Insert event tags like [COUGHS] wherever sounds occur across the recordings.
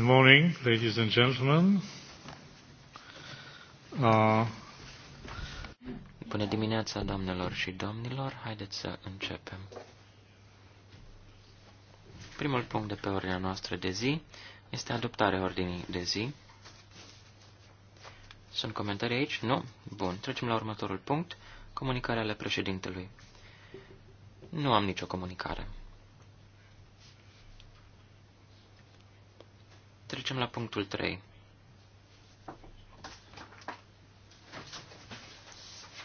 Good morning, ladies and gentlemen. Uh... Bună dimineața, doamnelor și domnilor. Haideți să începem. Primul punct de pe ordinea noastră de zi este adoptarea ordinii de zi. Sunt comentarii aici? Nu? Bun. Trecem la următorul punct, comunicarea ale președintelui. Nu am nicio comunicare. Trecem la punctul 3.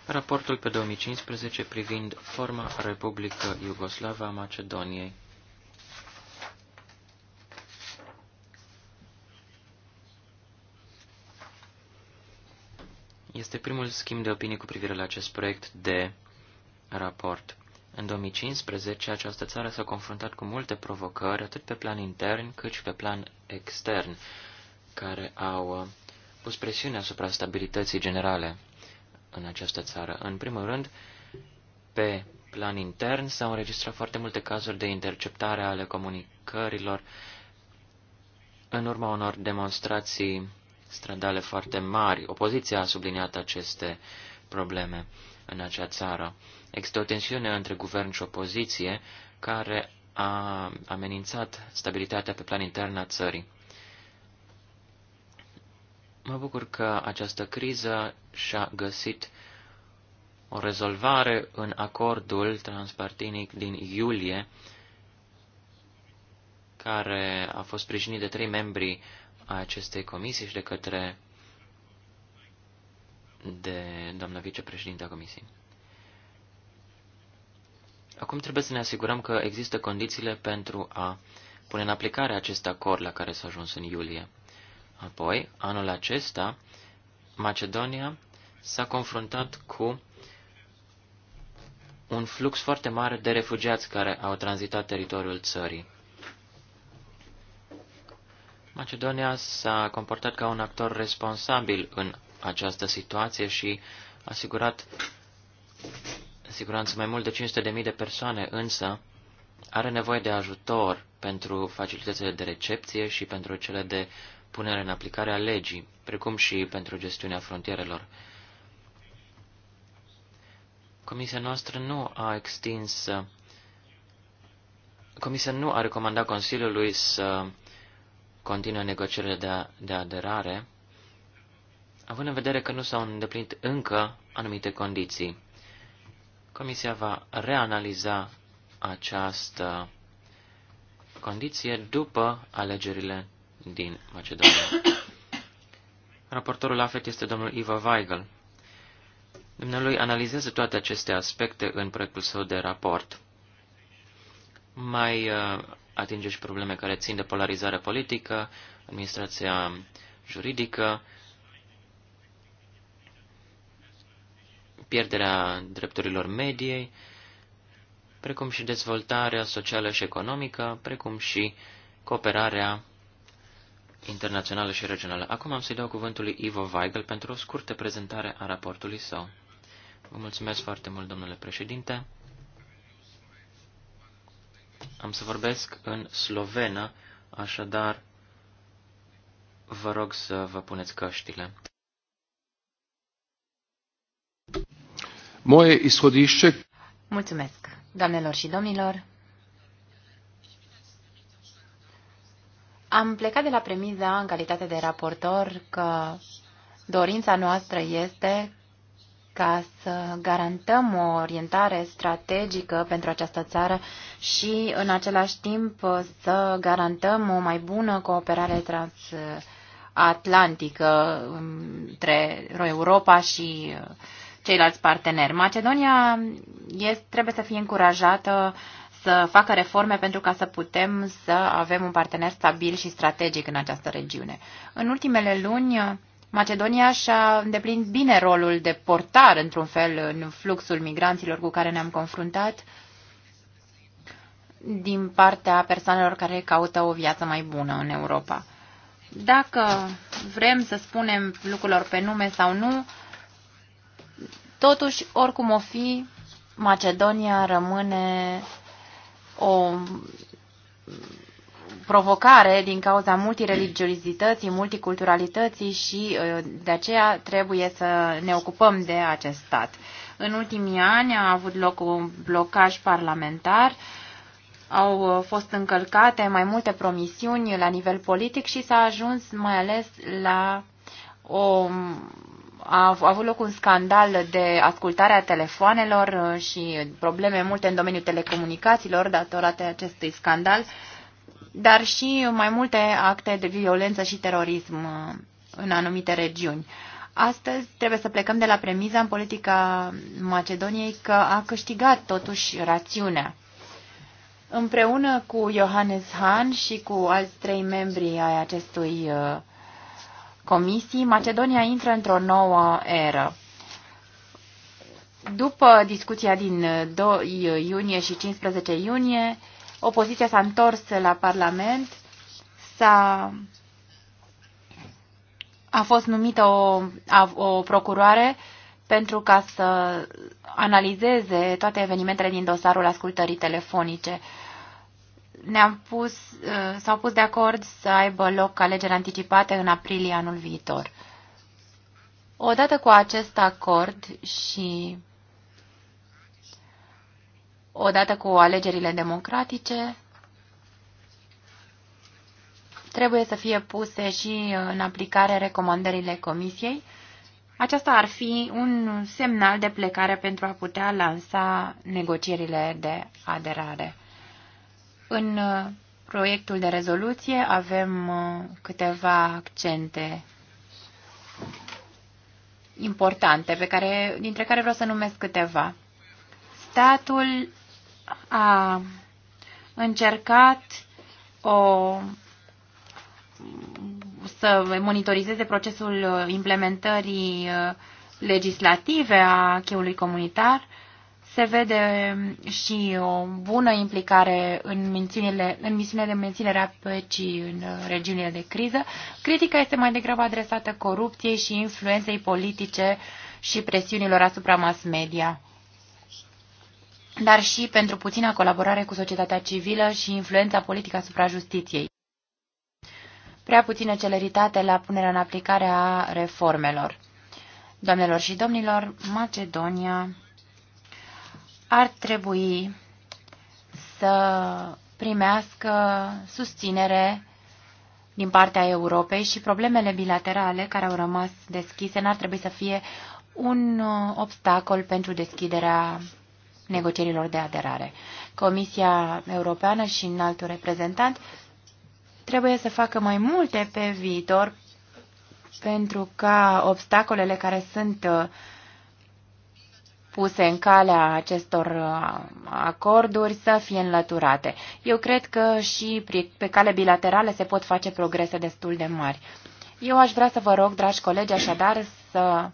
Raportul pe 2015 privind forma Republică Iugoslava a Macedoniei. Este primul schimb de opinie cu privire la acest proiect de raport. În 2015, această țară s-a confruntat cu multe provocări, atât pe plan intern, cât și pe plan extern, care au uh, pus presiune asupra stabilității generale în această țară. În primul rând, pe plan intern s-au înregistrat foarte multe cazuri de interceptare ale comunicărilor în urma unor demonstrații stradale foarte mari. Opoziția a subliniat aceste probleme în acea țară. Există o tensiune între guvern și opoziție care a amenințat stabilitatea pe plan intern a țării. Mă bucur că această criză și-a găsit o rezolvare în acordul transpartinic din iulie, care a fost sprijinit de trei membri a acestei comisii și de către de doamna a Comisiei. Acum trebuie să ne asigurăm că există condițiile pentru a pune în aplicare acest acord la care s-a ajuns în iulie. Apoi, anul acesta, Macedonia s-a confruntat cu un flux foarte mare de refugiați care au tranzitat teritoriul țării. Macedonia s-a comportat ca un actor responsabil în această situație și a asigurat siguranță mai mult de 500.000 de persoane, însă are nevoie de ajutor pentru facilitățile de recepție și pentru cele de punere în aplicare a legii, precum și pentru gestiunea frontierelor. Comisia noastră nu a extins. Comisia nu a recomandat Consiliului să continue negocierile de, de aderare având în vedere că nu s-au îndeplinit încă anumite condiții. Comisia va reanaliza această condiție după alegerile din Macedonia. [COUGHS] Raportorul AFET este domnul Iva Weigel. Dumnealui analizează toate aceste aspecte în proiectul său de raport. Mai uh, atinge și probleme care țin de polarizare politică, administrația juridică, pierderea drepturilor mediei, precum și dezvoltarea socială și economică, precum și cooperarea internațională și regională. Acum am să-i dau cuvântul lui Ivo Weigel pentru o scurtă prezentare a raportului său. Vă mulțumesc foarte mult, domnule președinte. Am să vorbesc în slovenă, așadar vă rog să vă puneți căștile. Moje ishodišče... Mulțumesc, doamnelor și domnilor. Am plecat de la premiza, în calitate de raportor, că dorința noastră este ca să garantăm o orientare strategică pentru această țară și, în același timp, să garantăm o mai bună cooperare transatlantică între Europa și ceilalți parteneri. Macedonia este, trebuie să fie încurajată să facă reforme pentru ca să putem să avem un partener stabil și strategic în această regiune. În ultimele luni, Macedonia și-a îndeplinit bine rolul de portar, într-un fel, în fluxul migranților cu care ne-am confruntat din partea persoanelor care caută o viață mai bună în Europa. Dacă vrem să spunem lucrurilor pe nume sau nu, Totuși, oricum o fi, Macedonia rămâne o provocare din cauza multireligiozității, multiculturalității și uh, de aceea trebuie să ne ocupăm de acest stat. În ultimii ani a avut loc un blocaj parlamentar, au uh, fost încălcate mai multe promisiuni la nivel politic și s-a ajuns mai ales la o a avut loc un scandal de ascultare a telefoanelor uh, și probleme multe în domeniul telecomunicațiilor datorate acestui scandal, dar și mai multe acte de violență și terorism uh, în anumite regiuni. Astăzi trebuie să plecăm de la premiza în politica Macedoniei că a câștigat totuși rațiunea. Împreună cu Johannes Hahn și cu alți trei membri ai acestui uh, comisii, Macedonia intră într-o nouă eră. După discuția din 2 iunie și 15 iunie, opoziția s-a întors la Parlament, s-a a fost numită o, a, o procuroare pentru ca să analizeze toate evenimentele din dosarul ascultării telefonice ne-am pus, uh, s-au pus de acord să aibă loc alegeri anticipate în aprilie anul viitor. Odată cu acest acord și odată cu alegerile democratice, trebuie să fie puse și în aplicare recomandările Comisiei. Aceasta ar fi un semnal de plecare pentru a putea lansa negocierile de aderare. În uh, proiectul de rezoluție avem uh, câteva accente importante, pe care, dintre care vreau să numesc câteva. Statul a încercat o, să monitorizeze procesul implementării uh, legislative a cheului comunitar se vede um, și o bună implicare în, în misiunea de menținere a păcii în uh, regiunile de criză. Critica este mai degrabă adresată corupției și influenței politice și presiunilor asupra mass media, dar și pentru puțina colaborare cu societatea civilă și influența politică asupra justiției. Prea puțină celeritate la punerea în aplicare a reformelor. Doamnelor și domnilor, Macedonia ar trebui să primească susținere din partea Europei și problemele bilaterale care au rămas deschise n-ar trebui să fie un uh, obstacol pentru deschiderea negocierilor de aderare. Comisia Europeană și înaltul reprezentant trebuie să facă mai multe pe viitor pentru ca obstacolele care sunt uh, puse în calea acestor uh, acorduri să fie înlăturate. Eu cred că și pe cale bilaterală se pot face progrese destul de mari. Eu aș vrea să vă rog, dragi colegi, așadar să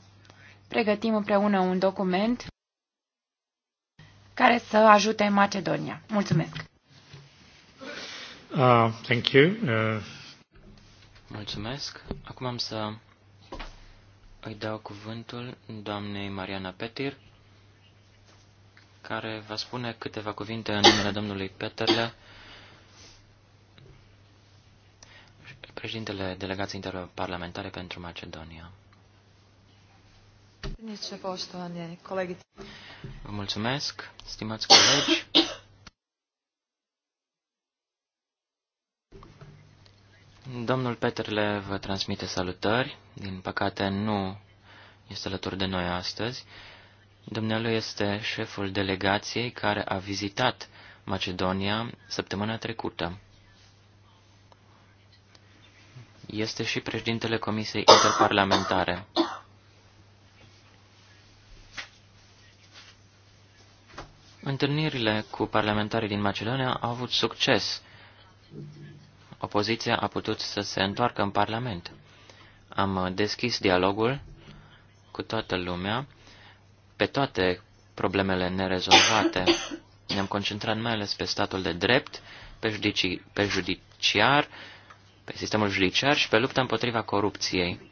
pregătim împreună un document care să ajute Macedonia. Mulțumesc! Uh, thank you. Uh... Mulțumesc. Acum am să îi dau cuvântul doamnei Mariana Petir care va spune câteva cuvinte în numele domnului Peterle, președintele delegației interparlamentare pentru Macedonia. Vă mulțumesc, stimați colegi. Domnul Peterle vă transmite salutări. Din păcate nu este alături de noi astăzi. Dumnealui este șeful delegației care a vizitat Macedonia săptămâna trecută. Este și președintele Comisiei Interparlamentare. Întâlnirile cu parlamentarii din Macedonia au avut succes. Opoziția a putut să se întoarcă în Parlament. Am deschis dialogul cu toată lumea pe toate problemele nerezolvate. Ne-am concentrat mai ales pe statul de drept, pe, judici, pe judiciar, pe sistemul judiciar și pe lupta împotriva corupției.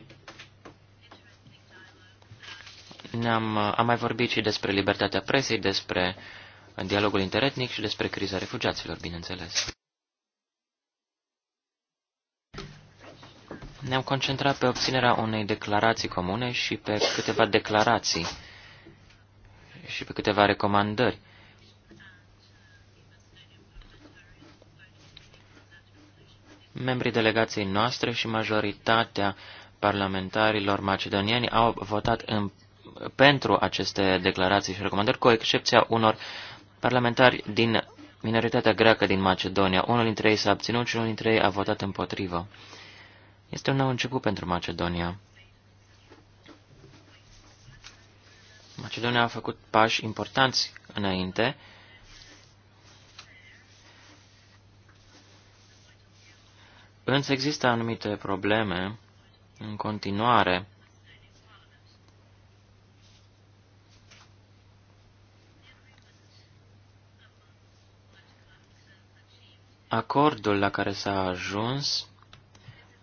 Ne-am, am mai vorbit și despre libertatea presei, despre dialogul interetnic și despre criza refugiaților, bineînțeles. Ne-am concentrat pe obținerea unei declarații comune și pe câteva declarații și pe câteva recomandări. Membrii delegației noastre și majoritatea parlamentarilor macedonieni au votat în, pentru aceste declarații și recomandări, cu excepția unor parlamentari din minoritatea greacă din Macedonia. Unul dintre ei s-a abținut și unul dintre ei a votat împotrivă. Este un nou început pentru Macedonia. Macedonia a făcut pași importanți înainte. Însă există anumite probleme în continuare. Acordul la care s-a ajuns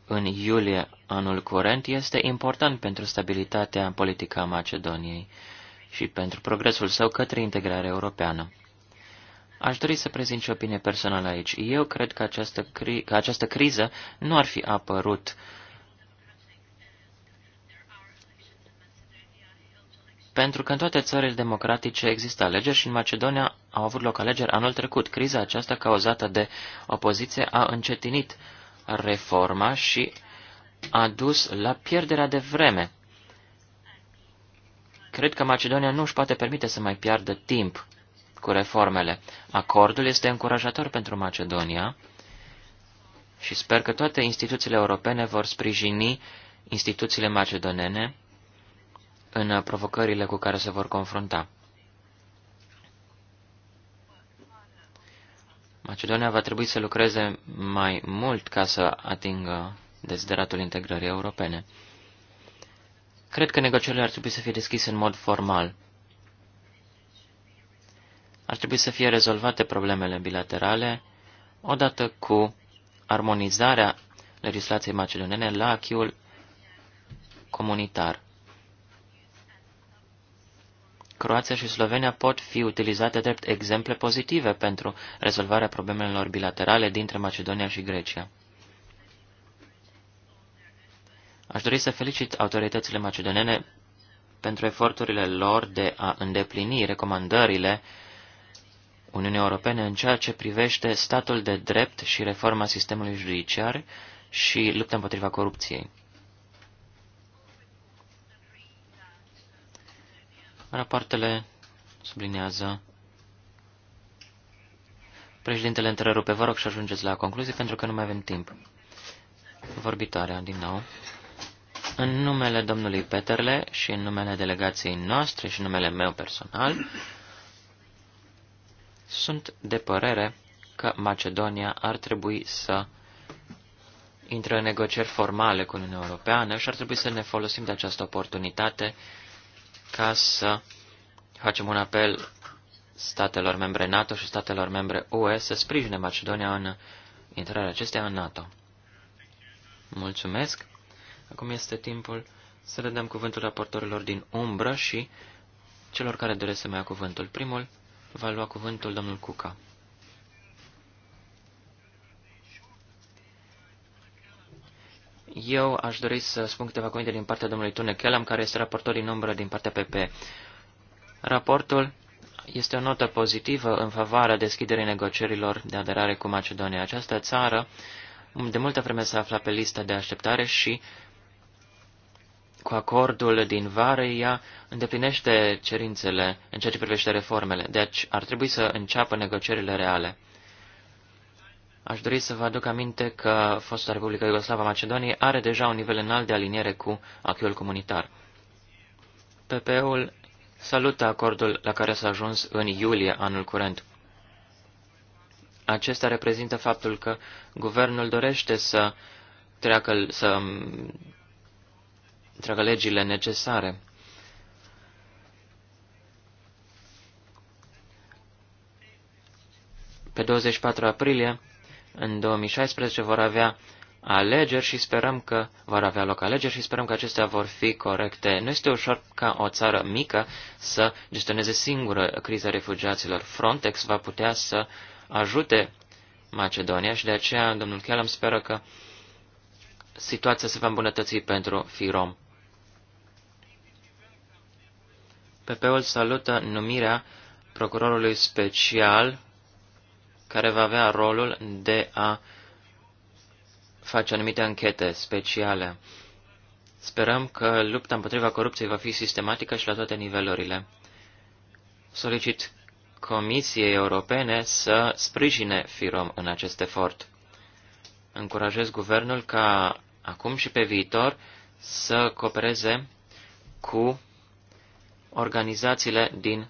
în iulie anul curent este important pentru stabilitatea politică a Macedoniei și pentru progresul său către integrarea europeană. Aș dori să prezint și opinie personală aici. Eu cred că această, cri- că această criză nu ar fi apărut pentru că în toate țările democratice există alegeri și în Macedonia au avut loc alegeri anul trecut. Criza aceasta cauzată de opoziție a încetinit reforma și a dus la pierderea de vreme Cred că Macedonia nu își poate permite să mai piardă timp cu reformele. Acordul este încurajator pentru Macedonia și sper că toate instituțiile europene vor sprijini instituțiile macedonene în provocările cu care se vor confrunta. Macedonia va trebui să lucreze mai mult ca să atingă desideratul integrării europene. Cred că negocierile ar trebui să fie deschise în mod formal. Ar trebui să fie rezolvate problemele bilaterale odată cu armonizarea legislației macedonene la achiul comunitar. Croația și Slovenia pot fi utilizate drept exemple pozitive pentru rezolvarea problemelor bilaterale dintre Macedonia și Grecia. Aș dori să felicit autoritățile macedonene pentru eforturile lor de a îndeplini recomandările Uniunii Europene în ceea ce privește statul de drept și reforma sistemului judiciar și lupta împotriva corupției. Rapoartele sublinează. Președintele întrerupe, vă rog și ajungeți la concluzie pentru că nu mai avem timp. Vorbitoarea, din nou. În numele domnului Peterle și în numele delegației noastre și în numele meu personal, sunt de părere că Macedonia ar trebui să intre în negocieri formale cu Uniunea Europeană și ar trebui să ne folosim de această oportunitate ca să facem un apel statelor membre NATO și statelor membre UE să sprijine Macedonia în intrarea acesteia în NATO. Mulțumesc. Acum este timpul să le dăm cuvântul raportorilor din umbră și celor care doresc să mai ia cuvântul. Primul va lua cuvântul domnul Cuca. Eu aș dori să spun câteva cuvinte din partea domnului Tune Kellam, care este raportor din umbră din partea PP. Raportul este o notă pozitivă în favoarea deschiderii negocierilor de aderare cu Macedonia. Această țară de multă vreme se afla pe lista de așteptare și cu acordul din vară, ea îndeplinește cerințele în ceea ce privește reformele, deci ar trebui să înceapă negocierile reale. Aș dori să vă aduc aminte că fosta Republică Iugoslava Macedoniei are deja un nivel înalt de aliniere cu acțiul comunitar. PPE-ul salută acordul la care s-a ajuns în iulie anul curent. Acesta reprezintă faptul că guvernul dorește să treacă, să întreagă legile necesare. Pe 24 aprilie, în 2016, vor avea alegeri și sperăm că vor avea loc alegeri și sperăm că acestea vor fi corecte. Nu este ușor ca o țară mică să gestioneze singură criza refugiaților. Frontex va putea să ajute Macedonia și de aceea domnul Kellam speră că situația se va îmbunătăți pentru FIROM. PP-ul salută numirea procurorului special care va avea rolul de a face anumite anchete speciale. Sperăm că lupta împotriva corupției va fi sistematică și la toate nivelurile. Solicit Comisiei Europene să sprijine FIROM în acest efort. Încurajez guvernul ca acum și pe viitor să coopereze cu organizațiile din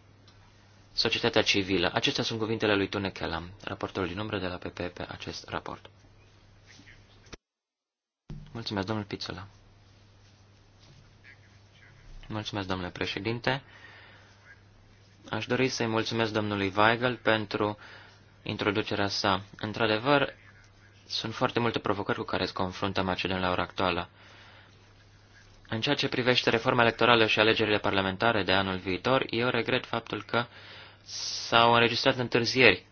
societatea civilă. Acestea sunt cuvintele lui Tune Kellam, raportorul din umbră de la PP pe acest raport. Mulțumesc, domnul Pițula. Mulțumesc, domnule președinte. Aș dori să-i mulțumesc domnului Weigel pentru introducerea sa. Într-adevăr, sunt foarte multe provocări cu care se confruntă Macedonia la ora actuală. În ceea ce privește reforma electorală și alegerile parlamentare de anul viitor, eu regret faptul că s-au înregistrat întârzieri.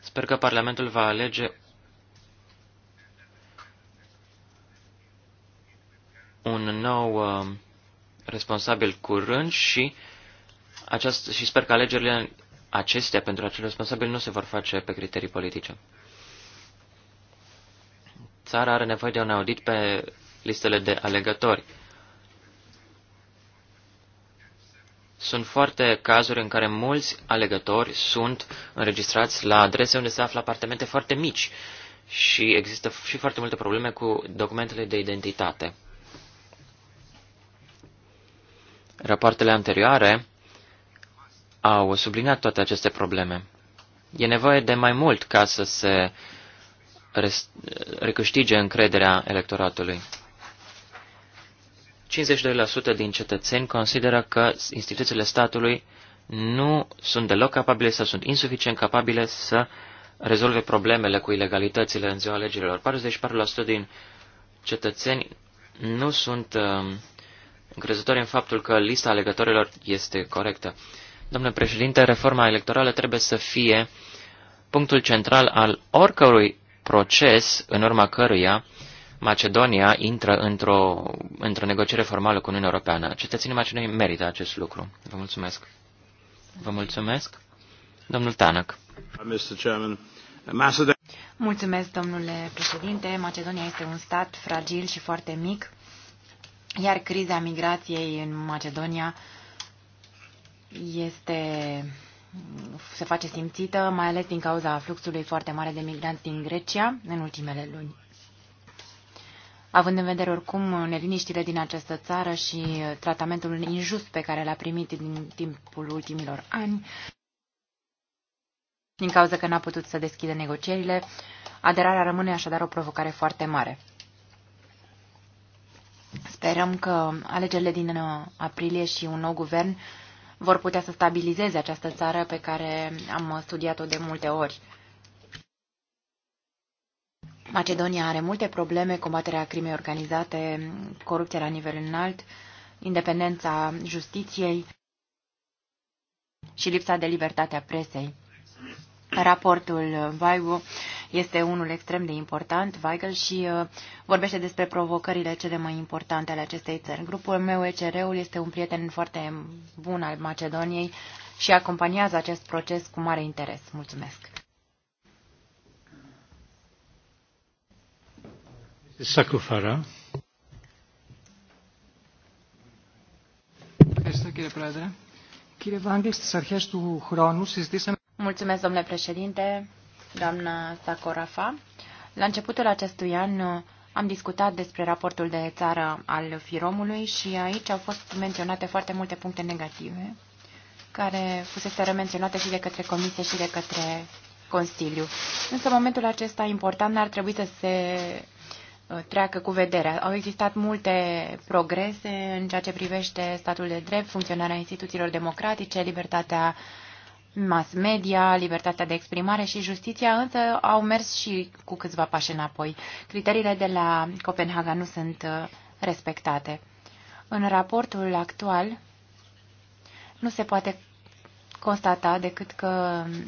Sper că Parlamentul va alege un nou uh, responsabil curând și, aceast- și sper că alegerile acestea pentru acel responsabil nu se vor face pe criterii politice țara are nevoie de un audit pe listele de alegători. Sunt foarte cazuri în care mulți alegători sunt înregistrați la adrese unde se află apartamente foarte mici și există și foarte multe probleme cu documentele de identitate. Rapoartele anterioare au subliniat toate aceste probleme. E nevoie de mai mult ca să se recâștige încrederea electoratului. 52% din cetățeni consideră că instituțiile statului nu sunt deloc capabile sau sunt insuficient capabile să rezolve problemele cu ilegalitățile în ziua alegerilor. 44% din cetățeni nu sunt uh, încrezători în faptul că lista alegătorilor este corectă. Domnule președinte, reforma electorală trebuie să fie punctul central al oricărui proces în urma căruia Macedonia intră într-o, într-o negociere formală cu Uniunea Europeană. Cetățenii Macedoniei merită acest lucru. Vă mulțumesc. Vă mulțumesc. Domnul Tanak. Mulțumesc, domnule președinte. Macedonia este un stat fragil și foarte mic, iar criza migrației în Macedonia este se face simțită, mai ales din cauza fluxului foarte mare de migranți din Grecia în ultimele luni. Având în vedere oricum neliniștile din această țară și tratamentul injust pe care l-a primit din timpul ultimilor ani, din cauza că n-a putut să deschidă negocierile, aderarea rămâne așadar o provocare foarte mare. Sperăm că alegerile din aprilie și un nou guvern vor putea să stabilizeze această țară pe care am studiat-o de multe ori. Macedonia are multe probleme, combaterea crimei organizate, corupția la nivel înalt, independența justiției și lipsa de libertate a presei. Raportul Weigl este unul extrem de important, Weigl, și uh, vorbește despre provocările cele mai importante ale acestei țări. Grupul meu, ECR-ul, este un prieten foarte bun al Macedoniei și acompaniază acest proces cu mare interes. Mulțumesc! Sakufara. Ευχαριστώ κύριε Πρόεδρε. Κύριε Βάγκλη, στις αρχές του χρόνου συζητήσαμε... Mulțumesc, domnule președinte, doamnă Sacorafa. La începutul acestui an uh, am discutat despre raportul de țară al Firomului și aici au fost menționate foarte multe puncte negative, care fusese menționate și de către Comisie și de către Consiliu. Însă, în momentul acesta important ar trebui să se uh, treacă cu vederea. Au existat multe progrese în ceea ce privește statul de drept, funcționarea instituțiilor democratice, libertatea uh, mass media, libertatea de exprimare și justiția, însă au mers și cu câțiva pași înapoi. Criteriile de la Copenhaga nu sunt uh, respectate. În raportul actual nu se poate constata decât că mm,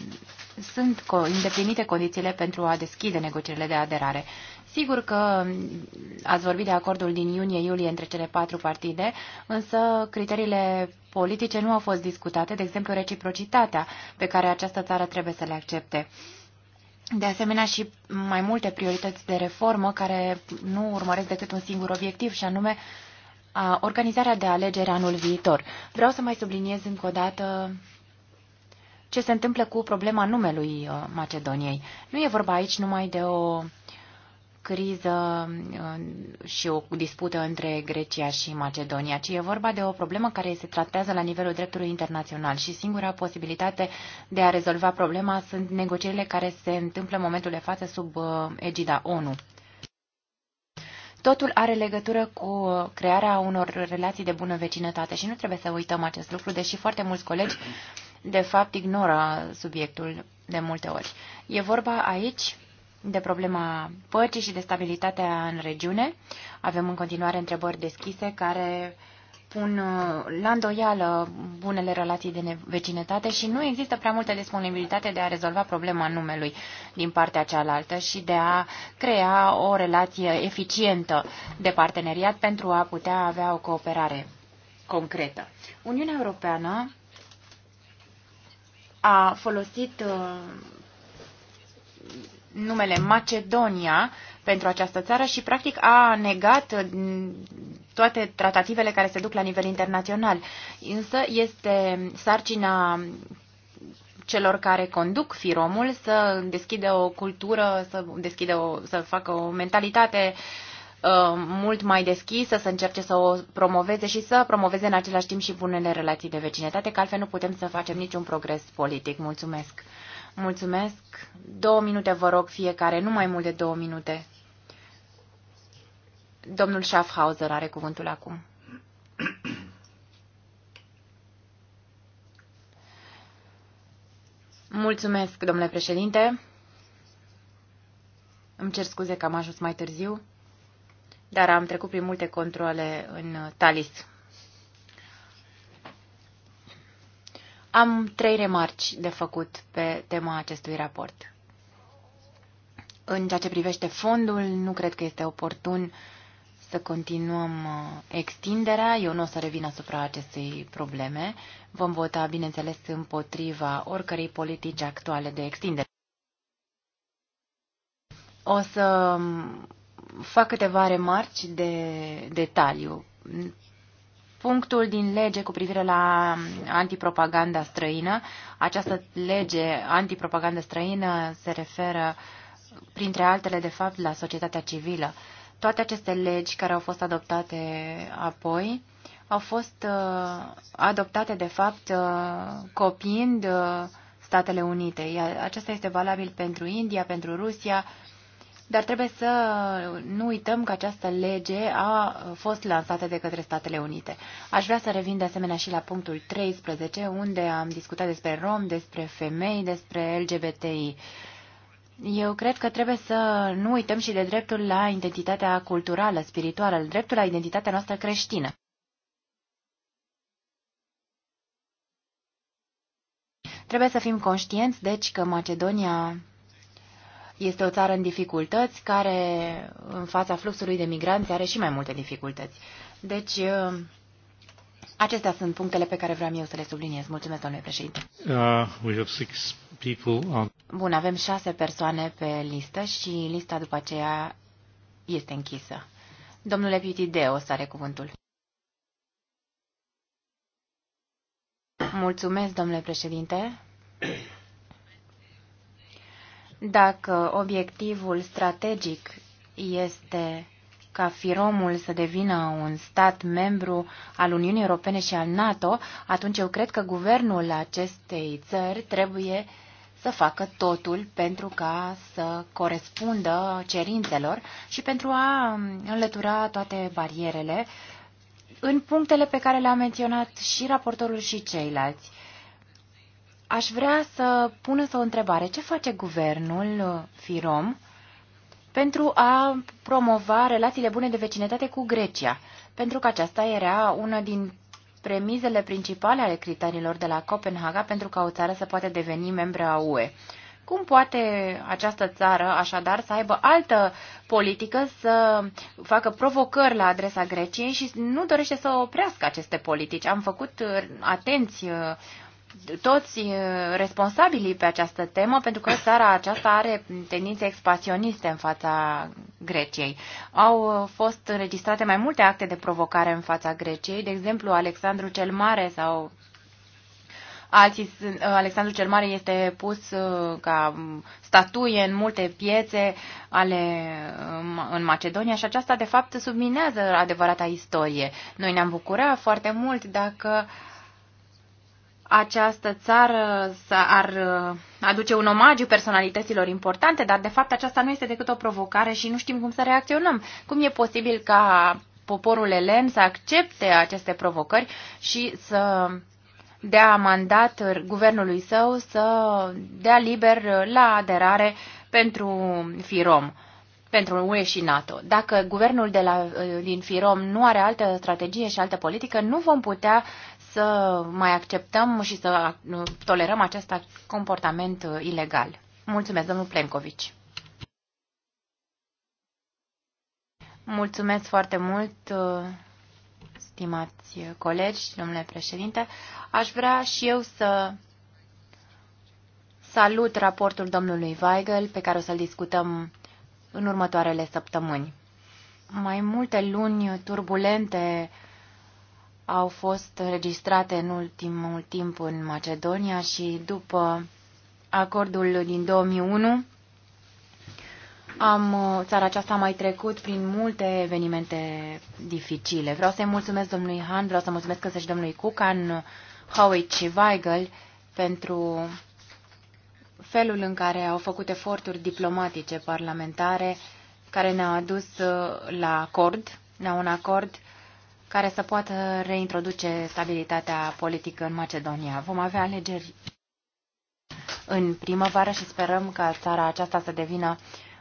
sunt îndeplinite condițiile pentru a deschide negocierile de aderare. Sigur că ați vorbit de acordul din iunie-iulie între cele patru partide, însă criteriile politice nu au fost discutate, de exemplu reciprocitatea pe care această țară trebuie să le accepte. De asemenea și mai multe priorități de reformă care nu urmăresc decât un singur obiectiv și anume a organizarea de alegeri anul viitor. Vreau să mai subliniez încă o dată ce se întâmplă cu problema numelui uh, Macedoniei. Nu e vorba aici numai de o criză uh, și o dispută între Grecia și Macedonia, ci e vorba de o problemă care se tratează la nivelul dreptului internațional și singura posibilitate de a rezolva problema sunt negocierile care se întâmplă în momentul de față sub uh, egida ONU. Totul are legătură cu crearea unor relații de bună vecinătate și nu trebuie să uităm acest lucru, deși foarte mulți colegi, de fapt, ignoră subiectul de multe ori. E vorba aici de problema păcii și de stabilitatea în regiune. Avem în continuare întrebări deschise care pun uh, la îndoială bunele relații de vecinătate și nu există prea multă disponibilitate de a rezolva problema numelui din partea cealaltă și de a crea o relație eficientă de parteneriat pentru a putea avea o cooperare concretă. Uniunea Europeană a folosit uh, numele Macedonia pentru această țară și practic a negat uh, toate tratativele care se duc la nivel internațional. Însă este sarcina celor care conduc firomul să deschidă o cultură, să, deschidă o, să facă o mentalitate uh, mult mai deschisă, să încerce să o promoveze și să promoveze în același timp și bunele relații de vecinătate, că altfel nu putem să facem niciun progres politic. Mulțumesc! Mulțumesc. Două minute, vă rog, fiecare, nu mai mult de două minute. Domnul Schaffhauser are cuvântul acum. Mulțumesc, domnule președinte. Îmi cer scuze că am ajuns mai târziu, dar am trecut prin multe controle în Talis. Am trei remarci de făcut pe tema acestui raport. În ceea ce privește fondul, nu cred că este oportun să continuăm uh, extinderea. Eu nu o să revin asupra acestei probleme. Vom vota, bineînțeles, împotriva oricărei politici actuale de extindere. O să um, fac câteva remarci de detaliu punctul din lege cu privire la antipropaganda străină. Această lege antipropaganda străină se referă, printre altele, de fapt, la societatea civilă. Toate aceste legi care au fost adoptate apoi au fost uh, adoptate, de fapt, uh, copiind uh, Statele Unite. Aceasta este valabil pentru India, pentru Rusia, uh, dar trebuie să nu uităm că această lege a fost lansată de către Statele Unite. Aș vrea să revin de asemenea și la punctul 13, unde am discutat despre rom, despre femei, despre LGBTI. Eu cred că trebuie să nu uităm și de dreptul la identitatea culturală, spirituală, dreptul la identitatea noastră creștină. Trebuie să fim conștienți, deci, că Macedonia este o țară în dificultăți care, în fața fluxului de migranți, are și mai multe dificultăți. Deci, uh, acestea sunt punctele pe care vreau eu să le subliniez. Mulțumesc, domnule președinte. Uh, we have six people on... Bun, avem șase persoane pe listă și lista după aceea este închisă. Domnule o să are cuvântul. Mulțumesc, domnule președinte. Dacă obiectivul strategic este ca Firomul să devină un stat membru al Uniunii Europene și al NATO, atunci eu cred că guvernul acestei țări trebuie să facă totul pentru ca să corespundă cerințelor și pentru a înlătura toate barierele în punctele pe care le-a menționat și raportorul și ceilalți. Aș vrea să pun însă o întrebare. Ce face guvernul uh, FIROM pentru a promova relațiile bune de vecinătate cu Grecia? Pentru că aceasta era una din premizele principale ale criteriilor de la Copenhaga pentru ca o țară să poată deveni membră a UE. Cum poate această țară, așadar, să aibă altă politică, să facă provocări la adresa Greciei și nu dorește să oprească aceste politici? Am făcut uh, atenție. Uh, toți uh, responsabilii pe această temă, pentru că țara aceasta are tendințe expansioniste în fața Greciei. Au uh, fost înregistrate mai multe acte de provocare în fața Greciei, de exemplu Alexandru cel Mare sau alții, uh, Alexandru cel Mare este pus ca statuie în multe piețe ale, um, în Macedonia și aceasta de fapt subminează adevărata istorie. Noi ne-am bucurat foarte mult dacă uh, această țară ar uh, aduce un omagiu personalităților importante, dar de fapt aceasta nu este decât o provocare și nu știm cum să reacționăm. Cum e posibil ca poporul elen să accepte aceste provocări și să dea mandat guvernului său să dea liber la aderare pentru FIROM, pentru UE și NATO. Dacă guvernul de la, uh, din FIROM nu are altă strategie și altă politică, nu vom putea să mai acceptăm și să tolerăm acest comportament ilegal. Mulțumesc, domnul Plencovici. Mulțumesc foarte mult, stimați colegi, domnule președinte. Aș vrea și eu să salut raportul domnului Weigel, pe care o să-l discutăm în următoarele săptămâni. Mai multe luni turbulente au fost registrate în ultimul timp în Macedonia și după acordul din 2001 am, țara aceasta a mai trecut prin multe evenimente dificile. Vreau să-i mulțumesc domnului Han, vreau să mulțumesc și domnului Cucan, Howitt și Weigel pentru felul în care au făcut eforturi diplomatice parlamentare care ne-au adus uh, la acord, la un acord care să poată reintroduce stabilitatea politică în Macedonia. Vom avea alegeri în primăvară și sperăm ca țara aceasta să devină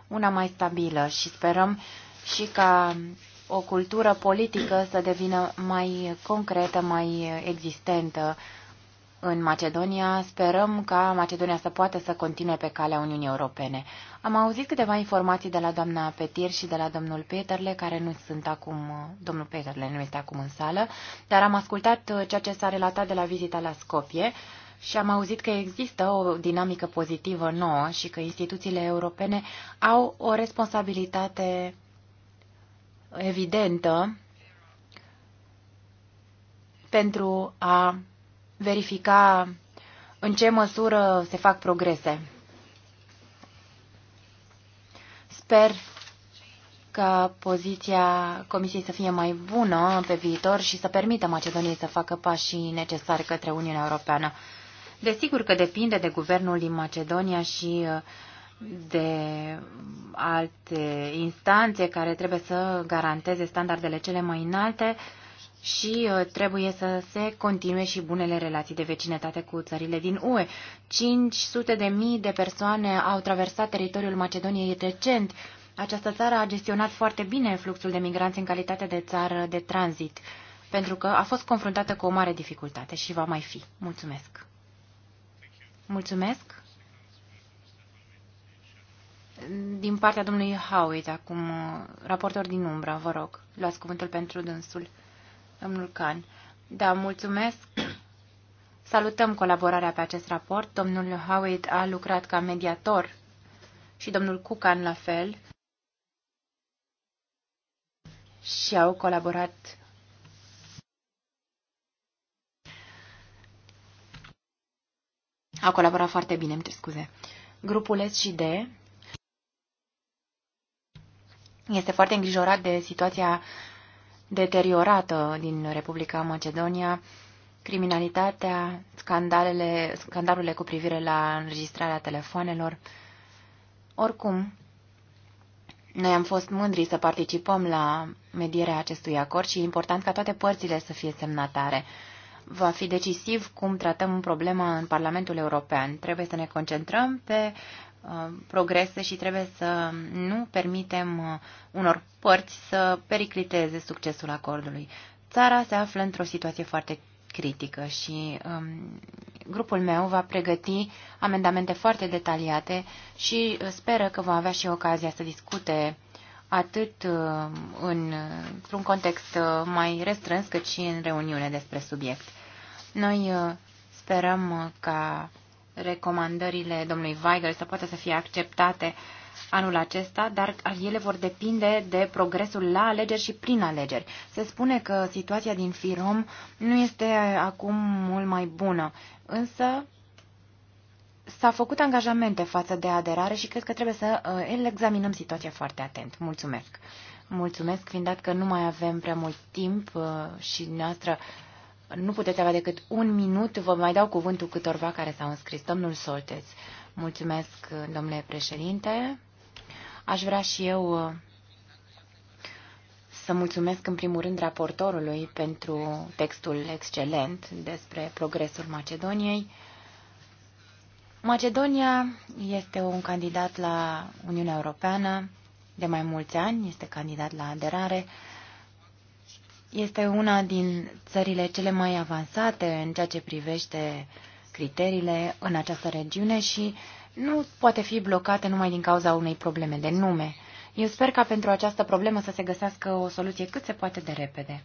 una mai stabilă și sperăm și ca o cultură politică să devină mai concretă, mai existentă în Macedonia. Sperăm ca Macedonia să poată să continue pe calea Uniunii Europene. Am auzit câteva informații de la doamna Petir și de la domnul Peterle, care nu sunt acum, domnul Peterle nu este acum în sală, dar am ascultat uh, ceea ce s-a relatat de la vizita la Scopie și am auzit că există o dinamică pozitivă nouă și că instituțiile europene au o responsabilitate evidentă pentru a verifica în ce măsură se fac progrese. Sper ca poziția Comisiei să fie mai bună pe viitor și să permită Macedoniei să facă pașii necesari către Uniunea Europeană. Desigur că depinde de guvernul din Macedonia și uh, de alte instanțe care trebuie să garanteze standardele cele mai înalte, și uh, trebuie să se continue și bunele relații de vecinătate cu țările din UE. 500 de mii de persoane au traversat teritoriul Macedoniei recent. Această țară a gestionat foarte bine fluxul de migranți în calitate de țară de tranzit, pentru că a fost confruntată cu o mare dificultate și va mai fi. Mulțumesc! Mulțumesc! Din partea domnului Howitt, acum uh, raportor din umbră, vă rog, luați cuvântul pentru dânsul. Domnul Can. Da, mulțumesc. Salutăm colaborarea pe acest raport. Domnul Howitt a lucrat ca mediator și domnul Cucan la fel. Și au colaborat Au colaborat foarte bine, îmi scuze. Grupul S și D este foarte îngrijorat de situația deteriorată din Republica Macedonia, criminalitatea, scandalele, scandalurile cu privire la înregistrarea telefoanelor. Oricum, noi am fost mândri să participăm la medierea acestui acord și e important ca toate părțile să fie semnatare. Va fi decisiv cum tratăm problema în Parlamentul European. Trebuie să ne concentrăm pe Uh, progrese și trebuie să nu permitem uh, unor părți să pericliteze succesul acordului. Țara se află într-o situație foarte critică și um, grupul meu va pregăti amendamente foarte detaliate și uh, speră că va avea și ocazia să discute atât în, într-un context mai restrâns, cât și în reuniune despre subiect. Noi sperăm ca recomandările domnului Weigel să poată să fie acceptate anul acesta, dar ele vor depinde de progresul la alegeri și prin alegeri. Se spune că situația din Firom nu este acum mult mai bună, însă s-a făcut angajamente față de aderare și cred că trebuie să uh, îl examinăm situația foarte atent. Mulțumesc! Mulțumesc, fiind dat că nu mai avem prea mult timp uh, și noastră nu puteți avea decât un minut. Vă mai dau cuvântul câtorva care s-au înscris. Domnul Solteț. Mulțumesc, domnule președinte. Aș vrea și eu uh, să mulțumesc în primul rând raportorului pentru textul excelent despre progresul Macedoniei. Macedonia este un candidat la Uniunea Europeană de mai mulți ani, este candidat la aderare este una din țările cele mai avansate în ceea ce privește criteriile în această regiune și nu poate fi blocată numai din cauza unei probleme de nume. Eu sper ca pentru această problemă să se găsească o soluție cât se poate de repede.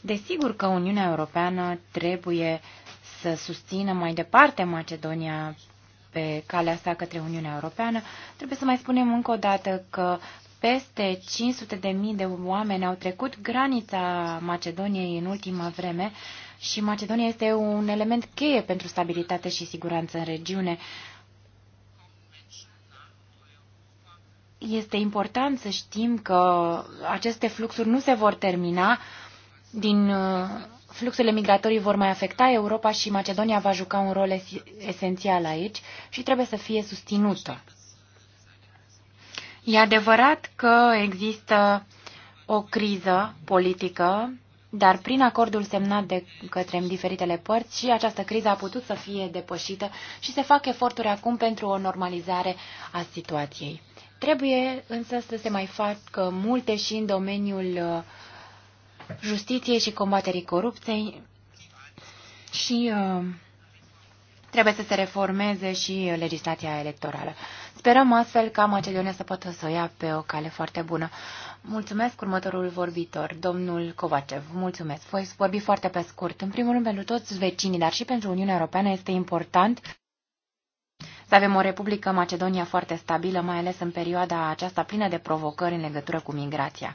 Desigur că Uniunea Europeană trebuie să susțină mai departe Macedonia pe calea sa către Uniunea Europeană, trebuie să mai spunem încă o dată că peste 500 de mii de oameni au trecut granița Macedoniei în ultima vreme și Macedonia este un element cheie pentru stabilitate și siguranță în regiune. Este important să știm că aceste fluxuri nu se vor termina din uh, Fluxurile migratorii vor mai afecta Europa și Macedonia va juca un rol esențial aici și trebuie să fie susținută. E adevărat că există o criză politică, dar prin acordul semnat de către diferitele părți și această criză a putut să fie depășită și se fac eforturi acum pentru o normalizare a situației. Trebuie însă să se mai facă multe și în domeniul uh, justiției și combaterii corupției și uh, trebuie să se reformeze și legislația electorală. Sperăm astfel ca Macedonia să poată să o ia pe o cale foarte bună. Mulțumesc următorul vorbitor, domnul Covacev. Mulțumesc. Voi vorbi foarte pe scurt. În primul rând, pentru toți vecinii, dar și pentru Uniunea Europeană este important să avem o Republică Macedonia foarte stabilă, mai ales în perioada aceasta plină de provocări în legătură cu migrația.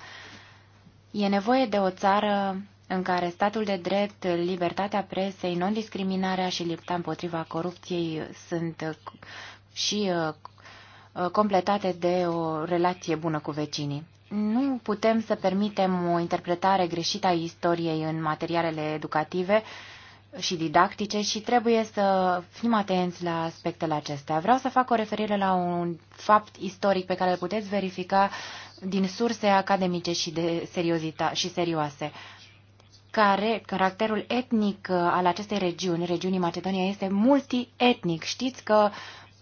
E nevoie de o țară în care statul de drept, libertatea presei, non-discriminarea și lupta împotriva corupției sunt și uh, Uh, completate de o relație bună cu vecinii. Nu putem să permitem o interpretare greșită a istoriei în materialele educative și didactice și trebuie să fim atenți la aspectele acestea. Vreau să fac o referire la un fapt istoric pe care îl puteți verifica din surse academice și, de seriozita- și serioase care caracterul etnic uh, al acestei regiuni, regiunii Macedonia, este multietnic. Știți că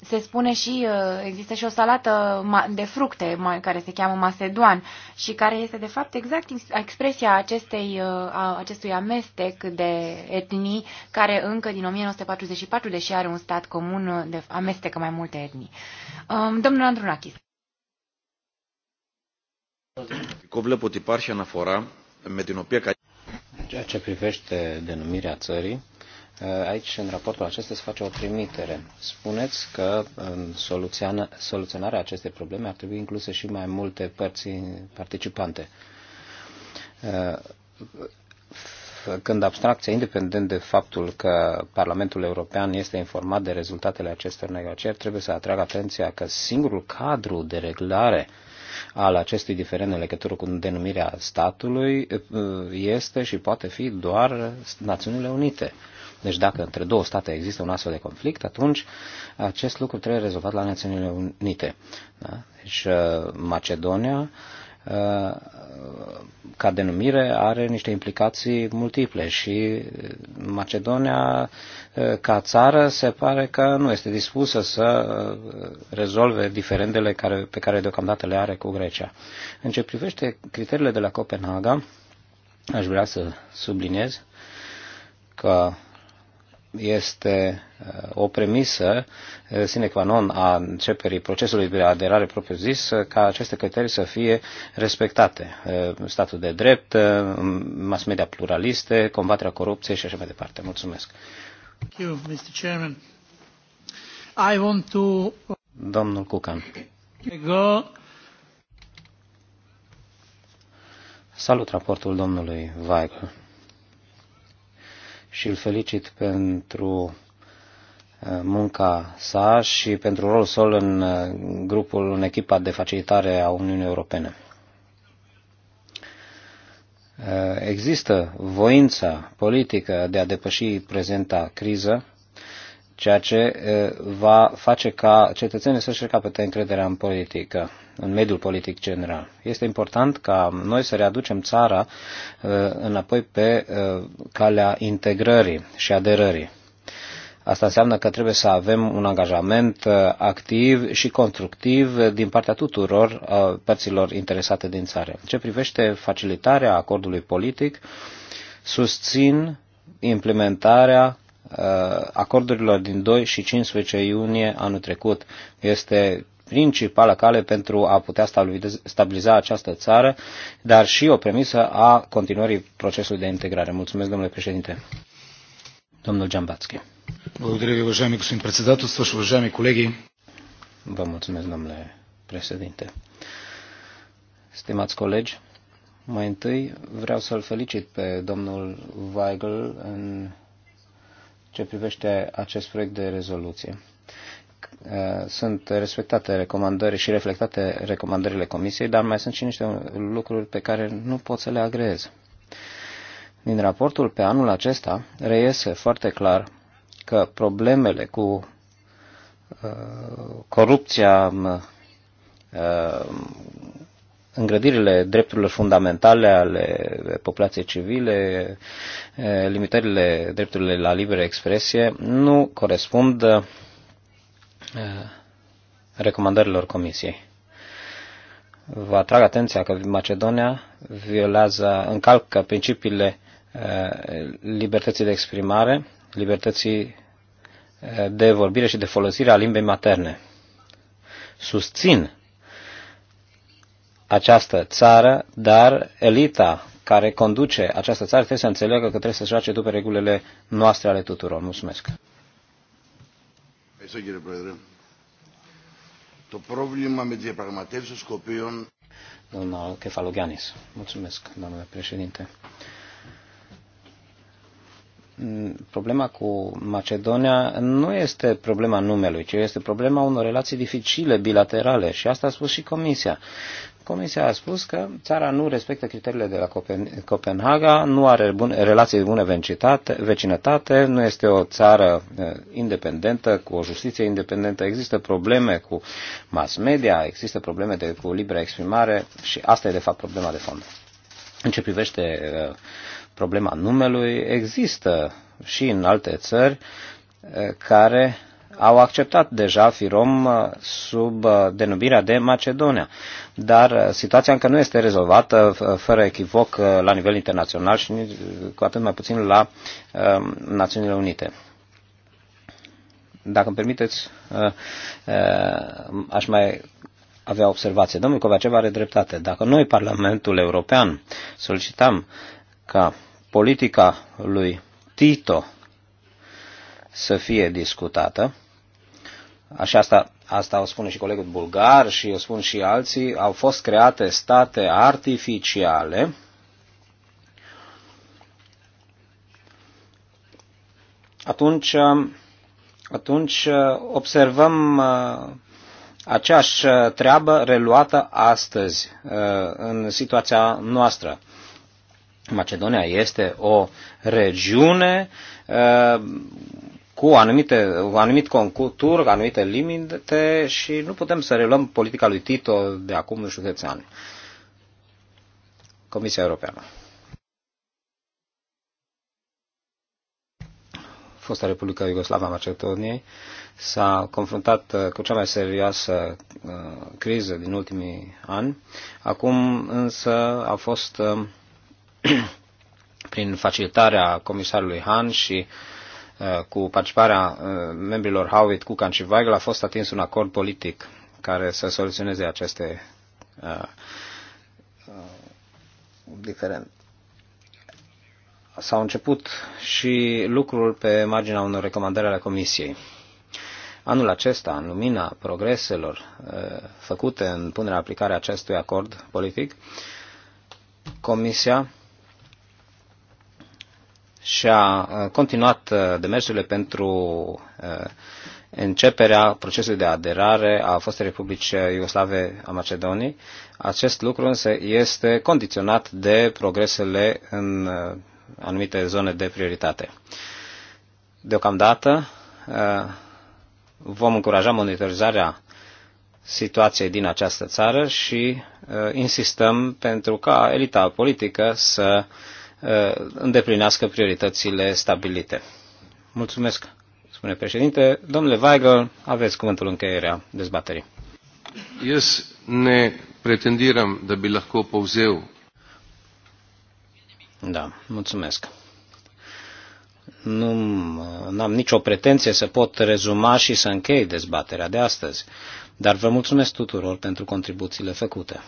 se spune și, uh, există și o salată de fructe care se cheamă macedoan și care este de fapt exact expresia acestei, uh, acestui amestec de etnii care încă din 1944, deși are un stat comun, uh, de, amestecă mai multe etnii. Um, domnul Andrunachis. Κόβλε ότι υπάρχει αναφορά με την Ceea ce privește denumirea țării, Uh, aici, în raportul acesta, se face o trimitere. Spuneți că în um, soluționarea acestei probleme ar trebui incluse și mai multe părți participante. Uh, când abstracția, independent de faptul că Parlamentul European este informat de rezultatele acestor negocieri, trebuie să atragă atenția că singurul cadru de reglare al acestui diferent în legătură cu denumirea statului uh, este și poate fi doar Națiunile Unite deci dacă între două state există un astfel de conflict, atunci acest lucru trebuie rezolvat la Națiunile Unite. Da? Deci uh, Macedonia uh, ca denumire are niște implicații multiple și Macedonia uh, ca țară se pare că nu este dispusă să rezolve diferendele care, pe care deocamdată le are cu Grecia. În ce privește criteriile de la Copenhaga, aș vrea să subliniez că este uh, o premisă uh, sine qua non a începerii procesului de aderare propriu-zis uh, ca aceste criterii să fie respectate. Statul de drept, mass media pluraliste, combaterea corupției și așa mai departe. Mulțumesc. Thank you, Mr. Chairman. I want to... Domnul Cucan. Go. Salut raportul domnului Weigl și îl felicit pentru uh, munca sa și pentru rolul său în uh, grupul, în echipa de facilitare a Uniunii Europene. Uh, există voința politică de a depăși prezenta criză ceea ce va face ca cetățenii să-și recapete încrederea în politică, în mediul politic general. Este important ca noi să readucem țara înapoi pe calea integrării și aderării. Asta înseamnă că trebuie să avem un angajament activ și constructiv din partea tuturor părților interesate din țară. Ce privește facilitarea acordului politic, susțin implementarea Uh, acordurilor din 2 și 15 iunie anul trecut. Este principală cale pentru a putea stabiliza această țară, dar și o premisă a continuării procesului de integrare. Mulțumesc, domnule președinte. Domnul Giambatski. Благодаря ви, уважаеми господин председателстващ, уважаеми колеги. Vă mulțumesc, domnule președinte. Stimați colegi, mai întâi vreau să-l felicit pe domnul Weigel în ce privește acest proiect de rezoluție. Uh, sunt respectate recomandări și reflectate recomandările Comisiei, dar mai sunt și niște lucruri pe care nu pot să le agrez. Din raportul pe anul acesta reiese foarte clar că problemele cu uh, corupția uh, îngrădirile drepturilor fundamentale ale populației civile, limitările drepturilor la liberă expresie, nu corespund recomandărilor Comisiei. Vă atrag atenția că Macedonia violează, încalcă principiile libertății de exprimare, libertății de vorbire și de folosire a limbei materne. Susțin această țară, dar elita care conduce această țară trebuie să înțeleagă că trebuie să se joace după regulile noastre ale tuturor. Mulțumesc. Domnul Kefalogianis, Mulțumesc, domnule președinte. Mm, problema cu Macedonia nu este problema numelui, ci este problema unor relații dificile bilaterale și asta a spus și Comisia. Comisia a spus că țara nu respectă criteriile de la Copen Copenhaga, nu are bun, relații bune vecinătate, nu este o țară eh, independentă, cu o justiție independentă, există probleme cu mass media, există probleme de, cu liberă exprimare și asta e de fapt problema de fond. În ce privește eh, problema numelui, există și în alte țări eh, care au acceptat deja Firom uh, sub uh, denumirea de Macedonia. Dar uh, situația încă nu este rezolvată fără echivoc la nivel internațional și cu atât mai puțin la um, Națiunile Unite. Dacă îmi permiteți, aș mai avea observație. Domnul Covaceva are dreptate. Dacă noi, Parlamentul European, solicităm ca politica lui Tito să fie discutată, așa asta, asta o spune și colegul bulgar și o spun și alții, au fost create state artificiale atunci, atunci observăm uh, aceeași treabă reluată astăzi uh, în situația noastră. Macedonia este o regiune uh, cu anumite, anumit contur, anumite limite și nu putem să reluăm politica lui Tito de acum nu știu câți ani. Comisia Europeană. fosta Republica Iugoslava Macedoniei, s-a confruntat uh, cu cea mai serioasă uh, criză din ultimii ani. Acum însă a fost uh, [CLEARS THROAT] prin facilitarea comisarului Han și uh, Uh, cu participarea uh, membrilor Howitt, Cucan și Weigel, a fost atins un acord politic care să soluționeze aceste uh, diferențe s-au început și lucrul pe marginea unor recomandări ale Comisiei. Anul acesta, în lumina progreselor făcute în punerea aplicare acestui acord politic, Comisia și a continuat demersurile pentru începerea procesului de aderare a fostei Republici Iugoslave a Macedoniei. Acest lucru însă este condiționat de progresele în anumite zone de prioritate. Deocamdată vom încuraja monitorizarea situației din această țară și insistăm pentru ca elita politică să uh, Uh, îndeplinească prioritățile stabilite. Mulțumesc, spune președinte. Domnule Weigel, aveți cuvântul încheierea dezbaterii. Yes, ne pretendiram, da bi lahko povzel. Da, mulțumesc. Nu am nicio pretenție să pot rezuma și să închei dezbaterea de astăzi, dar vă mulțumesc tuturor pentru contribuțiile făcute.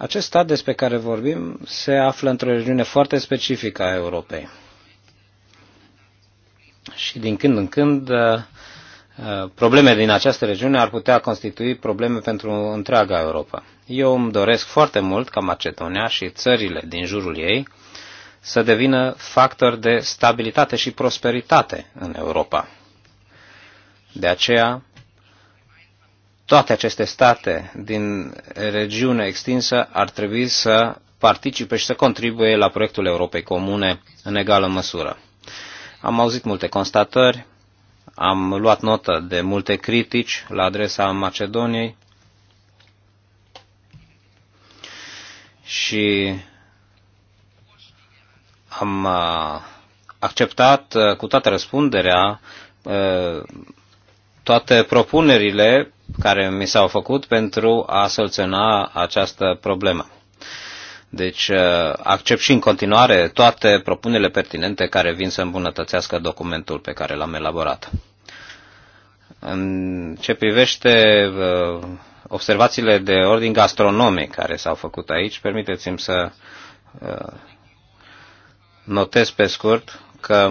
Acest stat despre care vorbim se află într-o regiune foarte specifică a Europei. Și din când în când uh, uh, probleme din această regiune ar putea constitui probleme pentru întreaga Europa. Eu îmi doresc foarte mult ca Macedonia și țările din jurul ei să devină factor de stabilitate și prosperitate în Europa. De aceea toate aceste state din regiune extinsă ar trebui să participe și să contribuie la proiectul Europei Comune în egală măsură. Am auzit multe constatări, am luat notă de multe critici la adresa Macedoniei și am uh, acceptat uh, cu toată răspunderea uh, toate propunerile care mi s-au făcut pentru a soluționa această problemă. Deci uh, accept și în continuare toate propunerile pertinente care vin să îmbunătățească documentul pe care l-am elaborat. În ce privește uh, observațiile de ordin gastronomic care s-au făcut aici, permiteți-mi să uh, notez pe scurt că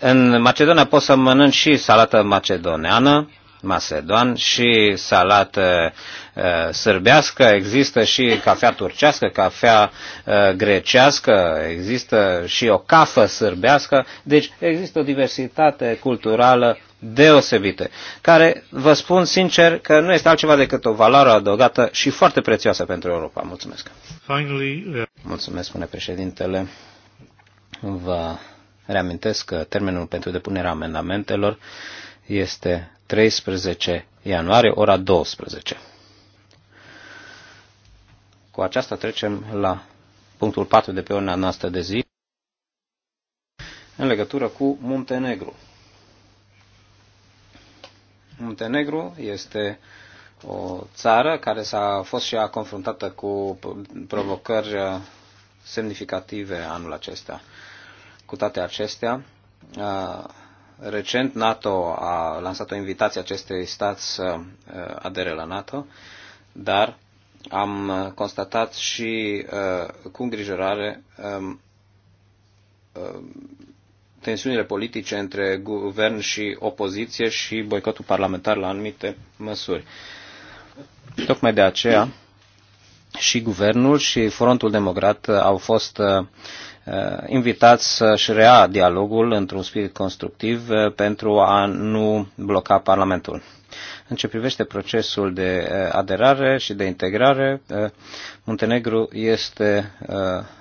În Macedonia pot să mănânci și salată macedoneană, Macedon și salată uh, sârbească, există și cafea turcească, cafea uh, grecească, există și o cafă sârbească, deci există o diversitate culturală deosebite, care vă spun sincer că nu este altceva decât o valoare adăugată și foarte prețioasă pentru Europa. Mulțumesc. Finally, uh... Mulțumesc, spune președintele. Vă Reamintesc că termenul pentru depunerea amendamentelor este 13 ianuarie, ora 12. Cu aceasta trecem la punctul 4 de pe ordinea noastră de zi, în legătură cu Muntenegru. Muntenegru este o țară care s-a fost și a confruntată cu provocări semnificative anul acesta. Cu toate acestea, recent NATO a lansat o invitație acestei stați să adere la NATO, dar am constatat și cu îngrijorare tensiunile politice între guvern și opoziție și boicotul parlamentar la anumite măsuri. Tocmai de aceea și guvernul și Frontul Democrat au fost Uh, invitați să-și rea dialogul într-un spirit constructiv uh, pentru a nu bloca Parlamentul. În ce privește procesul de uh, aderare și de integrare, Muntenegru este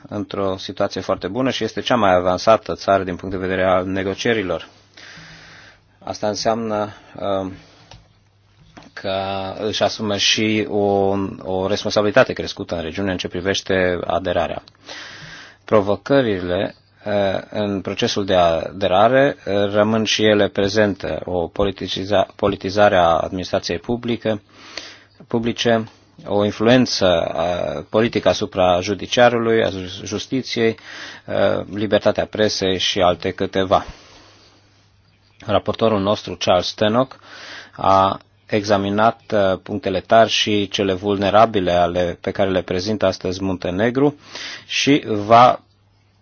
într-o situație foarte bună și este cea mai avansată țară din punct de vedere al negocierilor. Asta înseamnă că își asumă și o, o responsabilitate crescută în regiune în ce privește aderarea provocările eh, în procesul de aderare eh, rămân și ele prezente, o politiza, politizare a administrației publice, publice o influență eh, politică asupra judiciarului, a justiției, libertatea presei și alte câteva. Raportorul nostru, Charles Stenock, a examinat uh, punctele tari și cele vulnerabile ale, pe care le prezintă astăzi Muntenegru și va,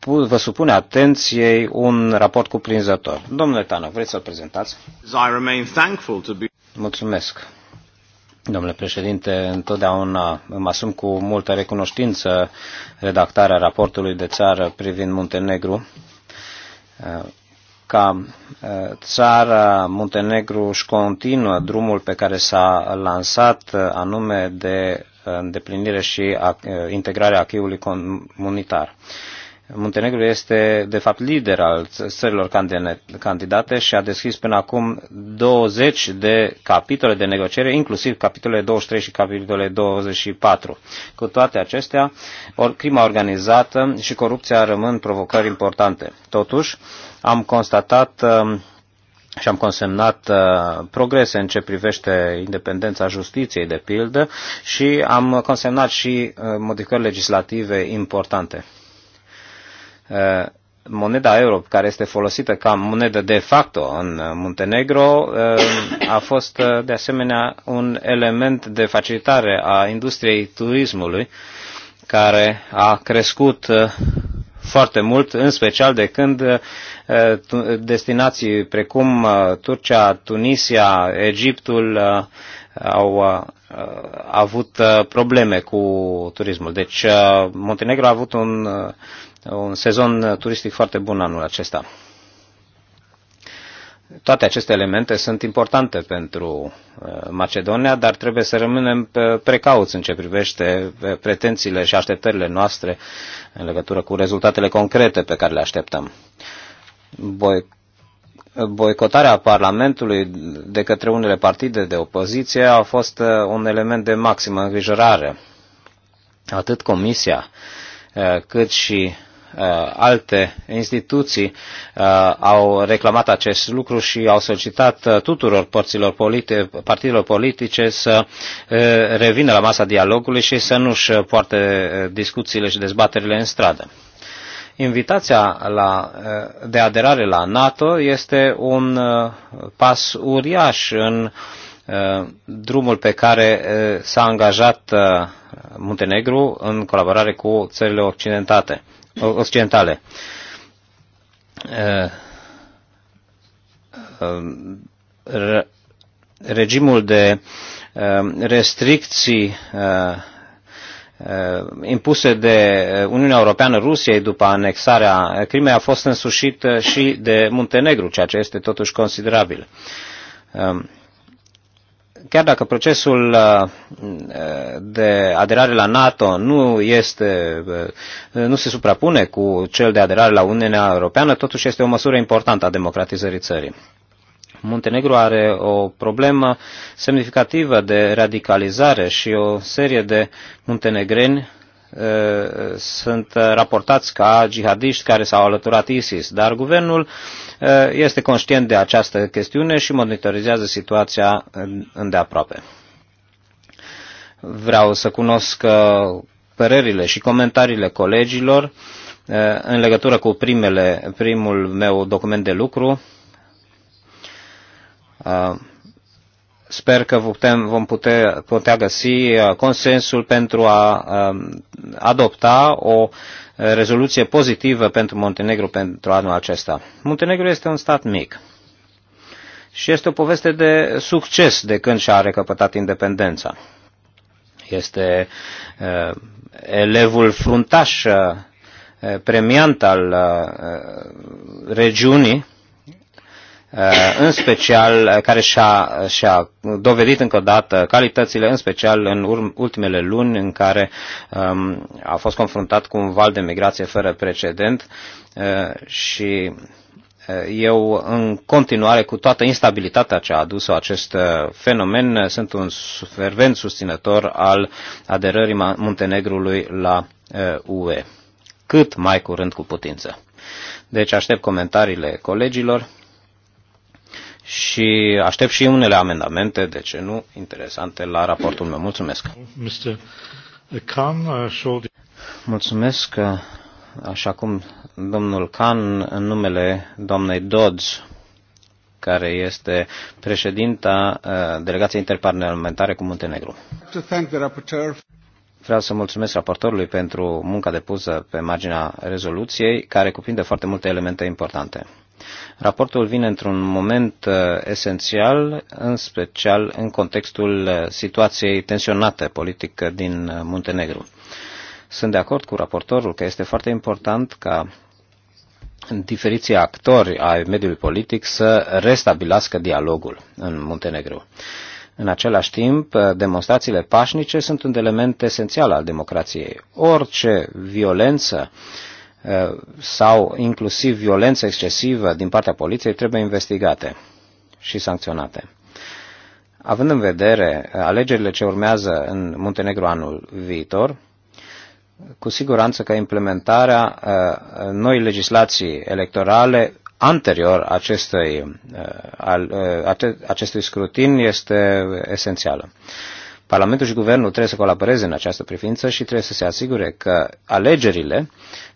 vă supune atenției un raport cuprinzător. Domnule Tano, vreți să-l prezentați? Mulțumesc. Domnule președinte, întotdeauna îmi asum cu multă recunoștință redactarea raportului de țară privind Muntenegru uh, ca eh, țara Muntenegru își continuă drumul pe care s-a lansat eh, anume de eh, îndeplinire și integrarea acquis comunitar. Muntenegru este, de fapt, lider al țărilor candidate și a deschis până acum 20 de capitole de negociere, inclusiv capitolele 23 și capitolele 24. Cu toate acestea, or, crima organizată și corupția rămân provocări importante. Totuși, am constatat um, și am consemnat uh, progrese în ce privește independența justiției, de pildă, și am consemnat și uh, modificări legislative importante. Uh, moneda euro, care este folosită ca monedă de facto în Muntenegro, uh, a fost uh, de asemenea un element de facilitare a industriei turismului, care a crescut foarte mult, în special de când destinații precum Turcia, Tunisia, Egiptul au avut probleme cu turismul. Deci Montenegro a avut un un sezon turistic foarte bun anul acesta. Toate aceste elemente sunt importante pentru uh, Macedonia, dar trebuie să rămânem uh, precauți în ce privește uh, pretențiile și așteptările noastre în legătură cu rezultatele concrete pe care le așteptăm. Boi, boicotarea Parlamentului de către unele partide de opoziție a fost un element de maximă îngrijorare. Atât Comisia cât și Uh, alte instituții uh, au reclamat acest lucru și au solicitat uh, tuturor părților politi- partidelor politice să revină la masa dialogului și să nu-și poarte discuțiile și dezbaterile în stradă invitația la, de aderare la NATO este un pas uriaș în drumul pe care s-a angajat Muntenegru în colaborare cu țările occidentate, occidentale. Regimul de restricții impuse de Uniunea Europeană Rusiei după anexarea Crimei a fost însușit și de Muntenegru, ceea ce este totuși considerabil chiar dacă procesul uh, de aderare la NATO nu, este, uh, nu se suprapune cu cel de aderare la Uniunea Europeană, totuși este o măsură importantă a democratizării țării. Muntenegru are o problemă semnificativă de radicalizare și o serie de muntenegreni Eh, sunt eh, raportați ca jihadiști care s-au alăturat ISIS, dar guvernul eh, este conștient de această chestiune și monitorizează situația îndeaproape. Vreau să cunosc părerile și comentariile colegilor în legătură cu primele, primul meu document de lucru. Sper că putem, vom putea, putea găsi uh, consensul pentru a um, adopta o uh, rezoluție pozitivă pentru Montenegro pentru anul acesta. Montenegro este un stat mic și este o poveste de succes de când și-a recăpătat independența. Este uh, elevul fruntaș uh, premiant al uh, regiunii Eh, în special, eh, care și-a, și dovedit încă o dată calitățile, în special în ultimele luni în care ehm, a fost confruntat cu un val de migrație fără precedent eh, și eu, în continuare, cu toată instabilitatea ce a adus acest fenomen, sunt un fervent susținător al aderării Muntenegrului la UE, cât mai curând cu putință. Deci aștept comentariile colegilor și aștept și unele amendamente, de ce nu, interesante la raportul meu. Mulțumesc! Mulțumesc, așa cum domnul Khan, în numele doamnei Dodds, care este președinta uh, delegației interparlamentare cu Muntenegru. Vreau să mulțumesc raportorului pentru munca depusă pe marginea rezoluției, care cuprinde foarte multe elemente importante. Raportul vine într-un moment uh, esențial, în special în contextul uh, situației tensionate politică din uh, Muntenegru. Sunt de acord cu raportorul că este foarte important ca diferiții actori ai mediului politic să restabilească dialogul în Muntenegru. În același timp, demonstrațiile pașnice sunt un element esențial al democrației. Orice violență uh, Eh, sau inclusiv violență excesivă din partea poliției trebuie investigate și sancționate. Având în vedere eh, alegerile ce urmează în Muntenegru anul viitor, cu siguranță că implementarea eh, noi legislații electorale anterior acestui, acestui scrutin este esențială. Parlamentul și Guvernul trebuie să colaboreze în această privință și trebuie să se asigure că alegerile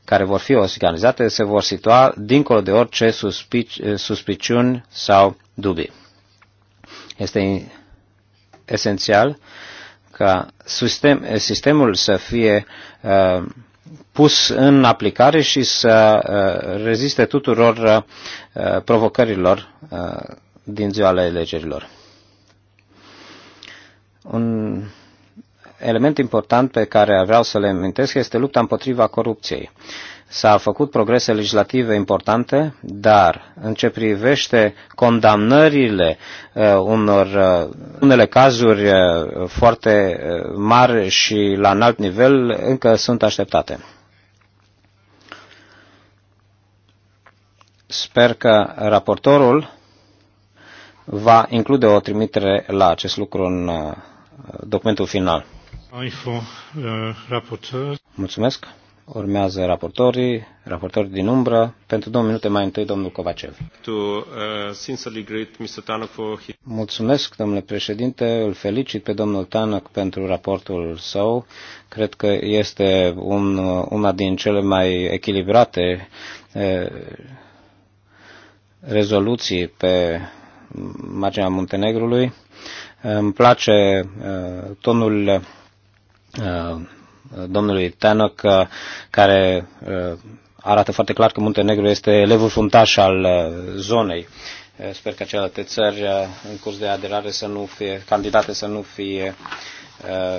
care vor fi organizate se vor situa dincolo de orice suspici, suspiciuni sau dubii. Este esențial ca sistem, sistemul să fie uh, pus în aplicare și să uh, reziste tuturor uh, provocărilor uh, din ziua ale un element important pe care vreau să le amintesc este lupta împotriva corupției. S-a făcut progrese legislative importante, dar în ce privește condamnările uh, unor uh, unele cazuri uh, foarte uh, mari și la înalt nivel încă sunt așteptate. Sper că raportorul va include o trimitere la acest lucru în uh, documentul final. Uh, Mulțumesc. Urmează raportorii, raportori din umbră. Pentru două minute mai întâi, domnul Covacev. Uh, Mulțumesc, domnule președinte. Îl felicit pe domnul Tanăc pentru raportul său. Cred că este un, una din cele mai echilibrate uh, rezoluții pe marginea Muntenegrului îmi place uh, tonul uh, domnului Tanok, uh, care arată foarte clar că Muntenegru este elevul fruntaș al zonei. Sper că celelalte țări în curs de aderare să nu fie, candidate să nu fie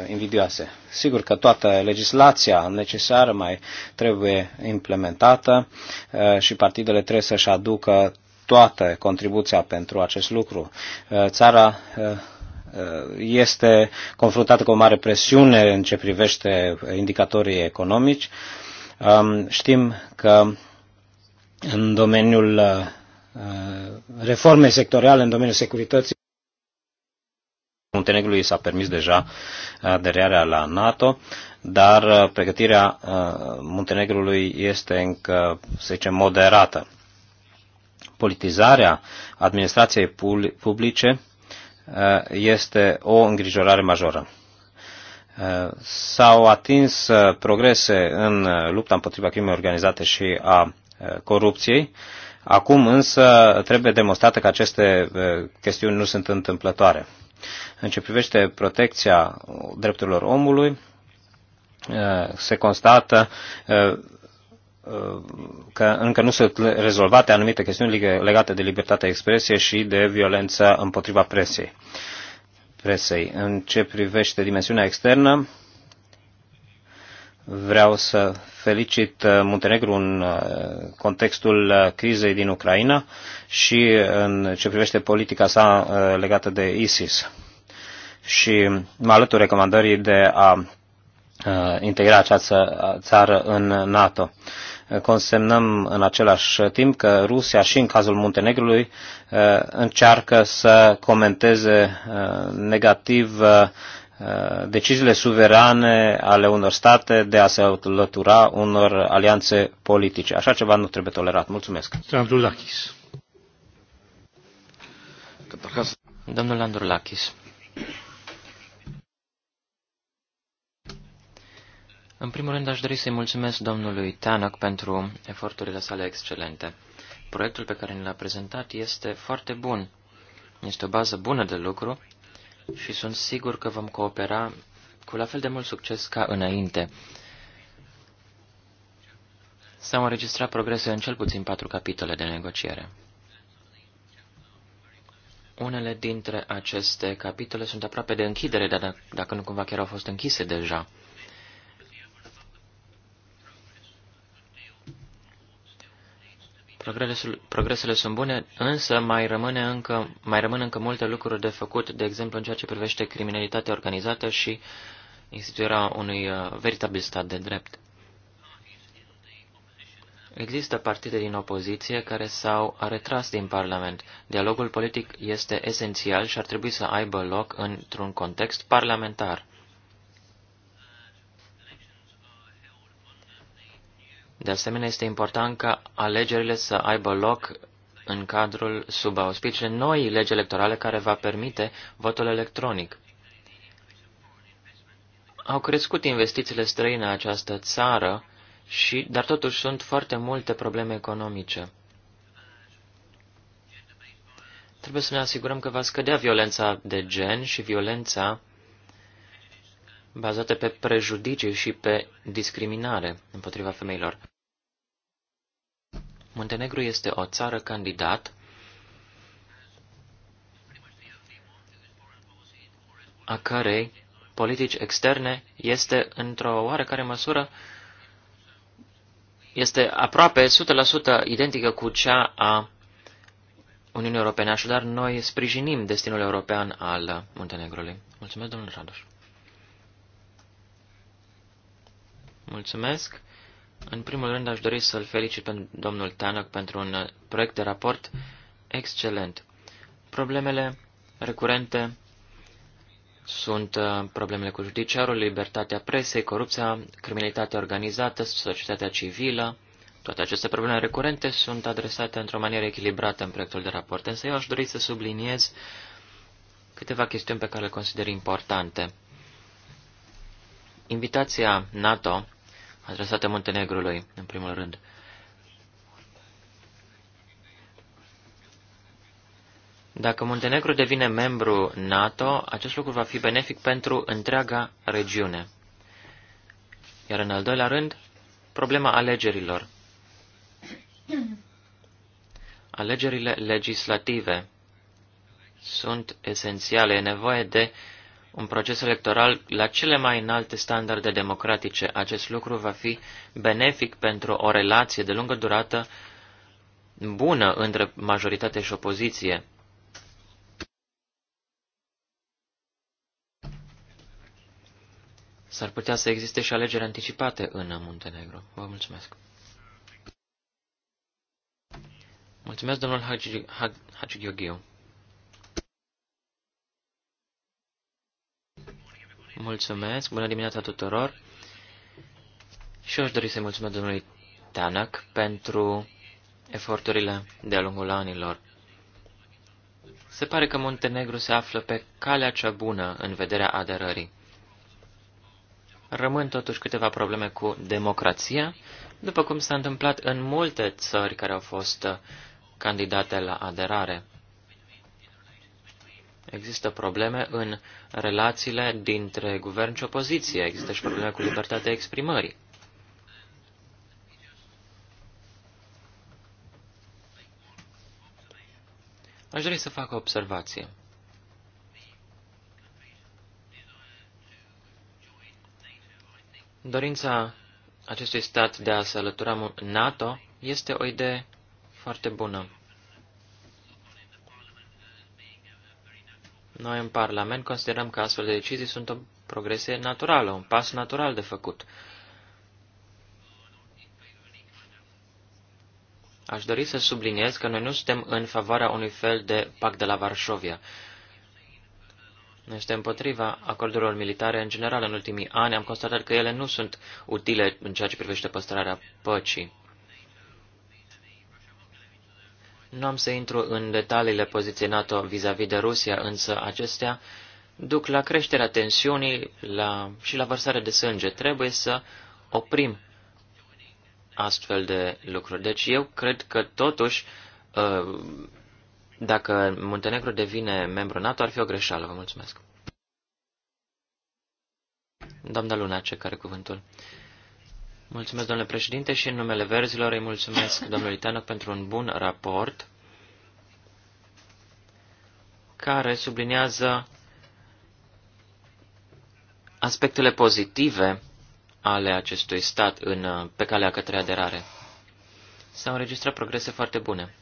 invidioase. Sigur că toată legislația necesară mai trebuie implementată și partidele trebuie să-și aducă toată contribuția pentru acest lucru. Țara Uh, este confruntată cu o mare presiune în ce privește indicatorii economici. Um, știm că în domeniul uh, reformei sectoriale, în domeniul securității, Muntenegrului s-a permis deja uh, aderarea la NATO, dar pregătirea Muntenegrului este încă, să zicem, moderată. Politizarea administrației publice Uh, este o îngrijorare majoră. Uh, s-au atins uh, progrese în lupta împotriva crimei organizate și a corupției. Acum însă trebuie demonstrată că aceste chestiuni nu sunt întâmplătoare. În ce privește protecția drepturilor omului, se constată Uh, că încă nu sunt rezolvate anumite chestiuni legate de libertatea expresie și de violența împotriva presei. presei. În ce privește dimensiunea externă, vreau să felicit uh, Muntenegru în uh, contextul crizei din Ucraina și în ce privește politica sa legată de ISIS. Și mă alătur recomandării de a integra această țară în NATO consemnăm în același timp că Rusia și în cazul Muntenegrului uh, încearcă să comenteze uh, negativ uh, deciziile suverane ale unor state de a se alătura unor alianțe politice. Așa ceva nu trebuie tolerat. Mulțumesc. Andrulakis. Domnul Andrulakis. În primul rând, aș dori să-i mulțumesc domnului Tanak pentru eforturile sale excelente. Proiectul pe care ne l-a prezentat este foarte bun. Este o bază bună de lucru și sunt sigur că vom coopera cu la fel de mult succes ca înainte. S-au înregistrat progrese în cel puțin patru capitole de negociere. Unele dintre aceste capitole sunt aproape de închidere, dar dacă nu cumva chiar au fost închise deja. Progresul, progresele sunt bune, însă mai, rămâne încă, mai rămân încă multe lucruri de făcut, de exemplu în ceea ce privește criminalitatea organizată și instituirea unui uh, veritabil stat de drept. Există partide din opoziție care s-au retras din Parlament. Dialogul politic este esențial și ar trebui să aibă loc într-un context parlamentar. De asemenea, este important ca alegerile să aibă loc în cadrul sub auspiciile noi legi electorale care va permite votul electronic. Au crescut investițiile străine în această țară, și, dar totuși sunt foarte multe probleme economice. Trebuie să ne asigurăm că va scădea violența de gen și violența bazate pe prejudicii și pe discriminare împotriva femeilor. Muntenegru este o țară candidat a cărei politici externe este într-o oarecare măsură este aproape 100% identică cu cea a Uniunii Europene. Așadar, noi sprijinim destinul european al Muntenegrului. Mulțumesc, domnul Radoș. Mulțumesc. În primul rând aș dori să-l felicit pe domnul Tanăc pentru un uh, proiect de raport excelent. Problemele recurente sunt uh, problemele cu judiciarul, libertatea presei, corupția, criminalitatea organizată, societatea civilă. Toate aceste probleme recurente sunt adresate într-o manieră echilibrată în proiectul de raport, însă eu aș dori să subliniez câteva chestiuni pe care le consider importante. Invitația NATO adresate Muntenegrului, în primul rând. Dacă Muntenegru devine membru NATO, acest lucru va fi benefic pentru întreaga regiune. Iar în al doilea rând, problema alegerilor. Alegerile legislative sunt esențiale. E nevoie de un proces electoral la cele mai înalte standarde democratice. Acest lucru va fi benefic pentru o relație de lungă durată bună între majoritate și opoziție. S-ar putea să existe și alegeri anticipate în Muntenegru. Vă mulțumesc. Mulțumesc, domnul Hagi, Hagi Mulțumesc, bună dimineața tuturor. Și eu aș dori să-i mulțumesc domnului Tanak pentru eforturile de-a lungul anilor. Se pare că Muntenegru se află pe calea cea bună în vederea aderării. Rămân totuși câteva probleme cu democrația, după cum s-a întâmplat în multe țări care au fost candidate la aderare. Există probleme în relațiile dintre guvern și opoziție. Există și probleme cu libertatea exprimării. Aș dori să fac o observație. Dorința acestui stat de a se alătura NATO este o idee foarte bună. Noi în Parlament considerăm că astfel de decizii sunt o progresie naturală, un pas natural de făcut. Aș dori să subliniez că noi nu suntem în favoarea unui fel de pact de la Varșovia. Noi suntem împotriva acordurilor militare în general în ultimii ani. Am constatat că ele nu sunt utile în ceea ce privește păstrarea păcii. Nu am să intru în detaliile poziției NATO vis-a-vis -vis de Rusia, însă acestea duc la creșterea tensiunii la, și la vărsarea de sânge. Trebuie să oprim astfel de lucruri. Deci eu cred că totuși, uh, dacă Muntenegru devine membru NATO, ar fi o greșeală. Vă mulțumesc. Doamna Lunace, care cuvântul? Mulțumesc, domnule președinte, și în numele verzilor îi mulțumesc domnului Tanoc pentru un bun raport care subliniază aspectele pozitive ale acestui stat în, pe calea către aderare. S-au înregistrat progrese foarte bune.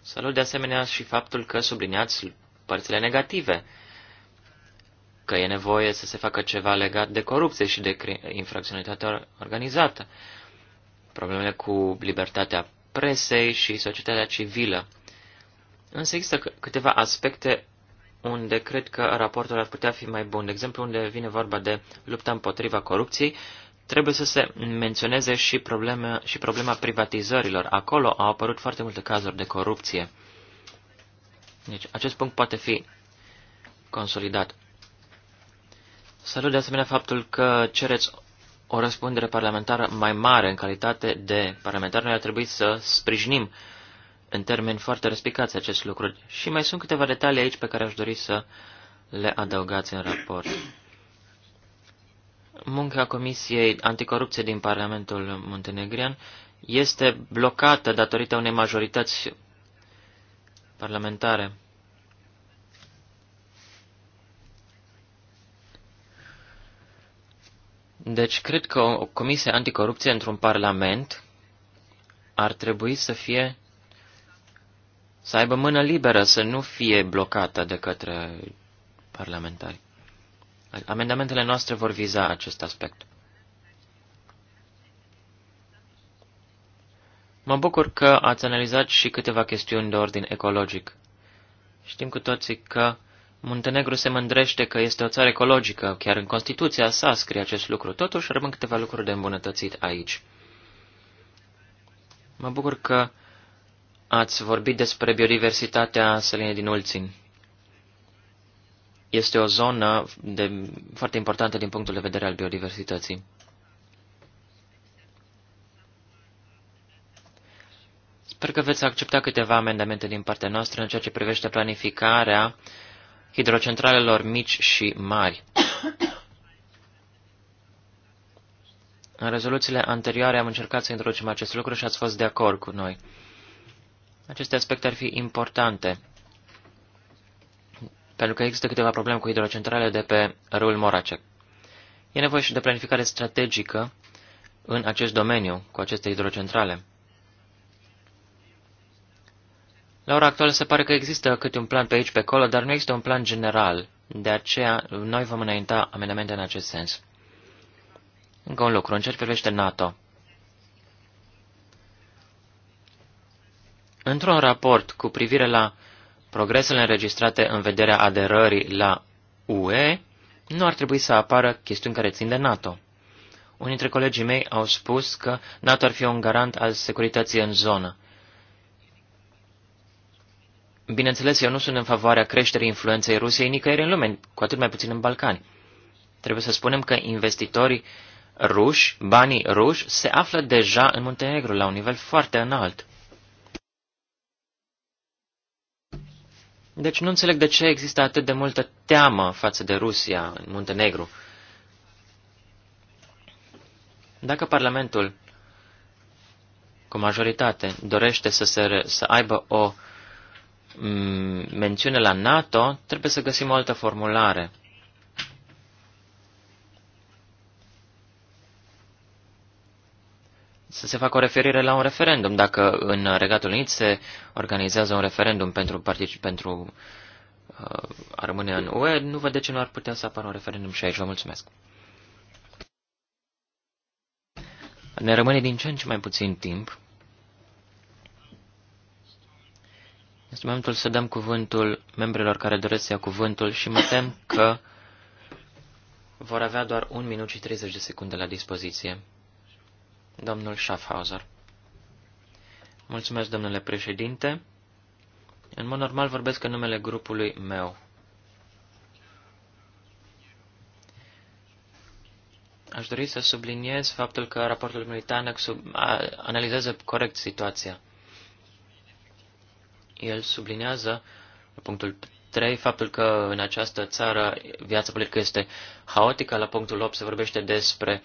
Salut de asemenea și faptul că subliniați părțile negative că e nevoie să se facă ceva legat de corupție și de infracționalitatea organizată, problemele cu libertatea presei și societatea civilă. Însă există câteva aspecte unde cred că raportul ar putea fi mai bun. De exemplu, unde vine vorba de lupta împotriva corupției, trebuie să se menționeze și, probleme, și problema privatizărilor. Acolo au apărut foarte multe cazuri de corupție. Deci, acest punct poate fi consolidat. Salut de asemenea faptul că cereți o răspundere parlamentară mai mare în calitate de parlamentar. Noi ar trebui să sprijinim în termeni foarte respicați acest lucru. Și mai sunt câteva detalii aici pe care aș dori să le adăugați în raport. Munca Comisiei Anticorupție din Parlamentul Muntenegrian este blocată datorită unei majorități parlamentare. Deci cred că o comisie anticorupție într-un parlament ar trebui să fie să aibă mână liberă, să nu fie blocată de către parlamentari. Amendamentele noastre vor viza acest aspect. Mă bucur că ați analizat și câteva chestiuni de ordin ecologic. Știm cu toții că Muntenegru se mândrește că este o țară ecologică, chiar în Constituția sa scrie acest lucru, totuși rămân câteva lucruri de îmbunătățit aici. Mă bucur că ați vorbit despre biodiversitatea sălinei din Ulțin. Este o zonă de, foarte importantă din punctul de vedere al biodiversității. Sper că veți accepta câteva amendamente din partea noastră în ceea ce privește planificarea uh, hidrocentralelor mici și mari. În rezoluțiile anterioare am încercat să introducem acest lucru și ați fost de acord cu noi. Aceste aspecte ar fi importante, pentru că există câteva probleme cu hidrocentrale de pe râul Moracek. E nevoie și de planificare strategică în acest domeniu, cu aceste hidrocentrale. La ora actuală se pare că există câte un plan pe aici, pe acolo, dar nu există un plan general. De aceea, noi vom înainta amendamente în acest sens. Încă un lucru, în ce privește NATO. Într-un raport cu privire la progresele înregistrate în vederea aderării la UE, nu ar trebui să apară chestiuni care țin de NATO. Unii dintre colegii mei au spus că NATO ar fi un garant al securității în zonă. Bineînțeles, eu nu sunt în favoarea creșterii influenței Rusiei nicăieri în lume, cu atât mai puțin în Balcani. Trebuie să spunem că investitorii ruși, banii ruși, se află deja în Muntenegru, la un nivel foarte înalt. Deci nu înțeleg de ce există atât de multă teamă față de Rusia în Muntenegru. Dacă Parlamentul, cu majoritate, dorește să, se, să aibă o Mm, mențiune la NATO, trebuie să găsim o altă formulare. Să se facă o referire la un referendum. Dacă în Regatul Unit se organizează un referendum pentru, particip, pentru uh, a rămâne în UE, nu văd de ce nu ar putea să apară un referendum și aici. Vă mulțumesc. Ne rămâne din ce în ce mai puțin timp Este momentul să dăm cuvântul membrilor care doresc să ia cuvântul și mă tem că vor avea doar 1 minut și 30 de secunde la dispoziție. Domnul Schaffhauser. Mulțumesc, domnule președinte. În mod normal vorbesc în numele grupului meu. Aș dori să subliniez faptul că raportul militar analizează corect situația. El sublinează, punctul 3, faptul că în această țară viața politică este haotică. La punctul 8 se vorbește despre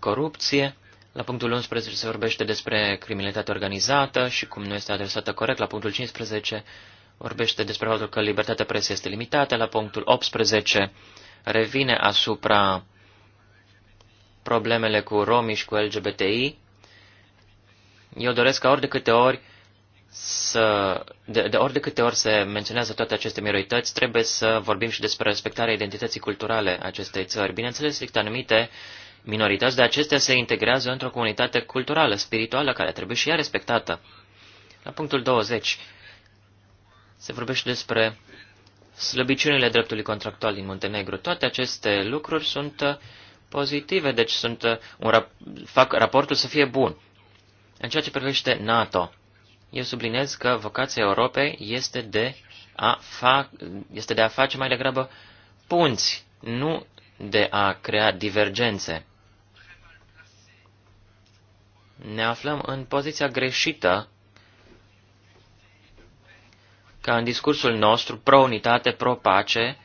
corupție. La punctul 11 se vorbește despre criminalitate organizată și cum nu este adresată corect. La punctul 15 vorbește despre faptul că libertatea presei este limitată. La punctul 18 revine asupra problemele cu romii și cu LGBTI. Eu doresc ca ori de câte ori să, de, de ori de câte ori se menționează toate aceste minorități, trebuie să vorbim și despre respectarea identității culturale acestei țări. Bineînțeles, sunt anumite minorități, de acestea se integrează într-o comunitate culturală, spirituală, care trebuie și ea respectată. La punctul 20 se vorbește despre slăbiciunile dreptului contractual din Muntenegru. Toate aceste lucruri sunt uh, pozitive, deci sunt uh, un rap- fac raportul să fie bun. În ceea ce privește NATO, eu subliniez că vocația Europei este de a, fa- este de a face mai degrabă punți, nu de a crea divergențe. Ne aflăm în poziția greșită ca în discursul nostru pro-unitate, pro-pace,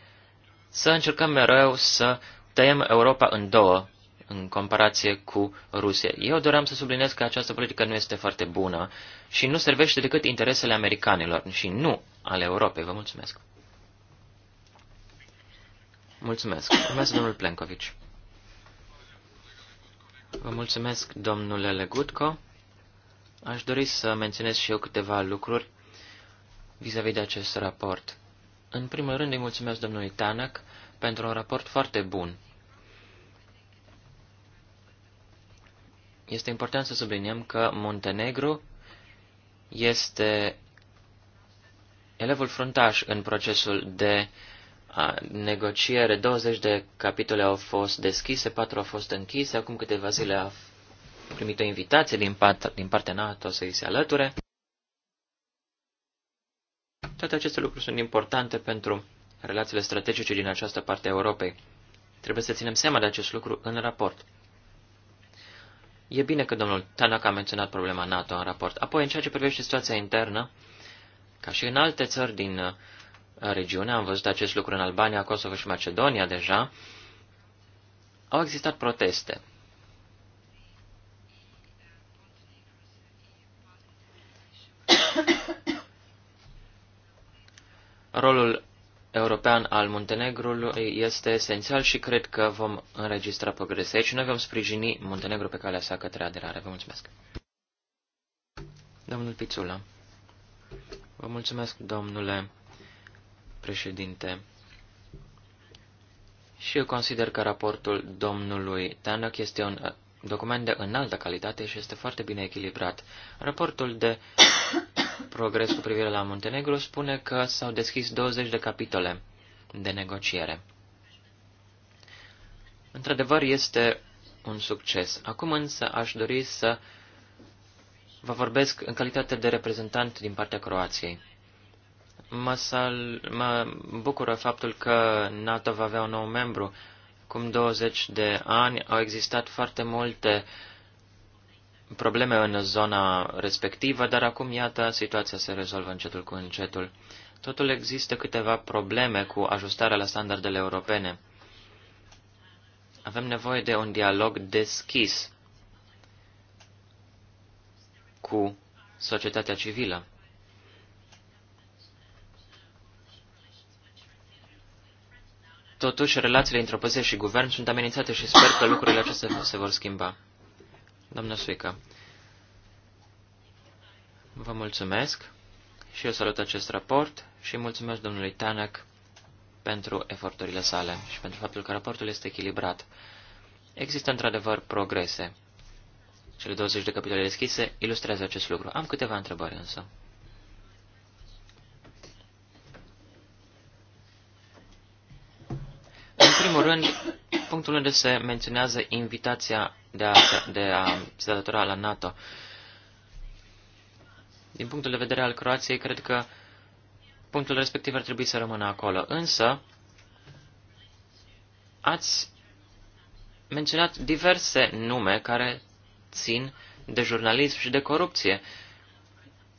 să încercăm mereu să tăiem Europa în două, în comparație cu Rusia. Eu doream să subliniez că această politică nu este foarte bună și nu servește decât interesele americanilor și nu ale Europei. Vă mulțumesc. Mulțumesc. Mulțumesc domnul Plenkovici. Vă mulțumesc, domnule Legutko. Aș dori să menționez și eu câteva lucruri vis-a-vis -vis de acest raport. În primul rând îi mulțumesc domnului Tanak pentru un raport foarte bun. Este important să subliniem că Montenegro este elevul fruntaș în procesul de negociere. 20 de capitole au fost deschise, 4 au fost închise. Acum câteva zile a primit o invitație din, pat, din partea NATO să îi se alăture. Toate aceste lucruri sunt importante pentru relațiile strategice din această parte a Europei. Trebuie să ținem seama de acest lucru în raport. E bine că domnul Tanaka a menționat problema NATO în raport. Apoi, în ceea ce privește situația internă, ca și în alte țări din uh, regiune, am văzut acest lucru în Albania, Kosovo și Macedonia deja, au existat proteste. [COUGHS] Rolul european al Muntenegrului este esențial și cred că vom înregistra progrese și noi vom sprijini Muntenegru pe calea sa către aderare. Vă mulțumesc. Domnul Pițula. Vă mulțumesc, domnule președinte. Și eu consider că raportul domnului Tanăc este un document de înaltă calitate și este foarte bine echilibrat. Raportul de progres cu privire la Muntenegru spune că s-au deschis 20 de capitole de negociere. Într-adevăr, este un succes. Acum însă aș dori să vă vorbesc în calitate de reprezentant din partea Croației. Mă, sal... mă bucură faptul că NATO va avea un nou membru. Cum 20 de ani au existat foarte multe uh, probleme în zona respectivă, dar acum, iată, situația se rezolvă încetul cu încetul. Totul există câteva probleme cu ajustarea la standardele europene. Avem nevoie de un dialog deschis cu societatea civilă. Totuși, relațiile între opoziție și guvern sunt amenințate și sper că lucrurile acestea se vor schimba. Doamna Suica, vă mulțumesc și eu salut acest raport și mulțumesc domnului Tanac pentru eforturile sale și pentru faptul că raportul este echilibrat. Există într-adevăr progrese. Cele 20 de capitole deschise ilustrează acest lucru. Am câteva întrebări însă. primul rând, punctul unde se menționează invitația de a, de a se datora la NATO. Din punctul de vedere al Croației, cred că punctul respectiv ar trebui să rămână acolo. Însă, ați menționat diverse nume care țin de jurnalism și de corupție.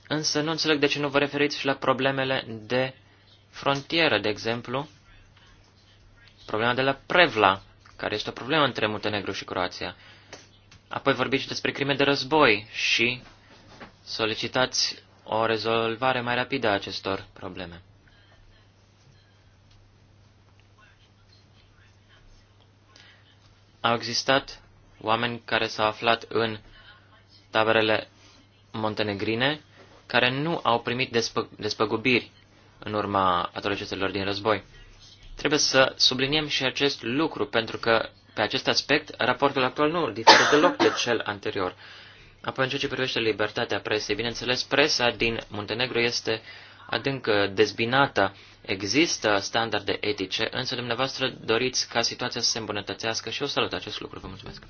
Însă nu înțeleg de ce nu vă referiți și la problemele de frontieră, de exemplu, problema de la Prevla, care este o problemă între Muntenegru și Croația. Apoi vorbiți despre crime de război și solicitați o rezolvare mai rapidă a acestor probleme. Au existat oameni care s-au aflat în taberele montenegrine care nu au primit despăgubiri în urma atrocităților din război. Trebuie să subliniem și acest lucru, pentru că pe acest aspect raportul actual nu diferă deloc de cel anterior. Apoi, în ceea ce privește libertatea presei, bineînțeles, presa din Muntenegru este adânc dezbinată. Există standarde etice, însă dumneavoastră doriți ca situația să se îmbunătățească și eu salut acest lucru. Vă mulțumesc.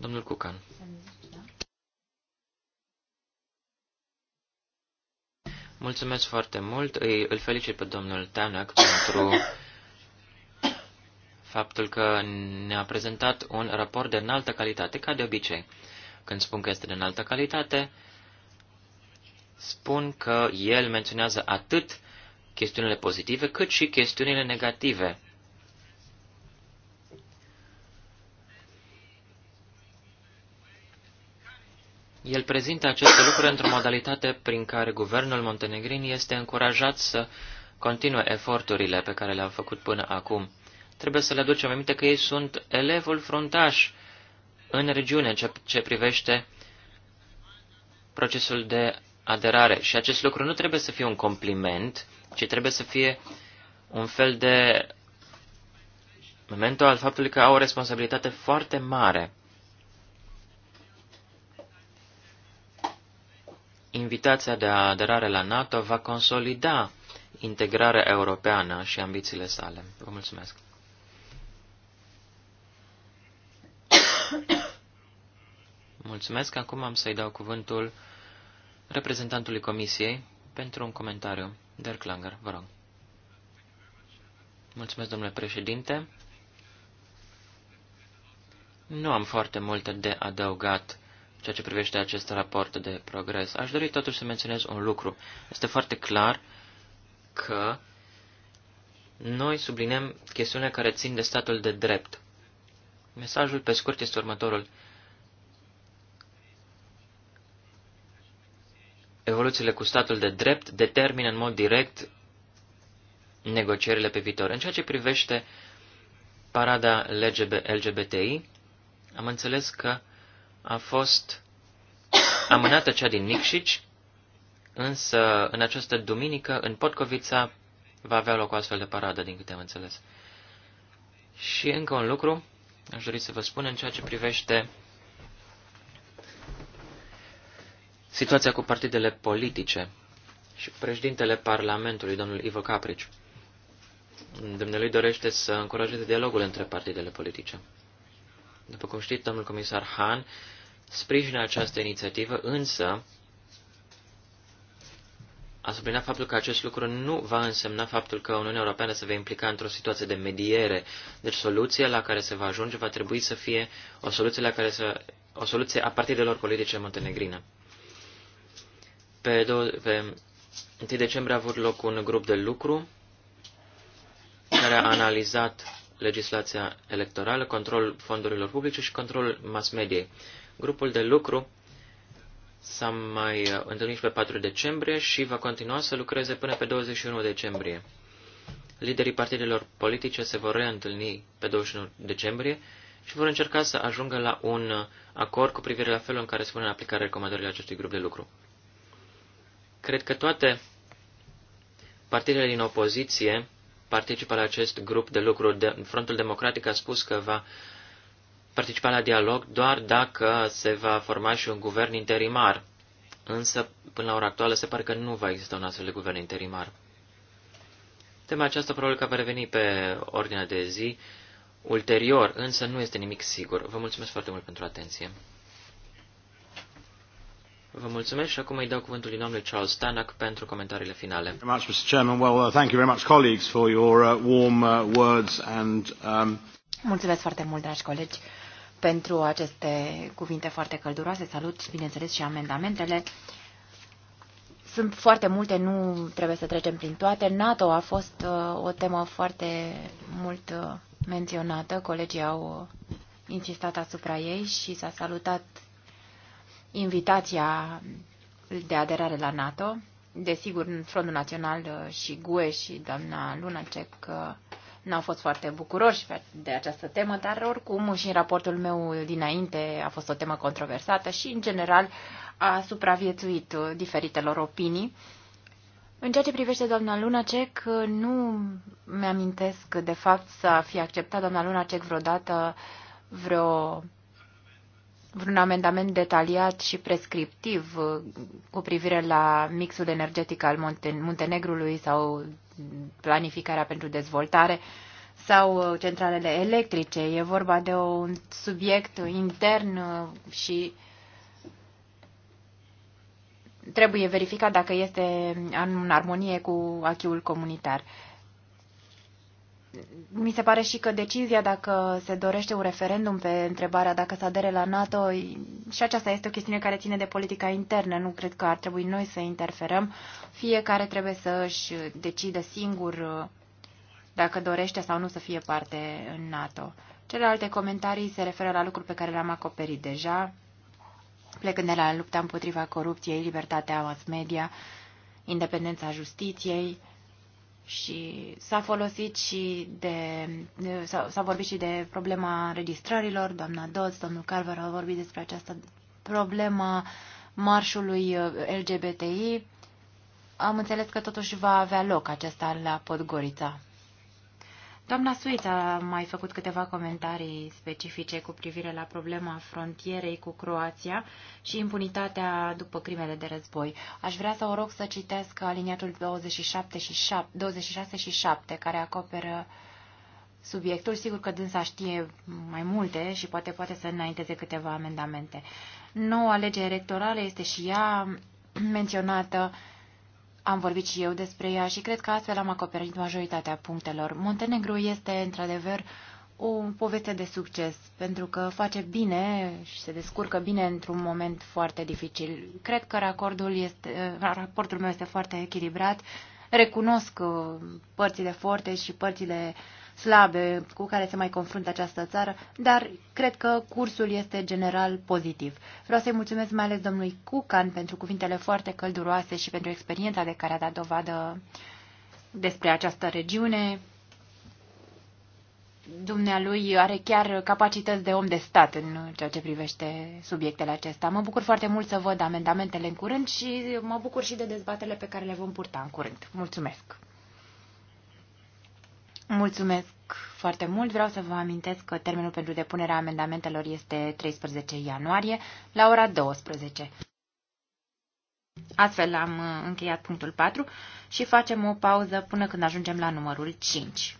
Domnul Cucan. Mulțumesc foarte mult. Îi, îl felicit pe domnul Tanak pentru faptul că ne-a prezentat un raport de înaltă calitate, ca de obicei. Când spun că este de înaltă calitate, spun că el menționează atât chestiunile pozitive, cât și chestiunile negative El prezintă aceste lucruri într-o modalitate prin care guvernul montenegrin este încurajat să continue eforturile pe care le-au făcut până acum. Trebuie să le aducem aminte că ei sunt elevul fruntaș în regiune ce, ce privește procesul de aderare. Și acest lucru nu trebuie să fie un compliment, ci trebuie să fie un fel de momentul al faptului că au o responsabilitate foarte mare invitația de aderare la NATO va consolida integrarea europeană și ambițiile sale. Vă mulțumesc! Mulțumesc. Acum am să-i dau cuvântul reprezentantului Comisiei pentru un comentariu. Dirk Langer, vă rog. Mulțumesc, domnule președinte. Nu am foarte multe de adăugat ceea ce privește acest raport de progres. Aș dori totuși să menționez un lucru. Este foarte clar că noi sublinem chestiunea care țin de statul de drept. Mesajul pe scurt este următorul. Evoluțiile cu statul de drept determină în mod direct negocierile pe viitor. În ceea ce privește parada LGBTI, am înțeles că a fost amânată cea din Nicșici, însă în această duminică, în Potcovița, va avea loc o astfel de paradă, din câte am înțeles. Și încă un lucru aș dori să vă spun în ceea ce privește situația cu partidele politice și președintele Parlamentului, domnul Ivo Caprici. Dumnealui dorește să încurajeze dialogul între partidele politice. După cum știți, domnul comisar Han sprijină această inițiativă, însă a sublinat faptul că acest lucru nu va însemna faptul că Uniunea Europeană se va implica într-o situație de mediere. Deci soluția la care se va ajunge va trebui să fie o soluție, la care să, o soluție a partidelor politice montenegrine. Pe, do- pe 1 decembrie a avut loc un grup de lucru care a analizat legislația electorală, controlul fondurilor publice și controlul mass mediei. Grupul de lucru s-a mai uh, întâlnit pe 4 decembrie și va continua să lucreze până pe 21 decembrie. Liderii partidelor politice se vor reîntâlni pe 21 decembrie și vor încerca să ajungă la un acord cu privire la felul în care se pune în aplicare recomandările acestui grup de lucru. Cred că toate partidele din opoziție participă la acest grup de lucru. De, Frontul Democratic a spus că va participa la dialog doar dacă se va forma și un guvern interimar. Însă, până la ora actuală, se pare că nu va exista un astfel de guvern interimar. Tema aceasta probabil că va reveni pe ordinea de zi ulterior, însă nu este nimic sigur. Vă mulțumesc foarte mult pentru atenție. Vă mulțumesc și acum îi dau cuvântul din domnului Charles Stanek pentru comentariile finale. Mulțumesc foarte mult, dragi colegi, pentru aceste cuvinte foarte călduroase. Salut, bineînțeles, și amendamentele. Sunt foarte multe, nu trebuie să trecem prin toate. NATO a fost uh, o temă foarte mult uh, menționată. Colegii au uh, insistat asupra ei și s-a salutat invitația de aderare la NATO. Desigur, Frontul Național uh, și GUE și doamna Lunacek uh, n-au fost foarte bucuroși de această temă, dar oricum și în raportul meu dinainte a fost o temă controversată și în general a supraviețuit diferitelor opinii. În ceea ce privește doamna Lunacek, nu mi-amintesc de fapt să fi acceptat doamna Lunacek vreodată vreo vreun amendament detaliat și prescriptiv cu privire la mixul energetic al Muntenegrului sau planificarea pentru dezvoltare sau uh, centralele electrice. E vorba de un subiect intern uh, și trebuie verificat dacă este în armonie cu achiul comunitar mi se pare și că decizia dacă se dorește un referendum pe întrebarea dacă să adere la NATO, și aceasta este o chestiune care ține de politica internă, nu cred că ar trebui noi să interferăm. Fiecare trebuie să își decide singur uh, dacă dorește sau nu să fie parte în NATO. Celelalte comentarii se referă la lucruri pe care le-am acoperit deja, plecând de la lupta împotriva corupției, libertatea mass media, independența justiției, și s-a folosit și de, s-a vorbit și de problema registrărilor, doamna Dodds, domnul Carver a vorbit despre această problemă marșului uh, LGBTI. Am înțeles că totuși va avea loc acesta la Podgorița. Doamna Suița a mai făcut câteva comentarii specifice cu privire la problema frontierei cu Croația și impunitatea după crimele de război. Aș vrea să o rog să citească aliniatul 27 și 7, 26 și 7, care acoperă subiectul. Sigur că dânsa știe mai multe și poate poate să înainteze câteva amendamente. Noua lege electorală este și ea menționată am vorbit și eu despre ea și cred că astfel am acoperit majoritatea punctelor. Montenegru este, într-adevăr, o poveste de succes, pentru că face bine și se descurcă bine într-un moment foarte dificil. Cred că racordul este, raportul meu este foarte echilibrat. Recunosc uh, părțile forte și părțile uh, slabe cu care se mai confruntă această țară, dar cred că cursul este general pozitiv. Vreau să-i mulțumesc mai ales domnului Cucan pentru cuvintele foarte călduroase și pentru experiența de care a dat dovadă despre această regiune. Dumnealui are chiar capacități de om de stat în ceea ce privește subiectele acestea. Mă bucur foarte mult să văd amendamentele în curând și mă bucur și de dezbatele pe care le vom purta în curând. Mulțumesc! Mulțumesc foarte mult. Vreau să vă amintesc că termenul pentru depunerea amendamentelor este 13 ianuarie la ora 12. Astfel am uh, încheiat punctul 4 și facem o pauză până când ajungem la numărul 5.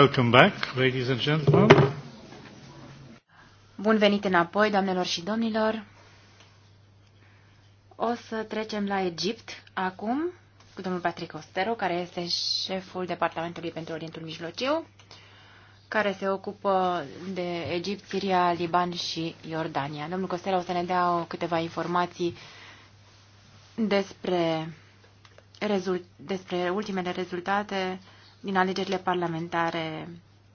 Welcome back, ladies and gentlemen. Bun venit înapoi, doamnelor și domnilor. O să trecem la Egipt acum cu domnul Patrick Ostero, care este șeful Departamentului pentru Orientul Mijlociu, care se ocupă de Egipt, Siria, Liban și Iordania. Domnul Costero o să ne dea câteva informații despre, rezult, despre ultimele rezultate din alegerile parlamentare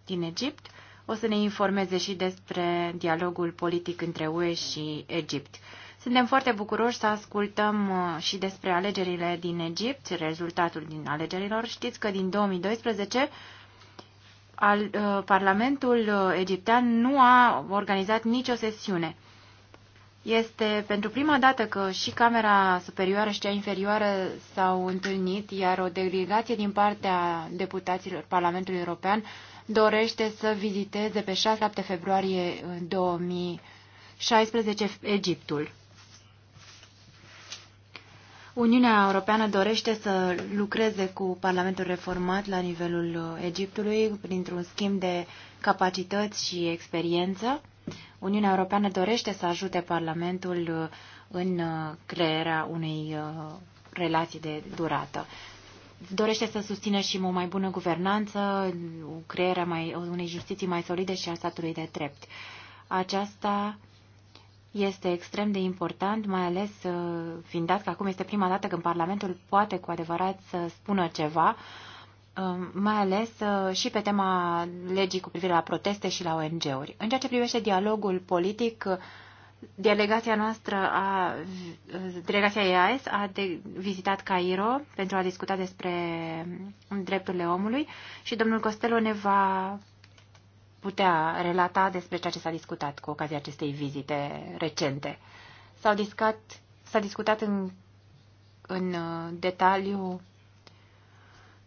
din Egipt. O să ne informeze și despre dialogul politic între UE și Egipt. Suntem foarte bucuroși să ascultăm uh, și despre alegerile din Egipt, rezultatul din alegerilor. Știți că din 2012 al, uh, Parlamentul uh, egiptean nu a organizat nicio sesiune. Este pentru prima dată că și Camera Superioară și cea inferioară s-au întâlnit, iar o delegație din partea deputaților Parlamentului European dorește să viziteze pe 6-7 februarie 2016 Egiptul. Uniunea Europeană dorește să lucreze cu Parlamentul Reformat la nivelul Egiptului printr-un schimb de capacități și experiență. Uniunea Europeană dorește să ajute Parlamentul uh, în uh, crearea unei uh, relații de durată. Dorește să susțină și o mai bună guvernanță, crearea mai, unei justiții mai solide și a statului de drept. Aceasta este extrem de important, mai ales fiind dat că acum este prima dată când Parlamentul poate cu adevărat să spună ceva uh, Um, mai ales uh, și pe tema legii cu privire la proteste și la ONG-uri. În ceea ce privește dialogul politic, uh, delegația noastră, a, uh, delegația EAS a de, vizitat Cairo pentru a discuta despre um, drepturile omului și domnul Costello ne va putea relata despre ceea ce s-a discutat cu ocazia acestei vizite recente. S-a discutat, s-a discutat în, în detaliu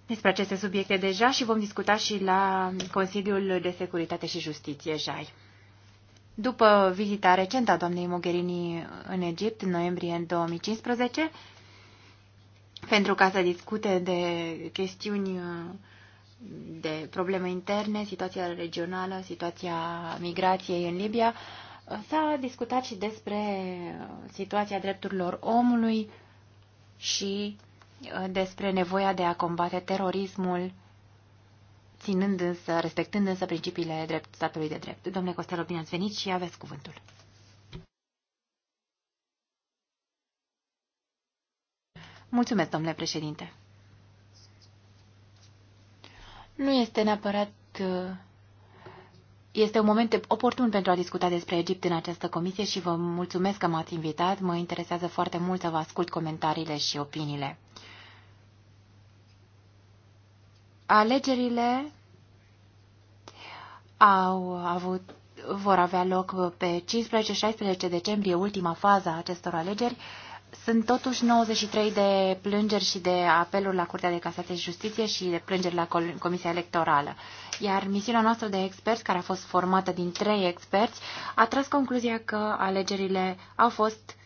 despre aceste subiecte deja și vom discuta și la Consiliul de Securitate și Justiție, JAI. După vizita recentă a doamnei Mogherini în Egipt, în noiembrie 2015, pentru ca să discute de chestiuni uh, de probleme interne, situația regională, situația migrației în Libia, s-a discutat și despre situația drepturilor omului și despre nevoia de a combate terorismul, ținând însă, respectând însă principiile drept, statului de drept. Domnule Costelo, bine ați venit și aveți cuvântul. Mulțumesc, domnule președinte. Nu este neapărat uh, este un moment oportun pentru a discuta despre Egipt în această comisie și vă mulțumesc că m-ați invitat. Mă interesează foarte mult să vă ascult comentariile și opiniile. Alegerile au avut, vor avea loc pe 15-16 decembrie, ultima fază a acestor alegeri. Sunt totuși 93 de plângeri și de apeluri la Curtea de Casație și Justiție și de plângeri la Comisia Electorală. Iar misiunea noastră de experți, care a fost formată din trei experți, a tras concluzia că alegerile au fost,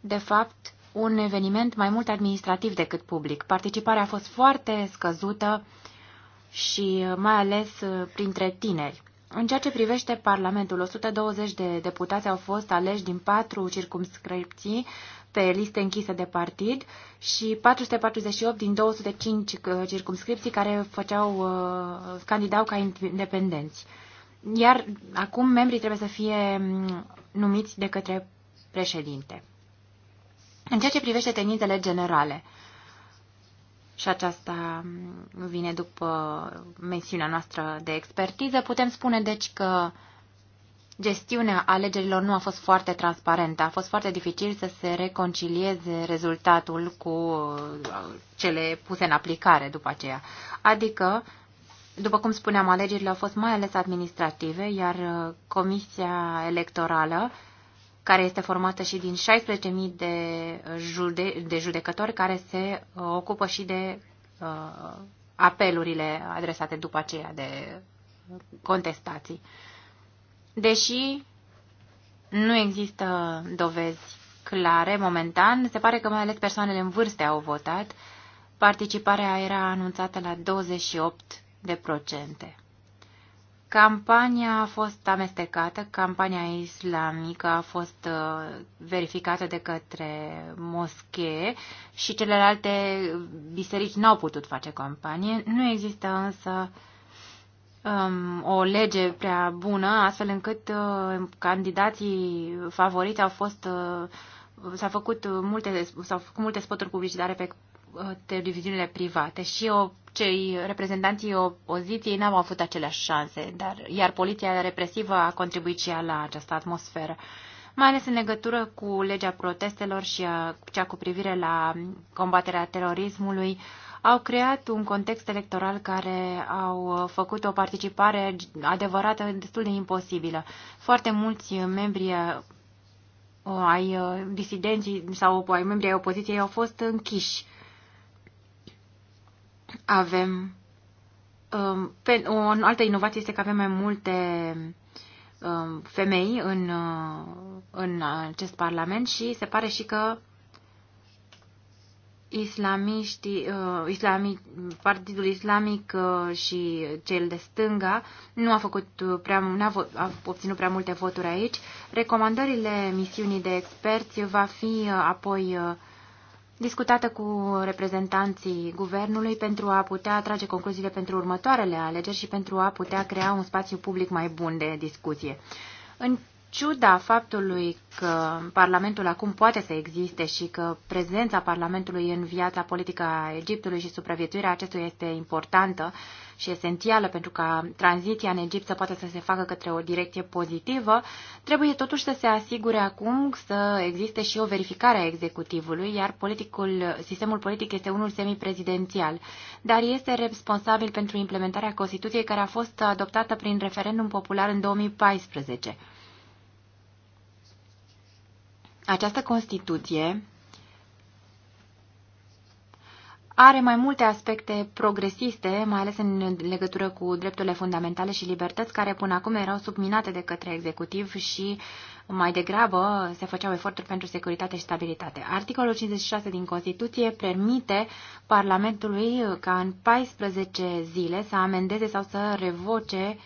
de fapt, un eveniment mai mult administrativ decât public. Participarea a fost foarte scăzută și mai ales uh, printre tineri. În ceea ce privește Parlamentul, 120 de deputați au fost aleși din patru circumscripții, pe liste închise de partid și 448 din 205 uh, circumscripții care făceau, uh, candidau ca independenți. Iar acum membrii trebuie să fie mm, numiți de către președinte. În ceea ce privește tendințele generale, și aceasta mm, vine după mențiunea noastră de expertiză, putem spune deci că uh, gestiunea alegerilor nu a fost foarte transparentă. A fost foarte dificil să se reconcilieze rezultatul cu uh, cele puse în aplicare după aceea. Adică, după cum spuneam, alegerile au fost mai ales administrative, iar uh, Comisia Electorală care este formată și din 16.000 de, uh, jude, de judecători care se ocupă și de uh, apelurile adresate după aceea de contestații. Deși nu există dovezi clare momentan, se pare că mai ales persoanele în vârste au votat. Participarea era anunțată la 28 de procente. Campania a fost amestecată, campania islamică a fost uh, verificată de către moschee și celelalte biserici n-au putut face campanie. Nu există însă um, o lege prea bună, astfel încât uh, candidații favoriți au fost uh, s au făcut multe, s-au făcut multe spoturi publicitare pe uh, televiziunile private și o, cei reprezentanții opoziției n-au avut aceleași șanse, dar, iar poliția represivă a contribuit și ea la această atmosferă, mai ales în legătură cu legea protestelor și a, cea cu privire la combaterea terorismului, uh, au creat un context electoral care au făcut o participare adevărată destul de imposibilă. Foarte mulți membri ai disidenții sau ai membri ai opoziției au fost închiși. Avem um, o altă inovație este că avem mai multe um, femei în, uh, în acest parlament și se pare și că islamiștii, uh, islami, Partidul Islamic uh, și cel de stânga nu a făcut uh, prea, n-a a obținut prea multe voturi aici. Recomandările misiunii de experți va fi apoi discutată cu reprezentanții guvernului pentru a putea trage concluziile pentru următoarele alegeri și pentru a putea crea un spațiu public mai bun de discuție. În ciuda faptului că Parlamentul acum poate să existe și că prezența Parlamentului în viața politică a Egiptului și supraviețuirea acestuia este importantă și esențială pentru ca tranziția în Egipt să poată să se facă către o direcție pozitivă, trebuie totuși să se asigure acum să existe și o verificare a executivului, iar politicul, sistemul politic este unul semiprezidențial, dar este responsabil pentru implementarea Constituției care a fost adoptată prin referendum popular în 2014. Această Constituție are mai multe aspecte progresiste, mai ales în legătură cu drepturile fundamentale și libertăți care până acum erau subminate de către executiv și mai degrabă se făceau eforturi pentru securitate și stabilitate. Articolul 56 din Constituție permite Parlamentului ca în 14 zile să amendeze sau să revoce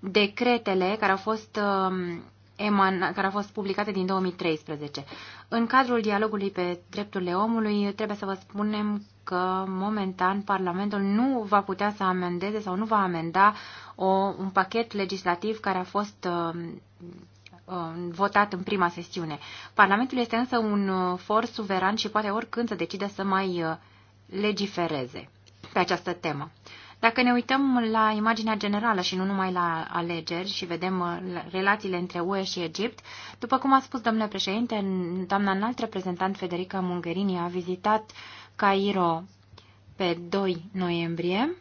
decretele care au fost um, eman, care au fost publicate din 2013. În cadrul dialogului pe drepturile omului, trebuie să vă spunem că momentan Parlamentul nu va putea să amendeze sau nu va amenda o, un pachet legislativ care a fost uh, uh, votat în prima sesiune. Parlamentul este însă un uh, for suveran și poate oricând să decide să mai uh, legifereze pe această temă. Dacă ne uităm la imaginea generală și nu numai la alegeri și vedem uh, relațiile între UE și Egipt, după cum a spus domnule președinte, doamna înalt reprezentant Federica Mungherini a vizitat Cairo pe 2 noiembrie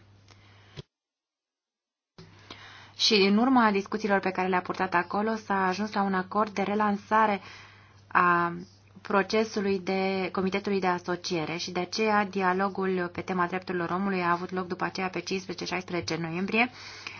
și în urma discuțiilor pe care le-a purtat acolo s-a ajuns la un acord de relansare a procesului de Comitetului de Asociere și de aceea dialogul pe tema drepturilor omului a avut loc după aceea pe 15-16 noiembrie,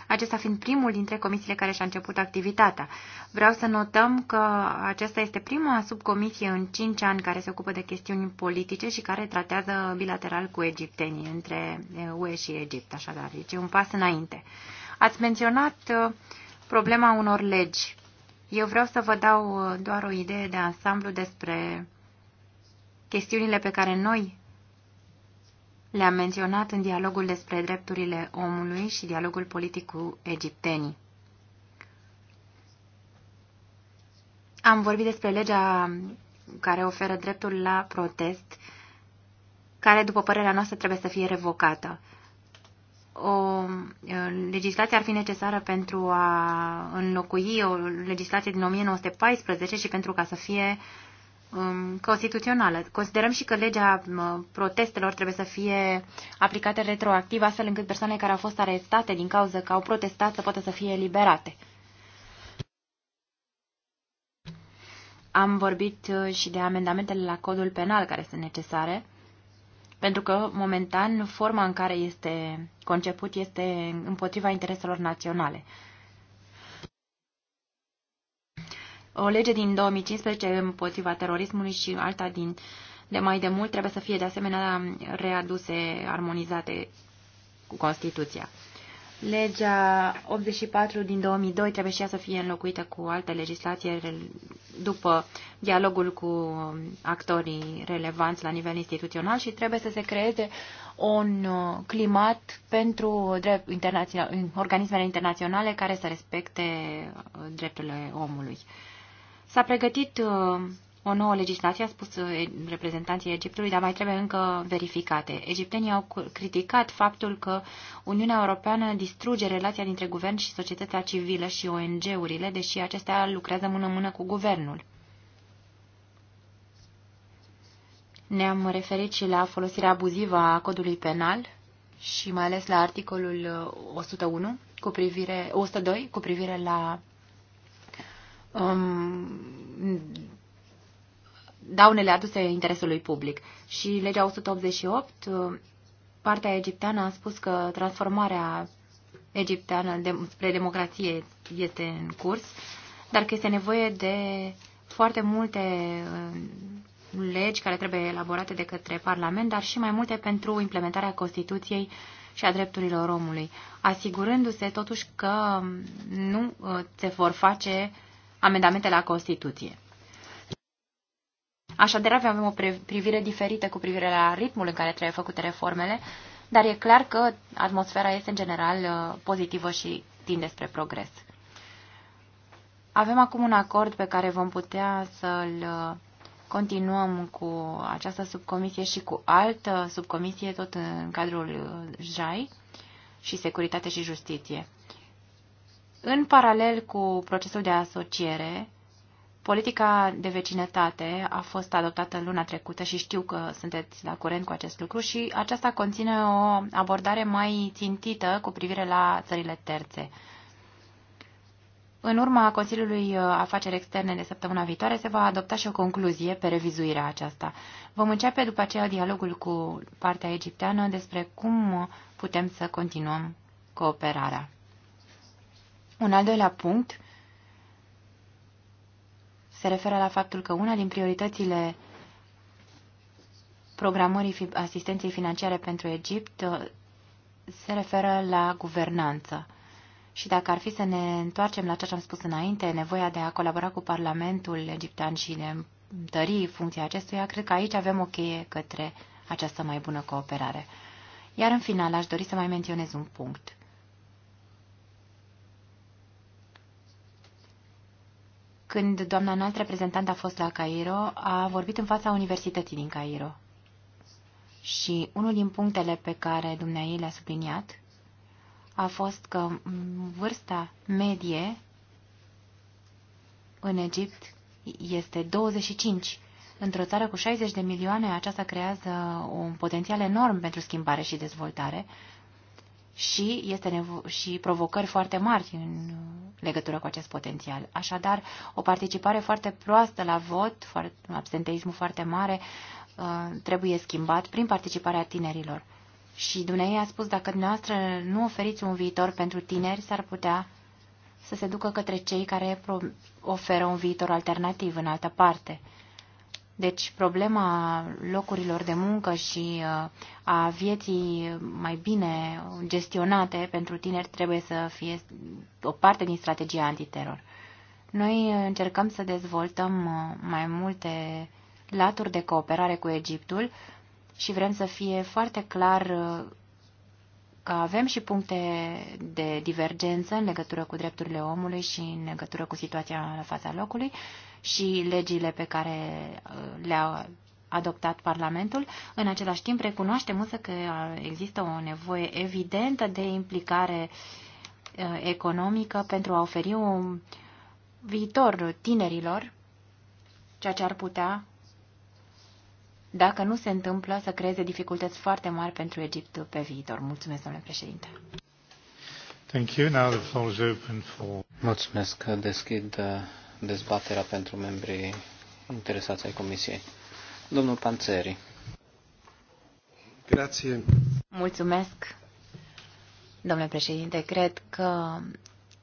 acesta fiind primul dintre comisiile care și-a început activitatea. Vreau să notăm că aceasta este prima subcomisie în 5 ani care se ocupă de chestiuni politice și care tratează bilateral cu egiptenii, între UE și Egipt, așadar, deci e un pas înainte. Ați menționat uh, problema unor legi eu vreau să vă dau uh, doar o idee de ansamblu despre chestiunile pe care noi le-am menționat în dialogul despre drepturile omului și dialogul politic cu egiptenii. Am vorbit despre legea care oferă dreptul la protest, care, după părerea noastră, trebuie să fie revocată o legislație ar fi necesară pentru a înlocui o legislație din 1914 și pentru ca să fie um, constituțională. Considerăm și că legea protestelor trebuie să fie aplicată retroactiv, astfel încât persoanele care au fost arestate din cauza că au protestat să poată să fie eliberate. Am vorbit uh, și de amendamentele la codul penal care sunt necesare pentru că, momentan, forma în care este conceput este împotriva intereselor naționale. O lege din 2015 împotriva terorismului și alta din de mai de mult trebuie să fie de asemenea readuse, armonizate cu Constituția. Legea 84 din 2002 trebuie și ea să fie înlocuită cu alte legislație după dialogul cu actorii relevanți la nivel instituțional și trebuie să se creeze un uh, climat pentru drept internațional, organismele internaționale care să respecte uh, drepturile omului. S-a pregătit uh, o nouă legislație, a spus eh, reprezentanții Egiptului, dar mai trebuie încă verificate. Egiptenii au criticat faptul că Uniunea Europeană distruge relația dintre guvern și societatea civilă și ONG-urile, deși acestea lucrează mână-mână cu guvernul. Ne-am referit și la folosirea abuzivă a codului penal și mai ales la articolul 101 eh, cu privire, 102 cu privire la um, daunele aduse interesului public. Și legea 188, uh, partea egipteană a spus că transformarea egipteană de, spre democrație este în curs, dar că este nevoie de foarte multe uh, legi care trebuie elaborate de către Parlament, dar și mai multe pentru implementarea Constituției și a drepturilor omului, asigurându-se totuși că nu uh, se vor face amendamente la Constituție. Așadar avem o privire diferită cu privire la ritmul în care trebuie făcute reformele, dar e clar că atmosfera este în general uh, pozitivă și tinde spre progres. Avem acum un acord pe care vom putea să-l uh, continuăm cu această subcomisie și cu altă subcomisie, tot în cadrul uh, JAI și Securitate și Justiție. În paralel cu procesul de asociere, Politica de vecinătate a fost adoptată luna trecută și știu că sunteți la curent cu acest lucru și aceasta conține o abordare mai țintită cu privire la țările terțe. În urma Consiliului Afaceri Externe de săptămâna viitoare se va adopta și o concluzie pe revizuirea aceasta. Vom începe după aceea dialogul cu partea egipteană despre cum putem să continuăm cooperarea. Un al doilea punct se referă la faptul că una din prioritățile programării asistenței financiare pentru Egipt uh, se referă la guvernanță. Și dacă ar fi să ne întoarcem la ceea ce am spus înainte, nevoia de a colabora cu Parlamentul egiptean și de întări funcția acestuia, cred că aici avem o cheie către această mai bună cooperare. Iar în final aș dori să mai menționez un punct. când doamna înalt reprezentant a fost la Cairo, a vorbit în fața Universității din Cairo. Și unul din punctele pe care dumneai le-a subliniat a fost că vârsta medie în Egipt este 25. Într-o țară cu 60 de milioane, aceasta creează un potențial enorm pentru schimbare și dezvoltare și, este și provocări foarte mari în legătură cu acest potențial. Așadar, o participare foarte proastă la vot, un absenteismul foarte mare, uh, trebuie schimbat prin participarea tinerilor. Și dumneavoastră a spus, dacă dumneavoastră nu oferiți un viitor pentru tineri, s-ar putea să se ducă către cei care oferă un viitor alternativ în altă parte. Deci problema locurilor de muncă și uh, a vieții mai bine gestionate pentru tineri trebuie să fie o parte din strategia antiteror. Noi încercăm să dezvoltăm uh, mai multe laturi de cooperare cu Egiptul și vrem să fie foarte clar uh, avem și puncte de divergență în legătură cu drepturile omului și în legătură cu situația la fața locului și legile pe care uh, le-a adoptat Parlamentul. În același timp, recunoaștem însă că uh, există o nevoie evidentă de implicare uh, economică pentru a oferi un viitor tinerilor, ceea ce ar putea dacă nu se întâmplă să creeze dificultăți foarte mari pentru Egipt pe viitor. Mulțumesc, domnule președinte. Thank you. Now the floor is open for... Mulțumesc. Deschid uh, dezbaterea pentru membrii interesați ai Comisiei. Domnul Panțeri. Grație. Mulțumesc, domnule președinte. Cred că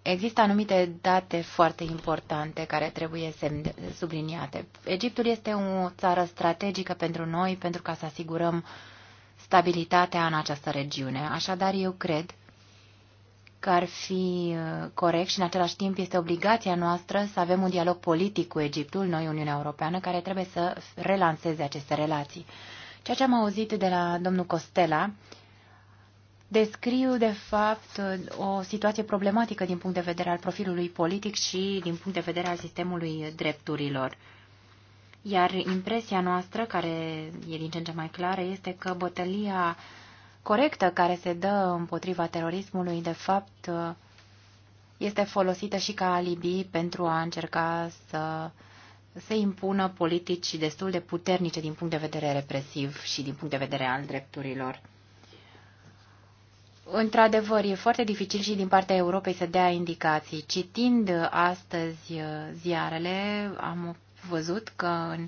Există anumite date foarte importante care trebuie subliniate. Egiptul este o țară strategică pentru noi pentru ca să asigurăm stabilitatea în această regiune. Așadar, eu cred că ar fi uh, corect și în același timp este obligația noastră să avem un dialog politic cu Egiptul, noi Uniunea Europeană, care trebuie să relanseze aceste relații. Ceea ce am auzit de la domnul Costela descriu, de fapt, o situație problematică din punct de vedere al profilului politic și din punct de vedere al sistemului drepturilor. Iar impresia noastră, care e din ce în ce mai clară, este că bătălia corectă care se dă împotriva terorismului, de fapt, este folosită și ca alibi pentru a încerca să se impună politici destul de puternice din punct de vedere represiv și din punct de vedere al drepturilor. Într-adevăr, e foarte dificil și din partea Europei să dea indicații. Citind uh, astăzi uh, ziarele, am văzut că în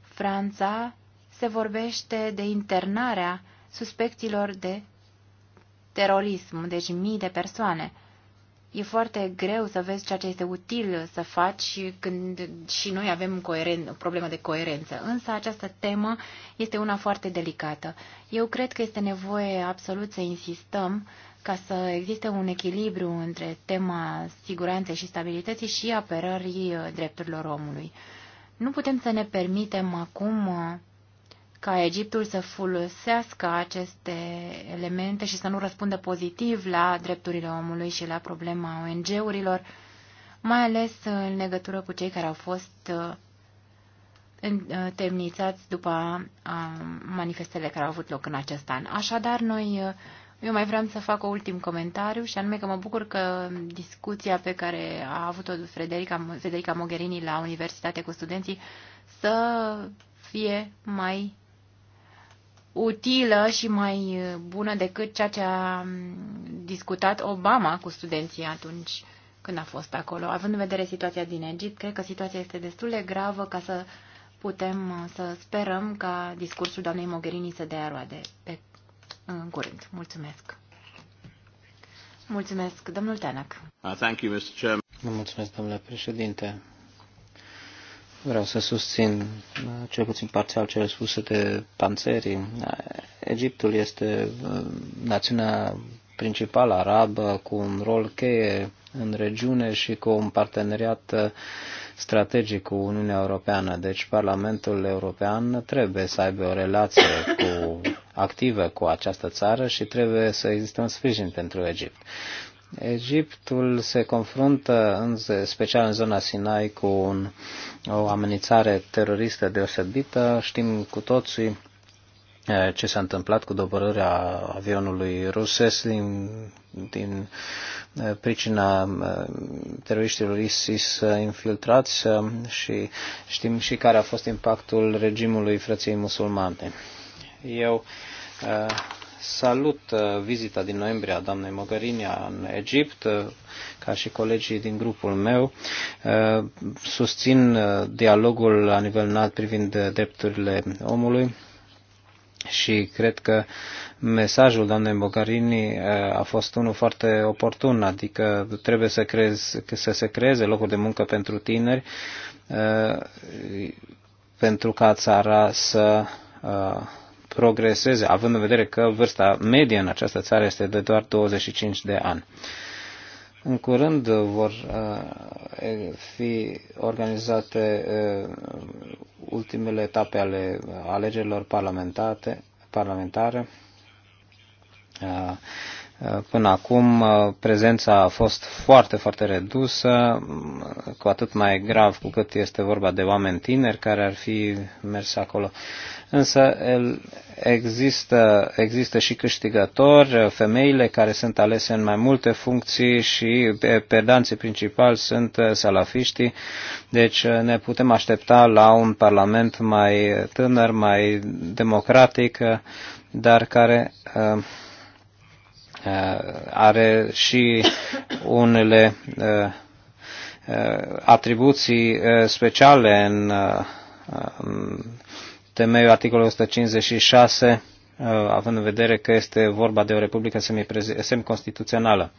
Franța se vorbește de internarea suspecților de terorism, deci mii de persoane. E foarte greu să vezi ceea ce este util să faci când și noi avem coeren, o problemă de coerență. Însă această temă este una foarte delicată. Eu cred că este nevoie absolut să insistăm ca să existe un echilibru între tema siguranței și stabilității și apărării drepturilor omului. Nu putem să ne permitem acum ca Egiptul să folosească aceste elemente și să nu răspundă pozitiv la drepturile omului și la problema ONG-urilor, mai ales în legătură cu cei care au fost uh, uh, temnițați după uh, manifestele care au avut loc în acest an. Așadar, noi, eu mai vreau să fac un ultim comentariu și anume că mă bucur că discuția pe care a avut-o Frederica Frederica Mogherini la universitate cu studenții să fie mai utilă și mai uh, bună decât ceea ce a mm, discutat Obama cu studenții atunci când a fost acolo. Având în vedere situația din Egipt, cred că situația este destul de gravă ca să putem uh, să sperăm ca discursul doamnei Mogherini să dea roade pe, uh, în curând. Mulțumesc! Mulțumesc, domnul Tanac! Thank you, Mr. Chairman. Mulțumesc, domnule președinte. Vreau să susțin uh, cel puțin parțial cele spuse de panțerii. Uh, Egiptul este uh, națiunea principală arabă cu un rol cheie în regiune și cu un parteneriat strategic cu Uniunea Europeană. Deci Parlamentul European trebuie să aibă o relație cu, activă cu această țară și trebuie să existe un sprijin pentru Egipt. Egiptul se confruntă, în special în zona Sinai, cu un, o amenințare teroristă deosebită. Știm cu toții eh, ce s-a întâmplat cu dobărârea avionului rusesc din, din eh, pricina eh, teroriștilor ISIS infiltrați și știm și care a fost impactul regimului frăției musulmane. Eu Salut uh, vizita din noiembrie a doamnei Mogherini în Egipt, uh, ca și colegii din grupul meu. Uh, susțin dialogul la nivel înalt privind drepturile omului și cred că mesajul doamnei Bogarini a fost unul foarte oportun, adică trebuie să, creezi, să se creeze locuri de muncă pentru tineri pentru ca țara să progreseze, având în vedere că vârsta medie în această țară este de doar 25 de ani. În curând vor uh, fi organizate uh, ultimele etape ale alegerilor parlamentare. Uh, Uh, până acum uh, prezența a fost foarte, foarte redusă, mm, cu atât mai grav cu cât este vorba de oameni tineri care ar fi mers acolo. Însă există, există și câștigători, uh, femeile care sunt alese în mai multe funcții și perdanții principali sunt salafiștii, deci ne putem aștepta la un parlament mai tânăr, mai democratic, dar care uh, Eh, are și unele eh, eh, atribuții speciale în temeiul articolului 156, având în vedere că este vorba de o republică semiconstituțională.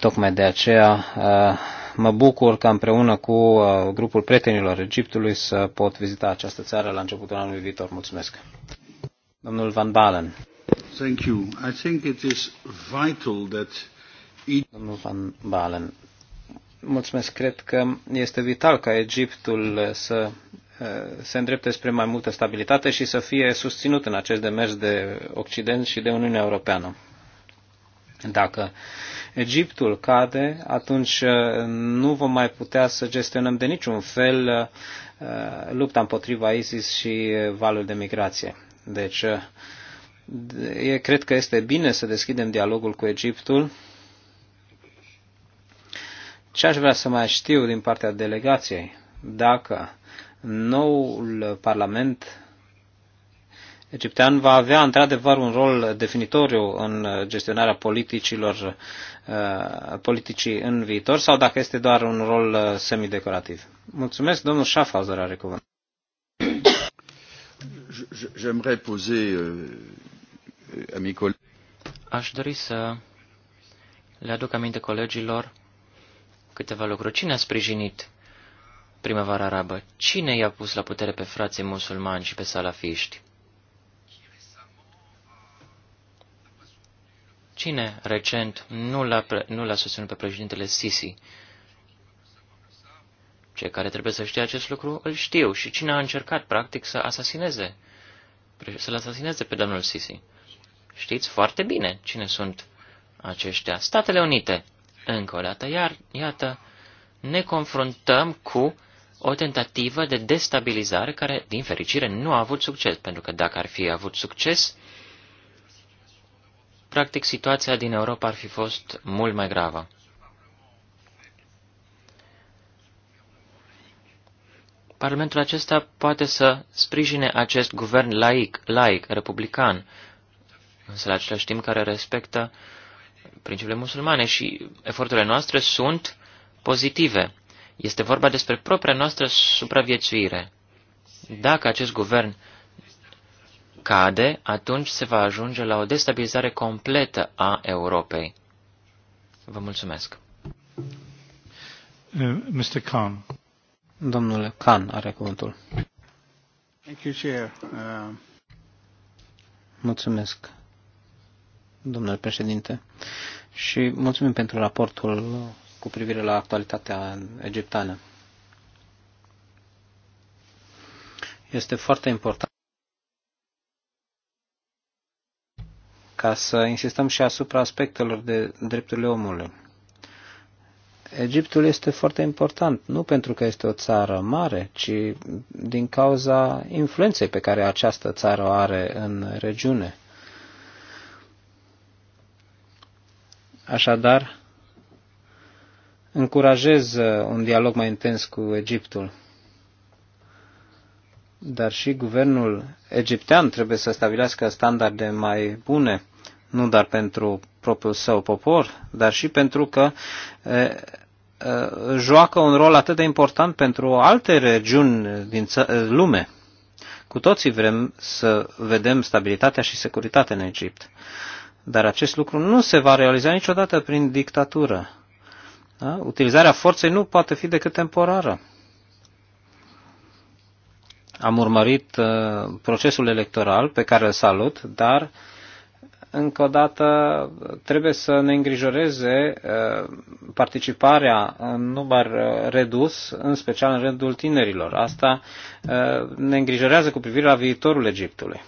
Tocmai de aceea mă bucur că împreună cu grupul prietenilor Egiptului să pot vizita această țară la începutul anului viitor. Mulțumesc! Domnul Van Balen. Domnul Van Balen, mulțumesc. Cred că este vital ca Egiptul uh, să uh, se îndrepte spre mai multă stabilitate și să fie susținut în acest demers de Occident și de Uniunea Europeană. Dacă Egiptul cade, atunci uh, nu vom mai putea să gestionăm de niciun fel lupta împotriva ISIS și valul de migrație. Deci e, cred că este bine să deschidem dialogul cu Egiptul. Ce aș vrea să mai știu din partea delegației? Dacă noul Parlament egiptean va avea într-adevăr un rol definitoriu în gestionarea politicilor, uh, politicii în viitor sau dacă este doar un rol uh, semidecorativ. Mulțumesc, domnul Schaffhauser are cuvânt. [COUGHS] J'aimerais poser euh, amicul. Aș dori să le aduc aminte colegilor câteva lucruri. Cine a sprijinit primăvara arabă? Cine i-a pus la putere pe frații musulmani și pe salafiști? Cine recent nu l-a, nu l-a susținut pe președintele Sisi? Cei care trebuie să știe acest lucru îl știu și cine a încercat practic să asasineze, să-l asasineze pe domnul Sisi. Știți foarte bine cine sunt aceștia. Statele Unite. Încă o dată, iar, iată, ne confruntăm cu o tentativă de destabilizare care, din fericire, nu a avut succes, pentru că dacă ar fi avut succes, practic situația din Europa ar fi fost mult mai gravă. Parlamentul acesta poate să sprijine acest guvern laic, laic, republican, însă la același timp care respectă principiile musulmane și eforturile noastre sunt pozitive. Este vorba despre propria noastră supraviețuire. Dacă acest guvern cade, atunci se va ajunge la o destabilizare completă a Europei. Vă mulțumesc. Uh, Mr. Khan. Domnule Khan are cuvântul. Thank you, Chair. Uh... Mulțumesc, domnule președinte, și mulțumim pentru raportul cu privire la actualitatea egipteană. Este foarte important ca să insistăm și asupra aspectelor de drepturile omului. Egiptul este foarte important, nu pentru că este o țară mare, ci din cauza influenței pe care această țară o are în regiune. Așadar, încurajez uh, un dialog mai intens cu Egiptul. Dar și guvernul egiptean trebuie să stabilească standarde mai bune, nu doar pentru propriul său popor, dar și pentru că e, joacă un rol atât de important pentru alte regiuni din lume. Cu toții vrem să vedem stabilitatea și securitatea în Egipt. Dar acest lucru nu se va realiza niciodată prin dictatură. Da? Utilizarea forței nu poate fi decât temporară. Am urmărit uh, procesul electoral pe care îl salut, dar încă o dată trebuie să ne îngrijoreze uh, participarea în număr uh, redus, în special în rândul tinerilor. Asta uh, ne îngrijorează cu privire la viitorul Egiptului.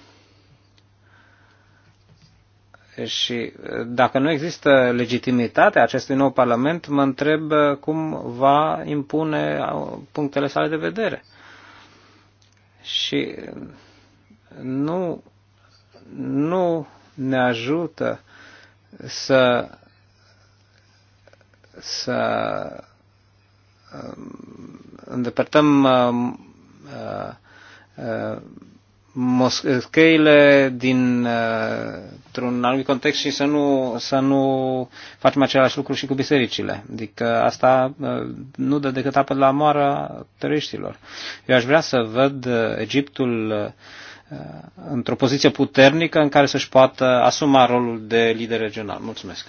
Și uh, dacă nu există legitimitatea acestui nou Parlament, mă întreb uh, cum va impune uh, punctele sale de vedere. Și nu, nu ne ajută să, să um, îndepărtăm um, uh, uh, moscheile eh, uh, eh, un anumit context și să nu, să nu facem același lucru și cu bisericile. Adică asta eh, nu dă decât apă de la moară teroriștilor. Eu aș vrea să văd Egiptul într-o poziție puternică în care să-și poată asuma rolul de lider regional. Mulțumesc.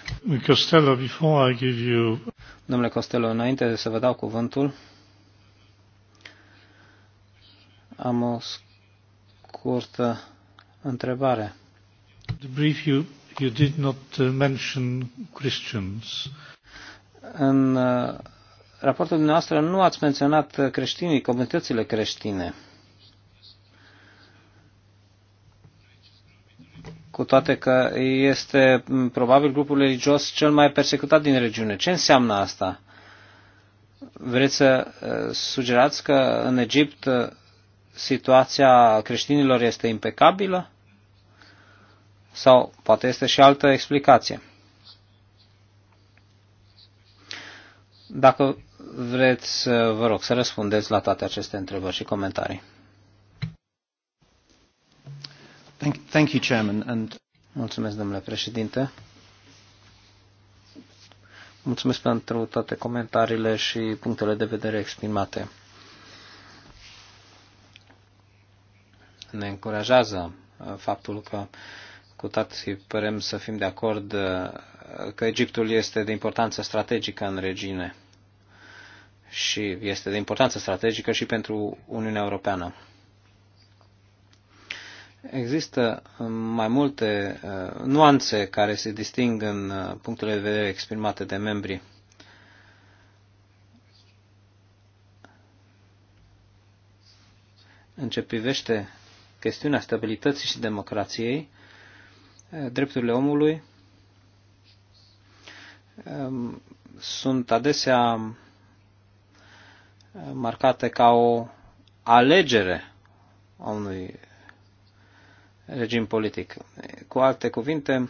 Costello, before I give you... Domnule Costello, înainte să vă dau cuvântul, am o scurtă întrebare. The brief you, you did not uh, mention Christians. În uh, raportul dumneavoastră nu ați menționat creștinii, comunitățile creștine. cu toate că este probabil grupul religios cel mai persecutat din regiune. Ce înseamnă asta? Vreți să uh, sugerați că în Egipt situația creștinilor este impecabilă? Sau poate este și altă explicație. Dacă vreți, vă rog să răspundeți la toate aceste întrebări și comentarii. Thank, thank you, Chairman. And... Mulțumesc, domnule președinte. Mulțumesc pentru toate comentariile și punctele de vedere exprimate. ne încurajează uh, faptul că cu toții părem să fim de acord uh, că Egiptul este de importanță strategică în regiune și este de importanță strategică și pentru Uniunea Europeană. Există uh, mai multe nuanțe care se disting în punctele de vedere exprimate de membrii. În ce privește chestiunea stabilității și democrației, eh, drepturile omului ehm, sunt adesea eh, marcate ca o alegere a unui regim politic. Cu alte cuvinte,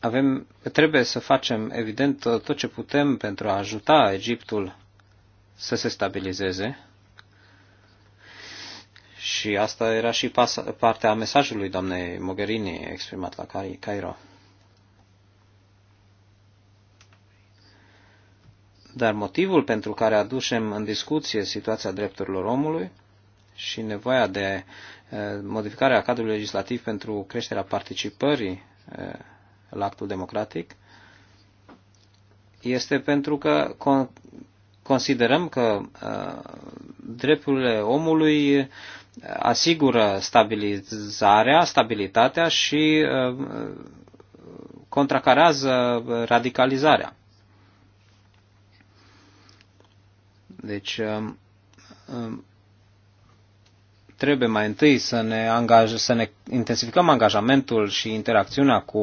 avem, trebuie să facem, evident, tot ce putem pentru a ajuta Egiptul să se stabilizeze. Și asta era și partea mesajului doamnei Mogherini exprimat la Cairo. Dar motivul pentru care aducem în discuție situația drepturilor omului și nevoia de eh, modificarea cadrului legislativ pentru creșterea participării eh, la actul democratic este pentru că considerăm că uh, drepturile omului uh, asigură stabilizarea, stabilitatea și uh, contracarează radicalizarea. Deci, trebuie mai întâi să ne, angaj, să ne intensificăm angajamentul și interacțiunea cu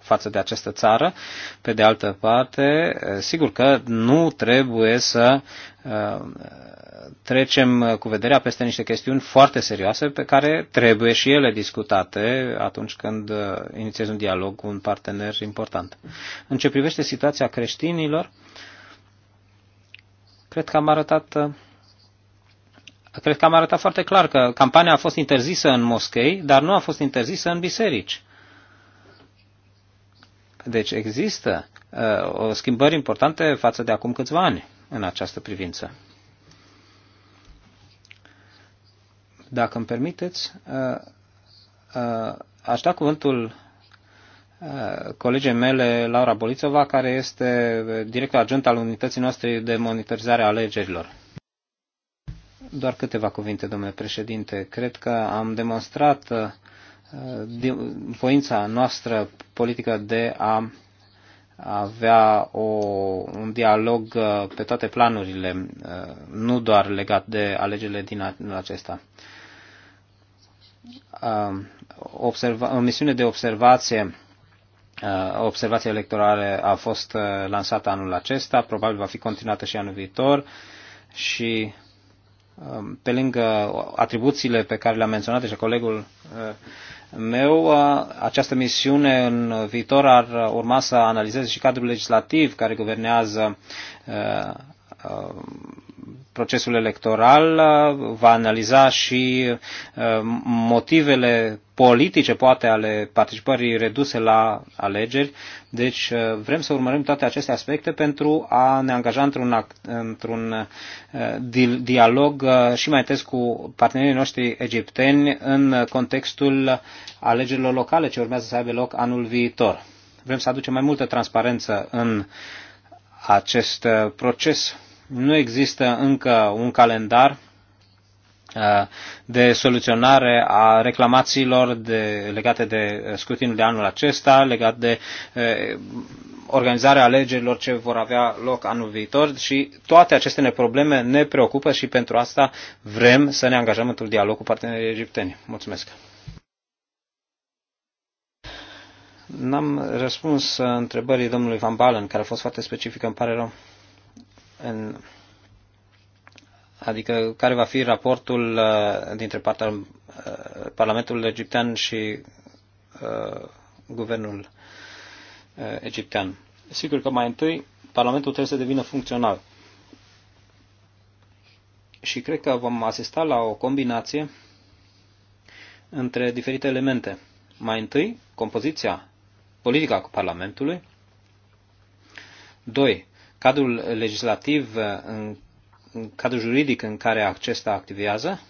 față de această țară. Pe de altă parte, eh, sigur că nu trebuie să eh, trecem cu vederea peste niște chestiuni foarte serioase pe care trebuie și ele discutate atunci când eh, inițiez un dialog cu un partener important. În ce privește situația creștinilor, cred că am arătat Cred că am arătat foarte clar că campania a fost interzisă în moschei, dar nu a fost interzisă în biserici. Deci există uh, o schimbări importante față de acum câțiva ani în această privință. Dacă îmi permiteți, uh, uh, aș da cuvântul uh, colegii mele, Laura Bolițova, care este director adjunct al unității noastre de monitorizare a alegerilor. Doar câteva cuvinte, domnule președinte. Cred că am demonstrat uh, voința noastră politică de a avea o, un dialog uh, pe toate planurile, uh, nu doar legat de alegerile din anul acesta. Observa, o misiune de observație observație electorale a fost lansată anul acesta, probabil va fi continuată și anul viitor și Um, pe lângă atribuțiile pe care le-a menționat deja colegul uh, meu, uh, această misiune în viitor ar urma să analizeze și cadrul legislativ care guvernează uh, procesul electoral, uh, va analiza și uh, motivele politice, poate, ale participării reduse la alegeri. Deci uh, vrem să urmărim toate aceste aspecte pentru a ne angaja într-un, într-un dialog și mai ales cu partenerii noștri egipteni în contextul alegerilor locale ce urmează să aibă loc anul viitor. Vrem să aducem mai multă transparență în acest proces nu există încă un calendar uh, de soluționare a reclamațiilor de, legate de uh, scrutinul de anul acesta, legat de eh, organizarea alegerilor ce vor avea loc anul viitor și toate aceste ne probleme ne preocupă și pentru asta vrem să ne angajăm într-un dialog cu partenerii egipteni. Mulțumesc! N-am răspuns întrebării domnului Van Balen, care a fost foarte specifică, îmi pare rău în, adică care va fi raportul uh, dintre partea, uh, Parlamentul egiptean și uh, guvernul uh, egiptean. Sigur că mai întâi Parlamentul trebuie să devină funcțional. Și cred că vom asista la o combinație între diferite elemente. Mai întâi, compoziția politică a Parlamentului. Doi, cadrul legislativ, uh, în, cadrul juridic în care acesta activează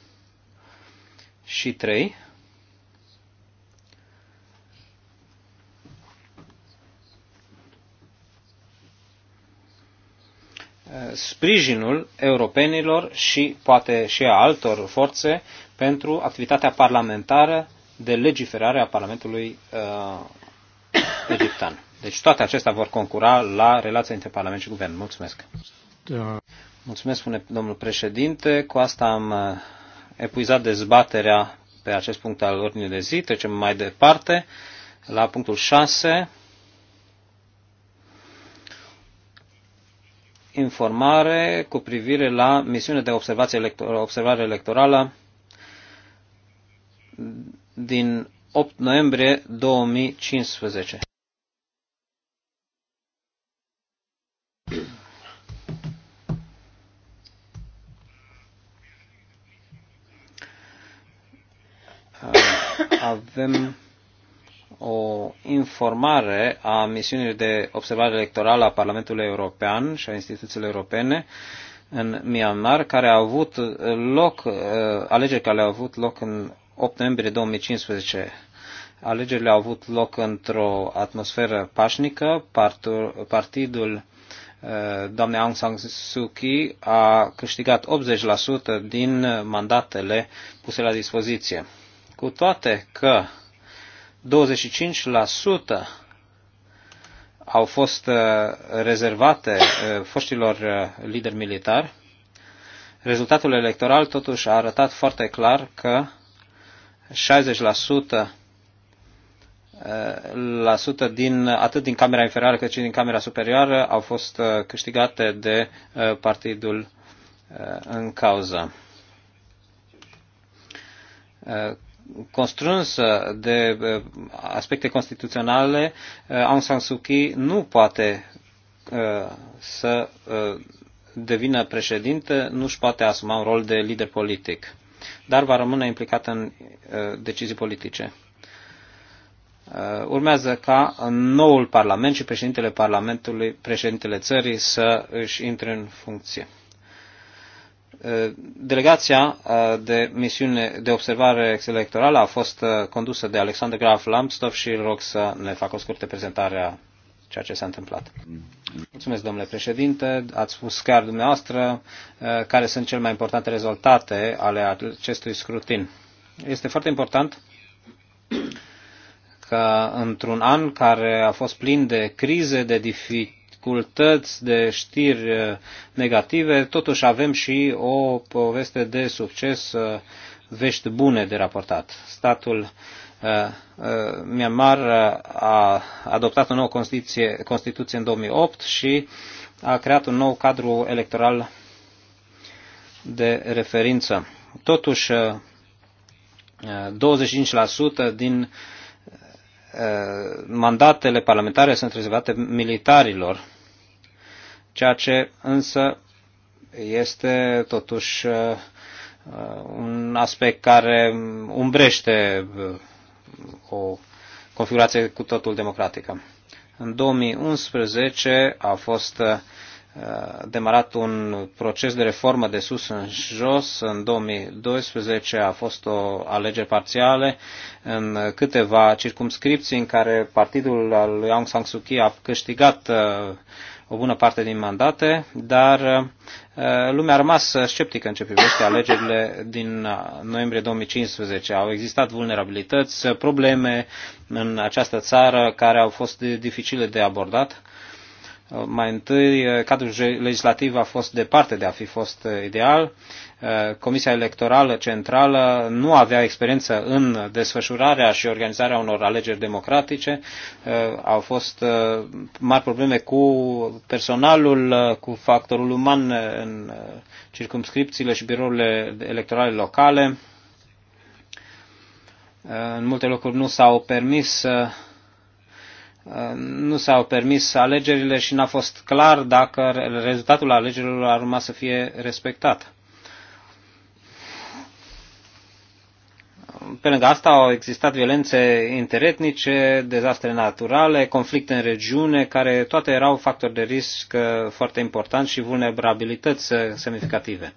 și trei, uh, sprijinul europenilor și poate și a altor forțe pentru activitatea parlamentară de legiferare a Parlamentului uh, [COUGHS] egiptan. Deci toate acestea vor concura la relația între Parlament și Guvern. Mulțumesc. Da. Mulțumesc, spune domnul președinte. Cu asta am uh, epuizat dezbaterea pe acest punct al ordinii de zi. Trecem mai departe la punctul 6. Informare cu privire la misiune de observație electorală, observare electorală din 8 noiembrie 2015. Uh, avem o informare a misiunii de observare electorală a Parlamentului European și a instituțiilor europene în Myanmar, care au avut loc, uh, alegeri care au avut loc în 8 noiembrie 2015. Alegerile au avut loc într-o atmosferă pașnică, partidul Eh, doamnei Aung San Suu Kyi a câștigat 80% din mandatele puse la dispoziție. Cu toate că 25% au fost eh, rezervate eh, foștilor lideri militari, rezultatul electoral totuși a arătat foarte clar că 60% la din, atât din camera inferioară cât și din camera superioară au fost uh, câștigate de uh, partidul uh, în cauză. Construnsă de aspecte constituționale, Aung San Suu Kyi nu poate să devină președinte, nu își poate asuma un rol de lider politic, dar va rămâne implicat în decizii politice. Uh, urmează ca noul Parlament și președintele Parlamentului, președintele țării să își intre în funcție. Uh, delegația uh, de misiune de observare electorală a fost condusă de Alexander Graf Lambstov și îl rog să ne facă o scurtă prezentare a ceea ce s-a întâmplat. Mulțumesc, domnule președinte. Ați spus chiar dumneavoastră care sunt cele mai importante rezultate ale acestui scrutin. Este foarte important că într-un an care a fost plin de crize, de dificultăți, de știri uh, negative, totuși avem și o poveste de succes, uh, vești bune de raportat. Statul uh, Myanmar a adoptat o nouă Constituție, Constituție în 2008 și a creat un nou cadru electoral de referință. Totuși, 25% din Uh, mandatele parlamentare sunt rezervate militarilor, ceea ce însă este totuși uh, uh, un aspect care umbrește o configurație cu totul democratică. În 2011 a fost demarat un proces de reformă de sus în jos. În 2012 a fost o alegere parțială în câteva circumscripții în care partidul al lui Aung San Suu Kyi a câștigat uh, o bună parte din mandate, dar uh, lumea a rămas sceptică în ce privește alegerile din uh, noiembrie 2015. Au existat vulnerabilități, probleme în această țară care au fost dificile de abordat mai întâi, eh, cadrul legislativ a fost departe de a fi fost eh, ideal. Eh, Comisia Electorală Centrală nu avea experiență în desfășurarea și organizarea unor alegeri democratice. Au fost mari probleme cu personalul, cu factorul uman în circumscripțiile și birourile electorale locale. În multe locuri nu s-au permis nu s-au permis alegerile și n-a fost clar dacă rezultatul alegerilor ar urma să fie respectat. Pe lângă asta au existat violențe interetnice, dezastre naturale, conflicte în regiune, care toate erau factori de risc foarte important și vulnerabilități semnificative.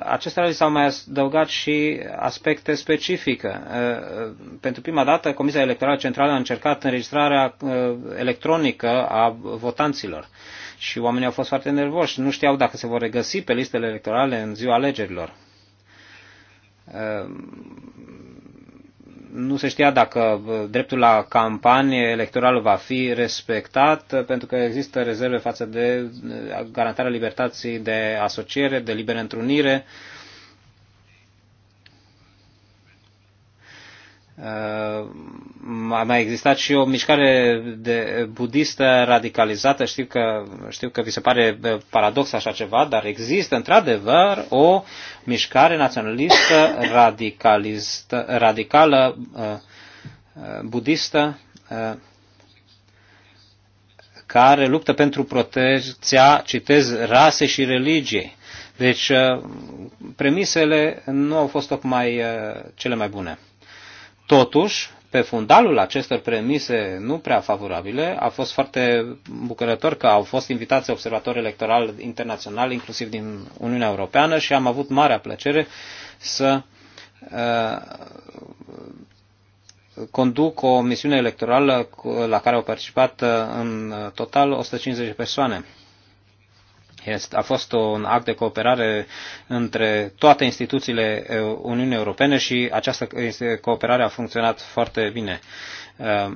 acestea li s-au mai adăugat și aspecte specifice. Uh, pentru prima dată, Comisia Electorală Centrală a încercat înregistrarea uh, electronică a votanților și oamenii au fost foarte nervoși, nu știau dacă se vor regăsi pe listele electorale în ziua alegerilor uh, nu se știa dacă uh, dreptul la campanie electorală va fi respectat, uh, pentru că există rezerve față de uh, garantarea libertății de asociere, de liberă întrunire, uh, Uh, a mai existat și o mișcare de budistă radicalizată. Știu că, știu că vi se pare uh, paradox așa ceva, dar există într-adevăr o mișcare naționalistă radicalistă, radicală uh, budistă care luptă pentru protecția, citez, rase și religiei. Deci, premisele nu au fost tocmai cele mai bune. Totuși, pe fundalul acestor premise nu prea favorabile, a fost foarte bucurător că au fost invitați observatori electorali internaționali, inclusiv din Uniunea Europeană, și am avut marea plăcere să uh, conduc o misiune electorală la care au participat uh, în total 150 de persoane a fost un act de cooperare între toate instituțiile eh, Uniunii Europene și această cooperare a funcționat foarte bine. Eh,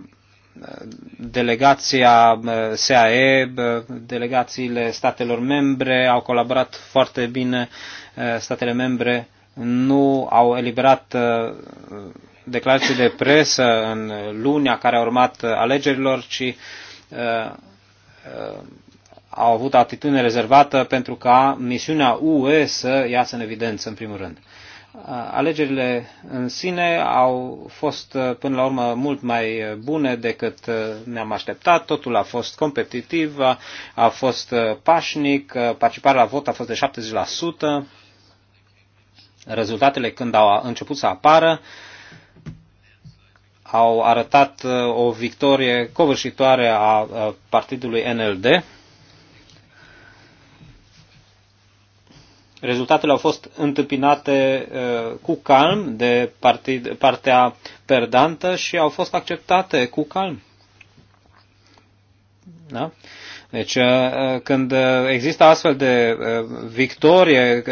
delegația eh, SAE, delegațiile statelor membre au colaborat foarte bine. Statele membre nu au eliberat declarații de presă în lunea care a urmat alegerilor, ci au avut atitudine rezervată pentru ca misiunea UE să iasă în evidență, în primul rând. Alegerile în sine au fost până la urmă mult mai bune decât ne-am așteptat, totul a fost competitiv, a fost pașnic, participarea la vot a fost de 70%, rezultatele când au început să apară au arătat uh, o victorie covârșitoare a uh, partidului NLD, Rezultatele au fost întâmpinate cu calm de partid, partea perdantă și au fost acceptate cu calm. Da? Deci, când există astfel de victorie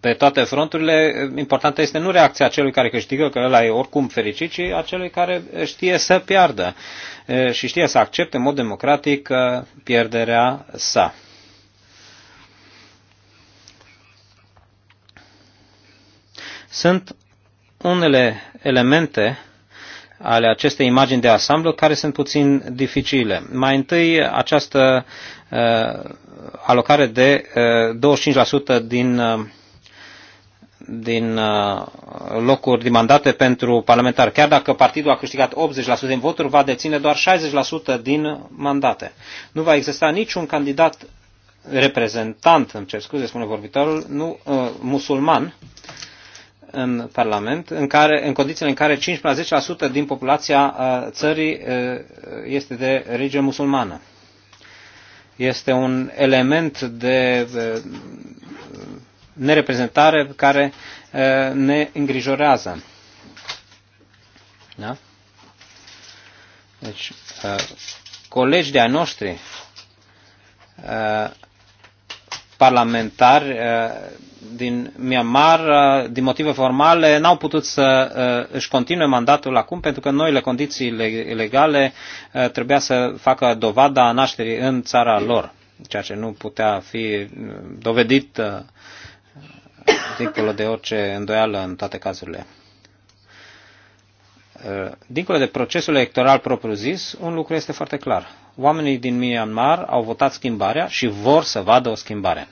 pe toate fronturile, importantă este nu reacția celui care câștigă, că ăla e oricum fericit, ci a celui care știe să piardă și știe să accepte în mod democratic pierderea sa. Sunt unele elemente ale acestei imagini de asamblu care sunt puțin dificile. Mai întâi, această uh, alocare de uh, 25% din, uh, din uh, locuri mandate pentru parlamentari. Chiar dacă partidul a câștigat 80% din voturi, va deține doar 60% din mandate. Nu va exista niciun candidat reprezentant, îmi cer scuze, spune vorbitorul, nu, uh, musulman, uh, în Parlament, în, care, în condițiile în care 15% din populația uh, țării uh, este de religie musulmană. Este un element de uh, nereprezentare care ne îngrijorează. Da? Deci, colegi de ai noștri parlamentari din Myanmar, uh, din motive formale, n-au putut să uh, își continue mandatul acum, pentru că noile condiții legale uh, trebuia să facă dovada nașterii în țara lor, ceea ce nu putea fi dovedit dincolo de orice îndoială în toate cazurile. Dincolo de procesul electoral propriu-zis, un lucru este foarte clar. Oamenii din Myanmar au votat schimbarea și vor să vadă o schimbare.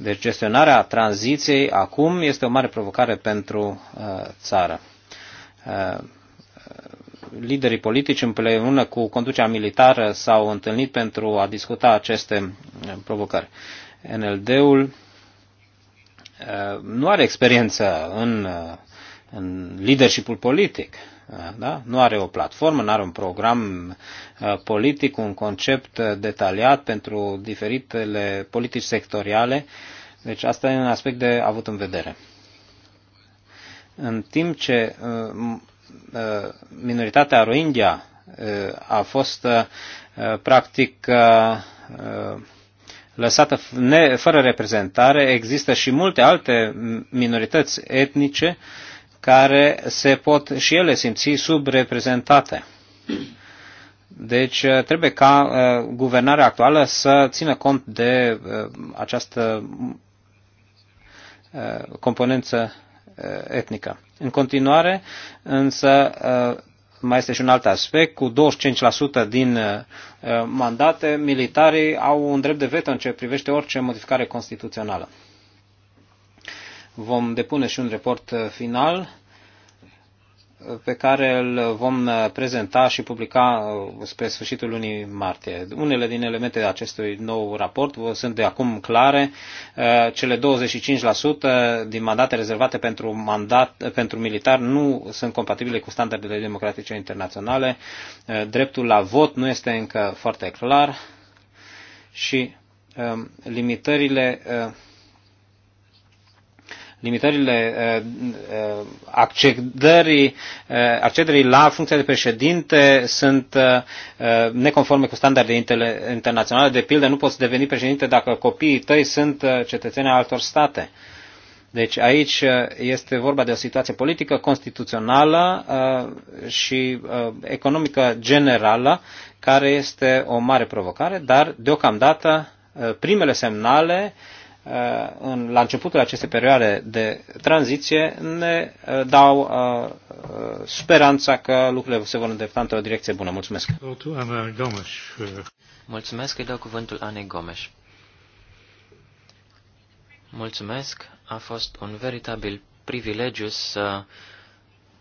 Deci gestionarea tranziției acum este o mare provocare pentru uh, țară. Uh, liderii politici împreună cu conducerea militară s-au întâlnit pentru a discuta aceste uh, provocări. NLD-ul uh, nu are experiență în, uh, în leadership politic. Da? Nu are o platformă, nu are un program politic, un concept detaliat pentru diferitele politici sectoriale. Deci asta e un aspect de avut în vedere. În timp ce minoritatea Rohingya a fost practic lăsată fără reprezentare, există și multe alte minorități etnice uh, care se pot și ele simți subreprezentate. Deci uh, trebuie ca uh, guvernarea actuală să țină cont de uh, această componență etnică. În continuare, însă, mai este și un alt aspect, cu 25% din mandate, militarii au un drept de veto în ce privește orice modificare constituțională vom depune și un report uh, final uh, pe care îl vom uh, prezenta și publica spre sfârșitul lunii martie. Unele din elementele acestui nou raport sunt de acum clare. Cele 25% din mandate rezervate pentru, mandat, pentru militar nu sunt compatibile cu standardele democratice internaționale. Dreptul la vot nu este încă foarte clar și um, limitările limitările accederii, accederii la funcția de președinte sunt neconforme cu standardele internaționale. De pildă, nu poți deveni președinte dacă copiii tăi sunt cetățeni altor state. Deci aici este vorba de o situație politică, constituțională și economică generală, care este o mare provocare, dar deocamdată primele semnale uh, Uh, în, la începutul acestei perioade de tranziție ne uh, dau uh, speranța că lucrurile se vor îndrepta într-o direcție bună. Mulțumesc! Mulțumesc, îi dau cuvântul Anei Gomes. Mulțumesc, a fost un veritabil privilegiu să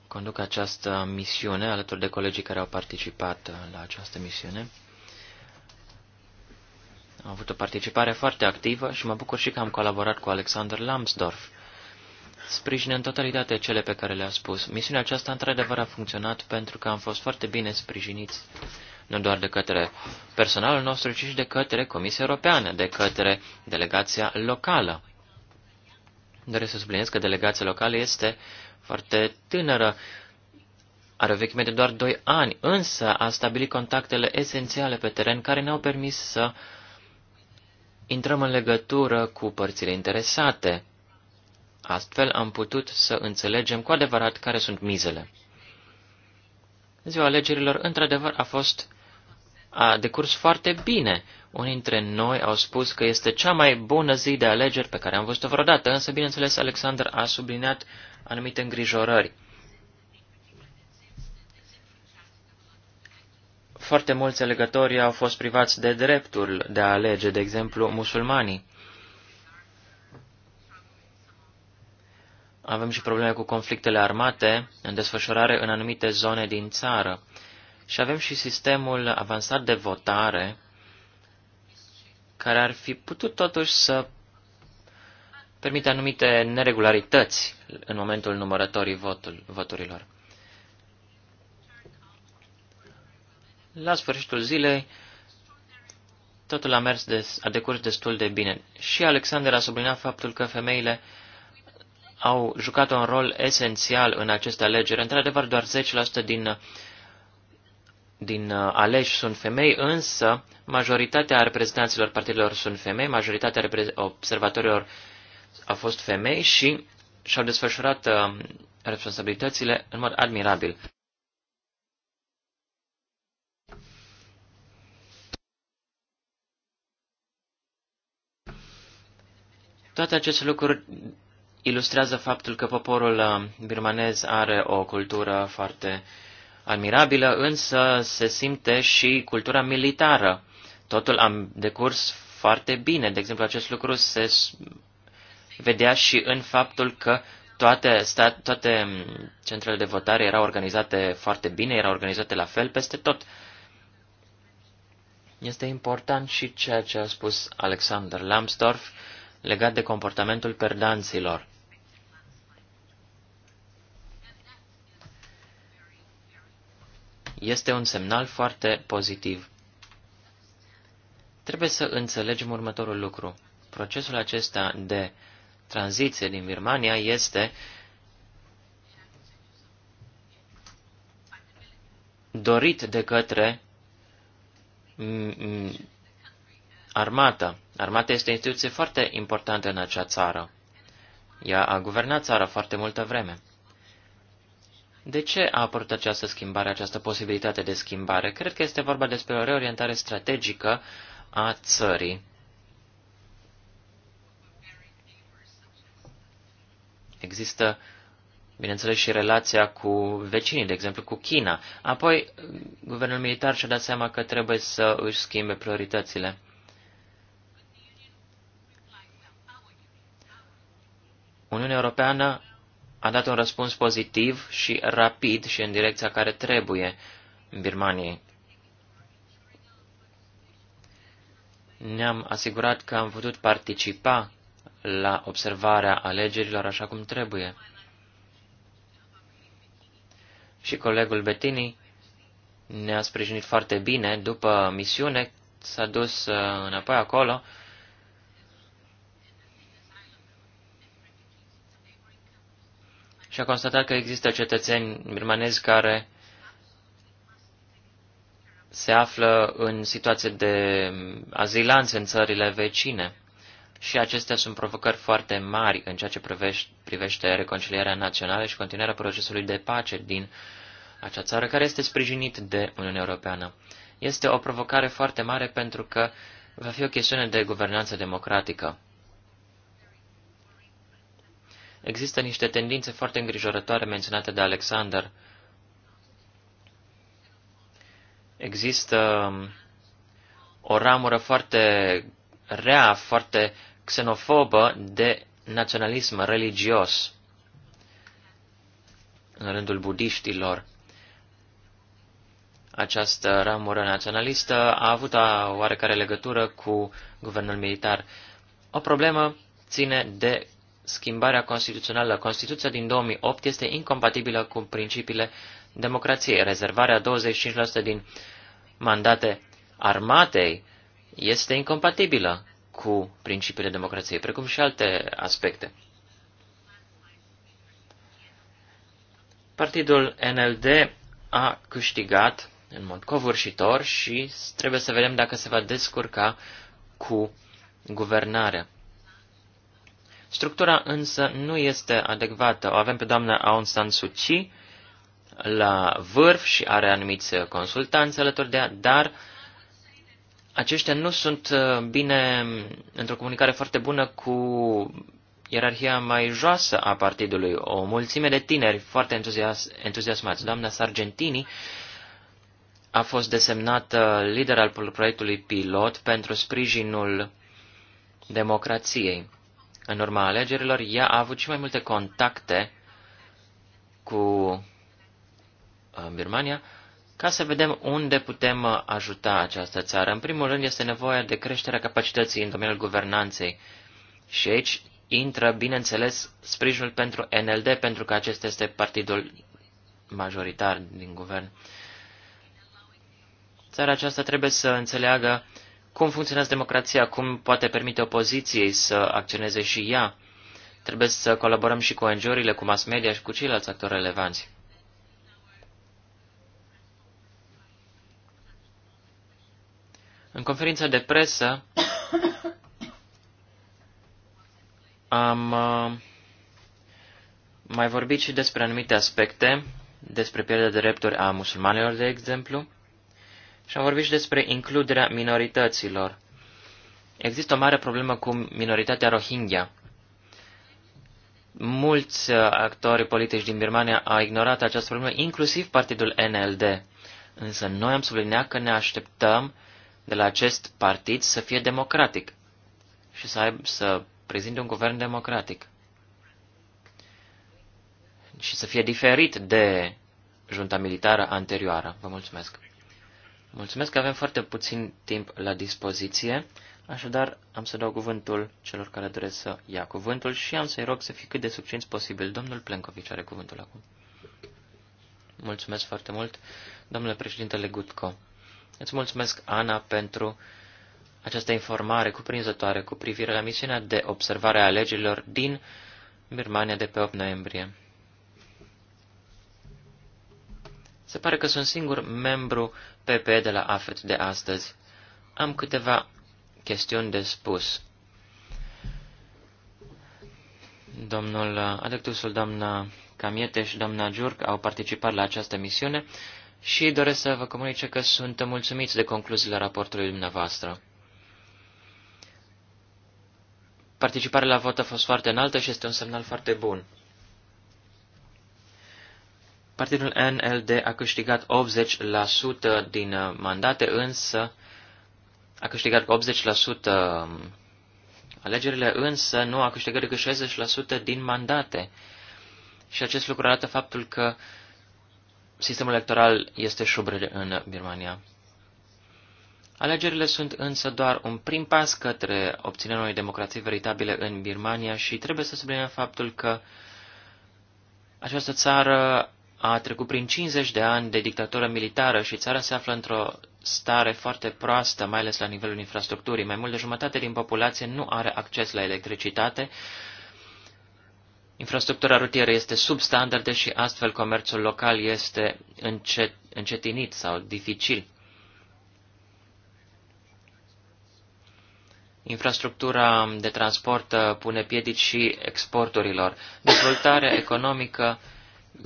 conduc această misiune alături de colegii care au participat la această misiune. Am avut o participare foarte activă și mă bucur și că am colaborat cu Alexander Lambsdorff. Sprijin în totalitate cele pe care le-a spus. Misiunea aceasta într-adevăr a funcționat pentru că am fost foarte bine sprijiniți, nu doar de către personalul nostru, ci și de către Comisia Europeană, de către delegația locală. Doresc să subliniez că delegația locală este foarte tânără, are o vechime de doar 2 ani, însă a stabilit contactele esențiale pe teren care ne-au permis să uh, intrăm în legătură cu părțile interesate. Astfel am putut să înțelegem cu adevărat care sunt mizele. Ziua alegerilor, într-adevăr, a fost a decurs foarte bine. Unii dintre noi au spus că este cea mai bună zi de alegeri pe care am văzut-o vreodată, însă, bineînțeles, Alexander a subliniat anumite îngrijorări. Foarte mulți alegători au fost privați de dreptul de a alege, de exemplu, musulmanii. Avem și probleme cu conflictele armate în desfășurare în anumite zone din țară. Și avem și sistemul avansat de votare, care ar fi putut totuși să permite anumite neregularități în momentul numărătorii votul, voturilor. la sfârșitul zilei, totul a mers de, a decurs destul de bine. Și Alexander a subliniat faptul că femeile au jucat un rol esențial în aceste alegeri. Într-adevăr, doar 10% din, din uh, aleși sunt femei, însă majoritatea reprezentanților partidelor sunt femei, majoritatea observatorilor au fost femei și și-au desfășurat uh, responsabilitățile în mod admirabil. Toate aceste lucruri ilustrează faptul că poporul uh, birmanez are o cultură foarte admirabilă, însă se simte și cultura militară. Totul am decurs foarte bine. De exemplu, acest lucru se vedea și în faptul că toate, stat, toate mm, centrele de votare erau organizate foarte bine, erau organizate la fel peste tot. Este important și ceea ce a spus Alexander Lambsdorff, legat de comportamentul perdanților. Este un semnal foarte pozitiv. Trebuie să înțelegem următorul lucru. Procesul acesta de tranziție din Birmania este dorit de către armată. Armata este o instituție foarte importantă în acea țară. Ea a guvernat țara foarte multă vreme. De ce a apărut această schimbare, această posibilitate de schimbare? Cred că este vorba despre o reorientare strategică a țării. Există, bineînțeles, și relația cu vecinii, de exemplu cu China. Apoi, guvernul militar și-a dat seama că trebuie să își schimbe prioritățile. Uniunea Europeană a dat un răspuns pozitiv și rapid și în direcția care trebuie în Birmaniei. Ne-am asigurat că am putut participa la observarea alegerilor așa cum trebuie. Și colegul Bettini ne-a sprijinit foarte bine. După misiune s-a dus uh, înapoi acolo și a constatat că există cetățeni birmanezi care se află în situație de azilanți în țările vecine. Și acestea sunt provocări foarte mari în ceea ce privește reconcilierea națională și continuarea procesului de pace din acea țară, care este sprijinit de Uniunea Europeană. Este o provocare foarte mare pentru că va fi o chestiune de guvernanță democratică. Există niște tendințe foarte îngrijorătoare menționate de Alexander. Există um, o ramură foarte rea, foarte xenofobă de naționalism religios în rândul budiștilor. Această ramură naționalistă a avut o oarecare legătură cu guvernul militar. O problemă ține de schimbarea constituțională Constituția din 2008 este incompatibilă cu principiile democrației. Rezervarea 25% din mandate armatei este incompatibilă cu principiile democrației, precum și alte aspecte. Partidul NLD a câștigat în mod covârșitor și trebuie să vedem dacă se va descurca cu guvernarea. Structura însă nu este adecvată. O avem pe doamna Aung San Suu Kyi la vârf și are anumiți consultanți alături de ea, dar aceștia nu sunt uh, bine într-o comunicare foarte bună cu ierarhia mai joasă a partidului. O mulțime de tineri foarte entuzias- entuziasmați. Doamna Sargentini a fost desemnată lider al proiectului pilot pentru sprijinul democrației în urma alegerilor, ea a avut și mai multe contacte cu uh, Birmania ca să vedem unde putem uh, ajuta această țară. În primul rând este nevoie de creșterea capacității în domeniul guvernanței și aici intră, bineînțeles, sprijinul pentru NLD, pentru că acesta este partidul majoritar din guvern. Țara aceasta trebuie să înțeleagă cum funcționează democrația? Cum poate permite opoziției să acționeze și ea? Trebuie să colaborăm și cu ONG-urile, cu mass media și cu ceilalți actori relevanți. În conferința de presă am uh, mai vorbit și despre anumite aspecte, despre pierderea de drepturi a musulmanilor, de exemplu și a vorbit și despre includerea minorităților. Există o mare problemă cu minoritatea Rohingya. Mulți uh, actori politici din Birmania au ignorat această problemă, inclusiv partidul NLD. Însă noi am subliniat că ne așteptăm de la acest partid să fie democratic și să, aib, să prezinte un guvern democratic și să fie diferit de junta militară anterioară. Vă mulțumesc. Mulțumesc că avem foarte puțin timp la dispoziție, așadar am să dau cuvântul celor care doresc să ia cuvântul și am să-i rog să fie cât de succinți posibil. Domnul Plencovici are cuvântul acum. Mulțumesc foarte mult, domnule președintele Gutco. Îți mulțumesc, Ana, pentru această informare cuprinzătoare cu privire la misiunea de observare a alegerilor din Birmania de pe 8 noiembrie. Se pare că sunt singur membru PP de la AFET de astăzi. Am câteva chestiuni de spus. Domnul Adectusul, doamna Camiete și doamna Giurc au participat la această misiune și doresc să vă comunice că sunt mulțumiți de concluziile raportului dumneavoastră. Participarea la vot a fost foarte înaltă și este un semnal foarte bun. Partidul NLD a câștigat 80% din uh, mandate, însă a câștigat 80% um, alegerile, însă nu a câștigat decât 60% din mandate. Și acest lucru arată faptul că sistemul electoral este șubrele în Birmania. Alegerile sunt însă doar un prim pas către obținerea unei democrații veritabile în Birmania și trebuie să subliniem faptul că această țară a trecut prin 50 de ani de dictatură militară și țara se află într-o stare foarte proastă, mai ales la nivelul infrastructurii. Mai mult de jumătate din populație nu are acces la electricitate. Infrastructura rutieră este sub standarde și astfel comerțul local este încet, încetinit sau dificil. Infrastructura de transport uh, pune piedici și exporturilor. Dezvoltarea economică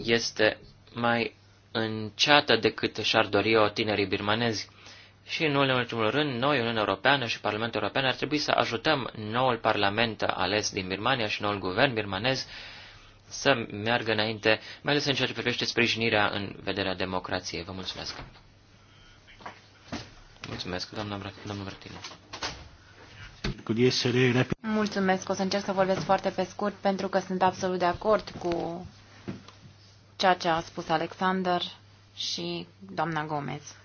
este mai înceată decât și-ar dori o tinerii birmanezi. Și în ultimul rând, noi, Uniunea Europeană și Parlamentul European, ar trebui să ajutăm noul parlament ales din Birmania și noul guvern birmanez să meargă înainte, mai ales în ceea ce privește sprijinirea în vederea democrației. Vă mulțumesc! Mulțumesc, doamna, domnul Mulțumesc, o să încerc să vorbesc foarte pe scurt, pentru că sunt absolut de acord cu ceea ce a spus Alexander și doamna Gomez.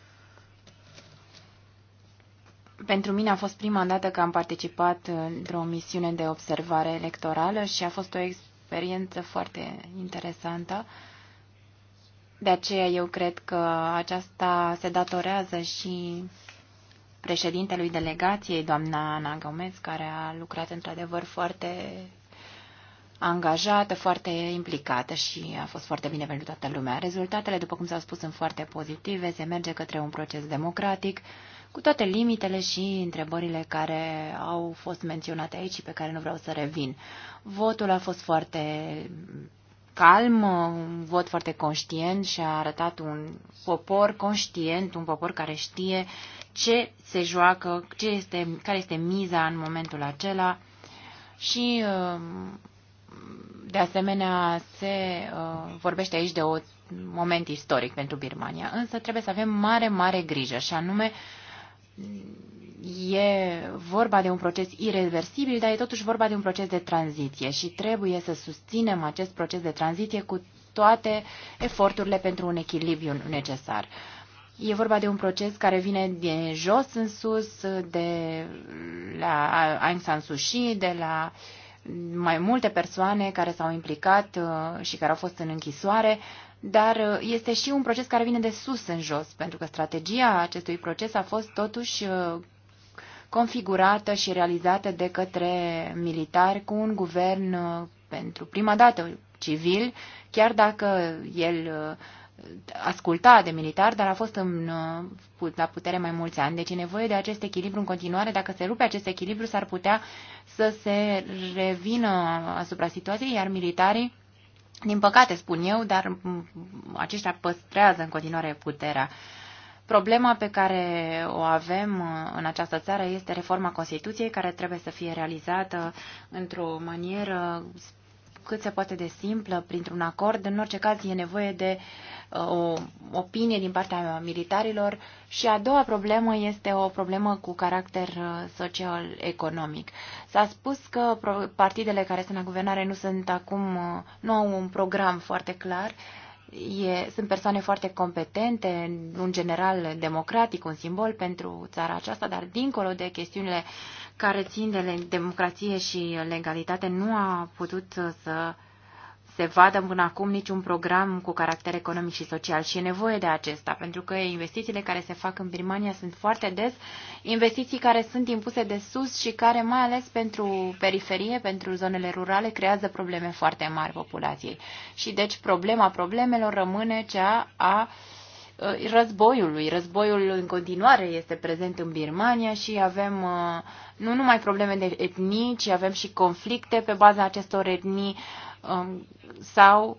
Pentru mine a fost prima dată că am participat într-o misiune de observare electorală și a fost o experiență foarte interesantă. De aceea eu cred că aceasta se datorează și președintelui delegației, doamna Ana Gomez, care a lucrat într-adevăr foarte angajată, foarte implicată și a fost foarte bine pentru toată lumea. Rezultatele, după cum s-au spus, sunt foarte pozitive, se merge către un proces democratic, cu toate limitele și întrebările care au fost menționate aici și pe care nu vreau să revin. Votul a fost foarte calm, un vot foarte conștient și a arătat un popor conștient, un popor care știe ce se joacă, ce este, care este miza în momentul acela și uh, de asemenea, se uh, vorbește aici de un moment istoric pentru Birmania, însă trebuie să avem mare, mare grijă și anume e vorba de un proces irreversibil, dar e totuși vorba de un proces de tranziție și trebuie să susținem acest proces de tranziție cu toate eforturile pentru un echilibru necesar. E vorba de un proces care vine de jos în sus, de la Aung San Suu Kyi, de la uh, mai multe persoane care s-au implicat uh, și care au fost în închisoare, dar uh, este și un proces care vine de sus în jos, pentru că strategia acestui proces a fost totuși uh, configurată și realizată de către militari cu un guvern pentru prima dată civil, chiar dacă el asculta de militar, dar a fost în, uh, la putere mai mulți ani. Deci e nevoie de acest echilibru în continuare. Dacă se rupe acest echilibru, s-ar putea să se revină asupra situației, iar militarii, din păcate spun eu, dar mm, aceștia păstrează în continuare puterea. Problema pe care o avem uh, în această țară este reforma Constituției, care trebuie să fie realizată într-o manieră cât se poate de simplă printr-un acord. În orice caz e nevoie de uh, o opinie din partea militarilor și a doua problemă este o problemă cu caracter uh, social-economic. S-a spus că partidele care sunt la guvernare nu sunt acum, uh, nu au un program foarte clar, e, sunt persoane foarte competente, un general democratic, un simbol pentru țara aceasta, dar dincolo de chestiunile uh, care țin de democrație și legalitate nu a putut să se vadă până acum niciun program cu caracter economic și social și e nevoie de acesta, pentru că investițiile care se fac în Birmania sunt foarte des investiții care sunt impuse de sus și care, mai ales pentru periferie, pentru zonele rurale, creează probleme foarte mari populației. Și deci problema problemelor rămâne cea a uh, Uh, războiului. Războiul în continuare este prezent în Birmania și avem uh, nu numai probleme de etnii, ci avem și conflicte pe baza acestor etnii um, sau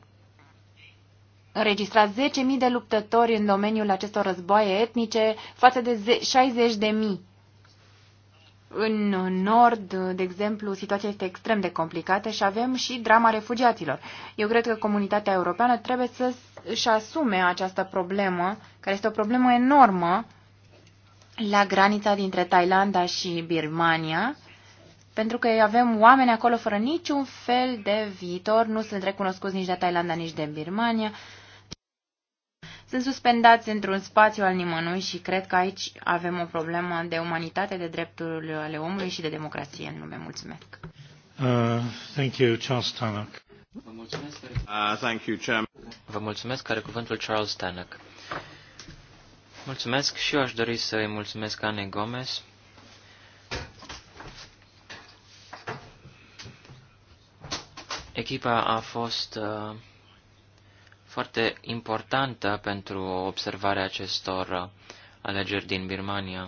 înregistrat 10.000 de luptători în domeniul acestor războaie etnice față de 60.000 în nord, de exemplu, situația este extrem de complicată și avem și drama refugiaților. Eu cred că comunitatea europeană trebuie să își asume această problemă, care este o problemă enormă, la granița dintre Thailanda și Birmania, pentru că avem oameni acolo fără niciun fel de viitor, nu sunt recunoscuți nici de Thailanda, nici de Birmania sunt suspendați într-un spațiu al nimănui și cred că aici avem o problemă de umanitate, de drepturile ale omului și de democrație în lume. Mulțumesc. Uh, thank you, Charles Tannock. Vă mulțumesc, uh, thank you, Chairman. Vă mulțumesc, care cuvântul Charles Tannock. Mulțumesc și eu aș dori să îi mulțumesc Ane Gomez. Echipa a fost uh, foarte importantă pentru observarea acestor alegeri din Birmania.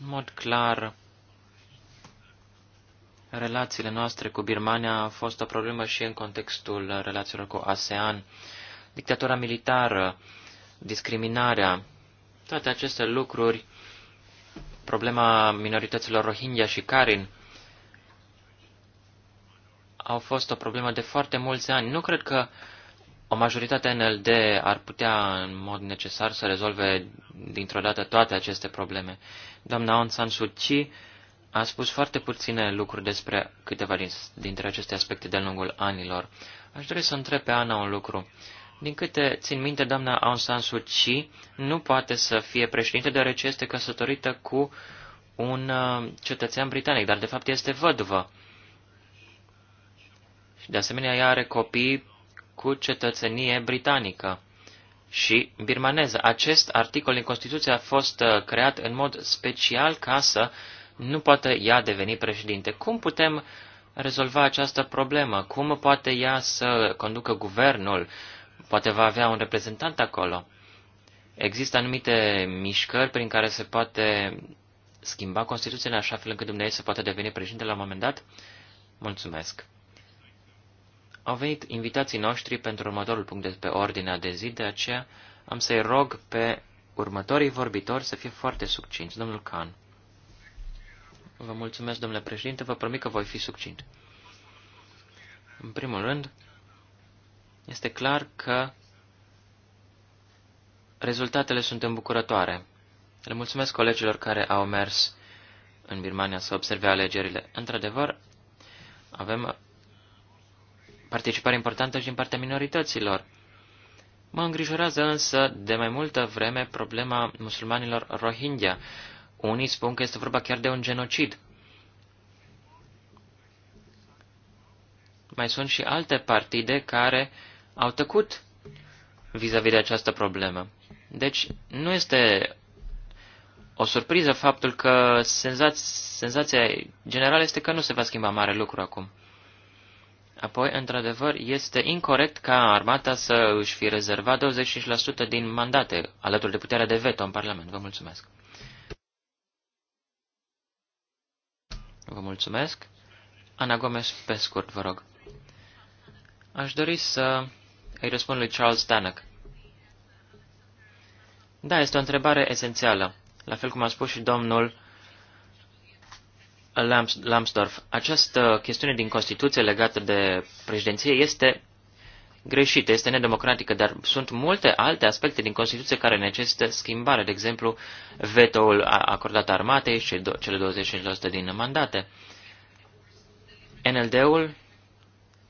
În mod clar, relațiile noastre cu Birmania a fost o problemă și în contextul relațiilor cu ASEAN, dictatura militară, discriminarea, toate aceste lucruri, problema minorităților Rohingya și Karin, au fost o problemă de foarte mulți ani. Nu cred că o majoritate NLD ar putea în mod necesar să rezolve dintr-o dată toate aceste probleme. Doamna Aung San Suu Kyi a spus foarte puține lucruri despre câteva dintre aceste aspecte de-a lungul anilor. Aș dori să întreb pe Ana un lucru. Din câte țin minte, doamna Aung San Suu Kyi nu poate să fie președinte deoarece este căsătorită cu un uh, cetățean britanic, dar de fapt este văduvă și de asemenea ea are copii cu cetățenie britanică și birmaneză. Acest articol din Constituție a fost uh, creat în mod special ca să nu poate ea deveni președinte. Cum putem rezolva această problemă? Cum poate ea să conducă guvernul? Poate va avea un reprezentant acolo. Există anumite mișcări prin care se poate schimba Constituția în așa fel încât Dumnezeu să poată deveni președinte la un moment dat? Mulțumesc! Au venit invitații noștri pentru următorul punct de pe ordinea de zi, de aceea am să-i rog pe următorii vorbitori să fie foarte succinți. Domnul Khan. Vă mulțumesc, domnule președinte, vă promit că voi fi succint. În primul rând, este clar că rezultatele sunt îmbucurătoare. Le mulțumesc colegilor care au mers în Birmania să observe alegerile. Într-adevăr, avem participare importantă și din partea minorităților. Mă îngrijorează însă de mai multă vreme problema musulmanilor Rohingya. Unii spun că este vorba chiar de un genocid. Mai sunt și alte partide care au tăcut vis-a-vis -vis de această problemă. Deci nu este o surpriză faptul că senzația, senzația generală este că nu se va schimba mare lucru acum. Apoi, într-adevăr, este incorrect ca armata să își fi rezervat 25% din mandate, alături de puterea de veto în Parlament. Vă mulțumesc. Vă mulțumesc. Ana Gomez, pe scurt, vă rog. Aș dori să îi răspund lui Charles Stanek. Da, este o întrebare esențială, la fel cum a spus și domnul Lambsdorff, această chestiune din Constituție legată de președinție este greșită, este nedemocratică, dar sunt multe alte aspecte din Constituție care necesită schimbare, de exemplu, vetoul acordat armatei și cele 25% din mandate. NLD-ul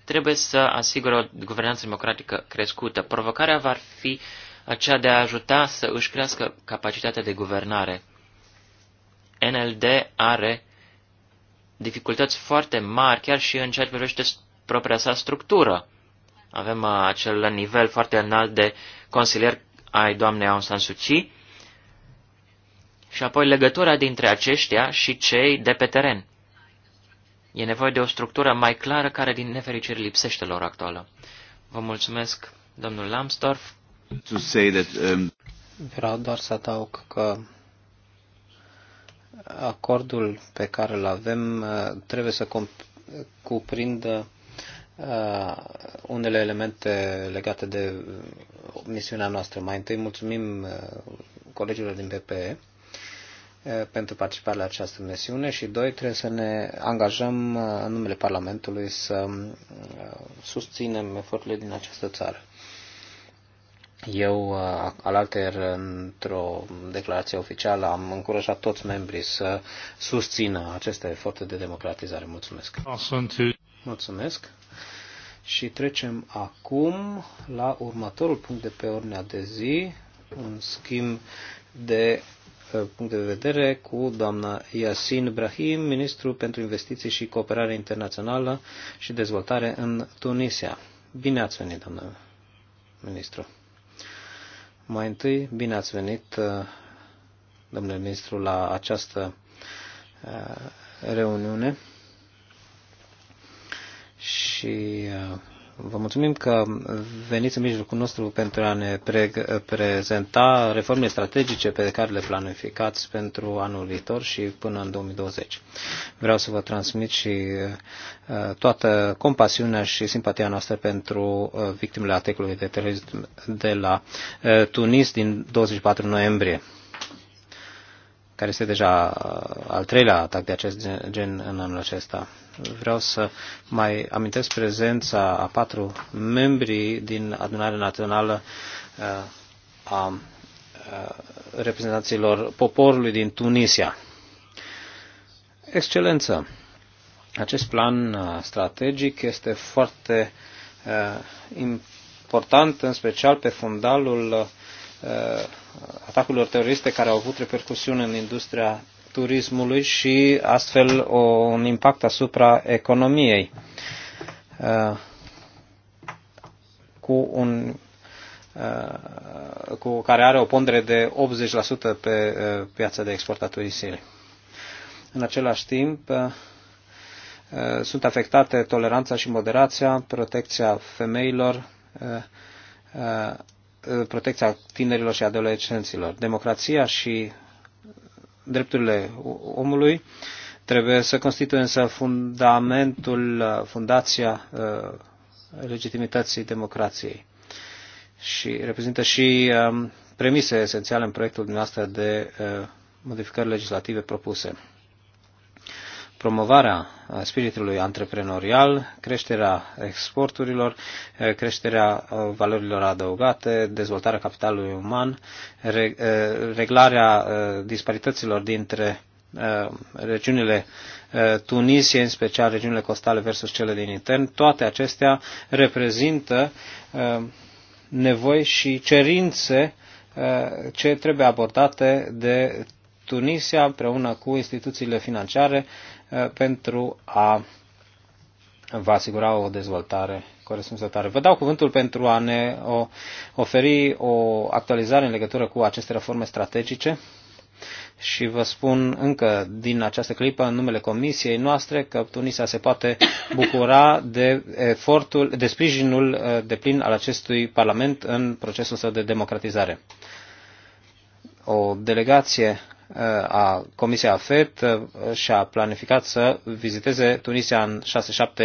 trebuie să asigure o guvernanță democratică crescută. Provocarea va fi aceea de a ajuta să își crească capacitatea de guvernare. NLD are dificultăți foarte mari, chiar și în ceea ce privește propria sa structură. Avem uh, acel nivel foarte înalt de consilier ai doamnei Aung San Suu Kyi și apoi legătura dintre aceștia și cei de pe teren. E nevoie de o structură mai clară care, din nefericire, lipsește lor actuală. Vă mulțumesc, domnul Lambsdorff. To say that, um... Vreau doar să adaug că acordul pe care îl avem uh, trebuie să cuprindă uh, unele elemente legate de uh, misiunea noastră. Mai întâi mulțumim colegilor din PPE pentru participarea la această misiune și, doi, trebuie să ne angajăm în numele Parlamentului să susținem eforturile din această țară. Eu, uh, alalter, într-o declarație oficială, am încurajat toți membrii să susțină aceste eforturi de democratizare. Mulțumesc! Mulțumesc! Și trecem acum la următorul punct de pe ordinea de zi, un schimb de uh, punct de vedere cu doamna Yasin Brahim, ministru pentru investiții și cooperare internațională și dezvoltare în Tunisia. Bine ați venit, doamnă ministru! Mai întâi, bine ați venit, uh, domnule ministru, la această uh, reuniune și uh, Vă mulțumim că veniți în mijlocul nostru pentru a ne pre- prezenta reformele strategice pe care le planificați pentru anul viitor și până în 2020. Vreau să vă transmit și uh, toată compasiunea și simpatia noastră pentru uh, victimele atacului de terorism de la uh, Tunis din 24 noiembrie care este deja uh, al treilea atac de acest gen în anul acesta. Vreau să mai amintesc prezența a patru membri din adunarea națională uh, a uh, reprezentanților poporului din Tunisia. Excelență, acest plan strategic este foarte important, în special pe fundalul atacurilor teroriste care au avut repercusiuni în industria turismului și astfel o, un impact asupra economiei uh, cu un uh, cu care are o pondere de 80% pe uh, piața de a siri. În același timp, sunt afectate toleranța și moderația, protecția femeilor, Uh, protecția tinerilor și adolescenților. Democrația și drepturile omului trebuie să constituie însă fundamentul, uh, fundația uh, legitimității democrației și reprezintă și um, premise esențiale în proiectul dumneavoastră de modificări legislative propuse promovarea spiritului antreprenorial, creșterea exporturilor, creșterea uh, valorilor adăugate, dezvoltarea capitalului uman, uh, reglarea uh, disparităților dintre regiunile Tunisie, în special regiunile costale versus cele din intern, toate acestea reprezintă nevoi și cerințe ce trebuie abordate de Tunisia împreună cu instituțiile financiare Uh, pentru a vă asigura o dezvoltare corespunzătoare. Vă dau cuvântul pentru a ne oferi o actualizare în legătură cu aceste reforme strategice și vă spun încă din această clipă în numele comisiei noastre că Tunisia se poate bucura de efortul, de sprijinul uh, deplin al acestui Parlament în procesul său de democratizare. O delegație Uh, a Comisia AFET uh, și-a planificat să viziteze Tunisia în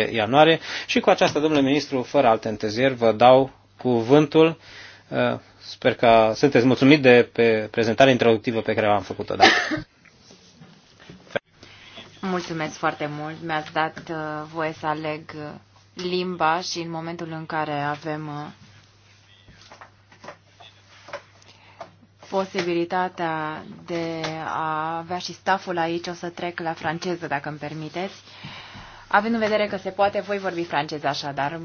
6-7 ianuarie și cu aceasta, domnule ministru, fără alte întârzieri, vă dau cuvântul. Uh, sper că sunteți mulțumit de pe prezentarea introductivă pe care am făcut-o. Da. Mulțumesc foarte mult. Mi-ați dat voie să aleg limba și în momentul în care avem posibilitatea de a avea și staful aici, o să trec la franceză, dacă îmi permiteți. Având în vedere că se poate, voi vorbi franceză așadar.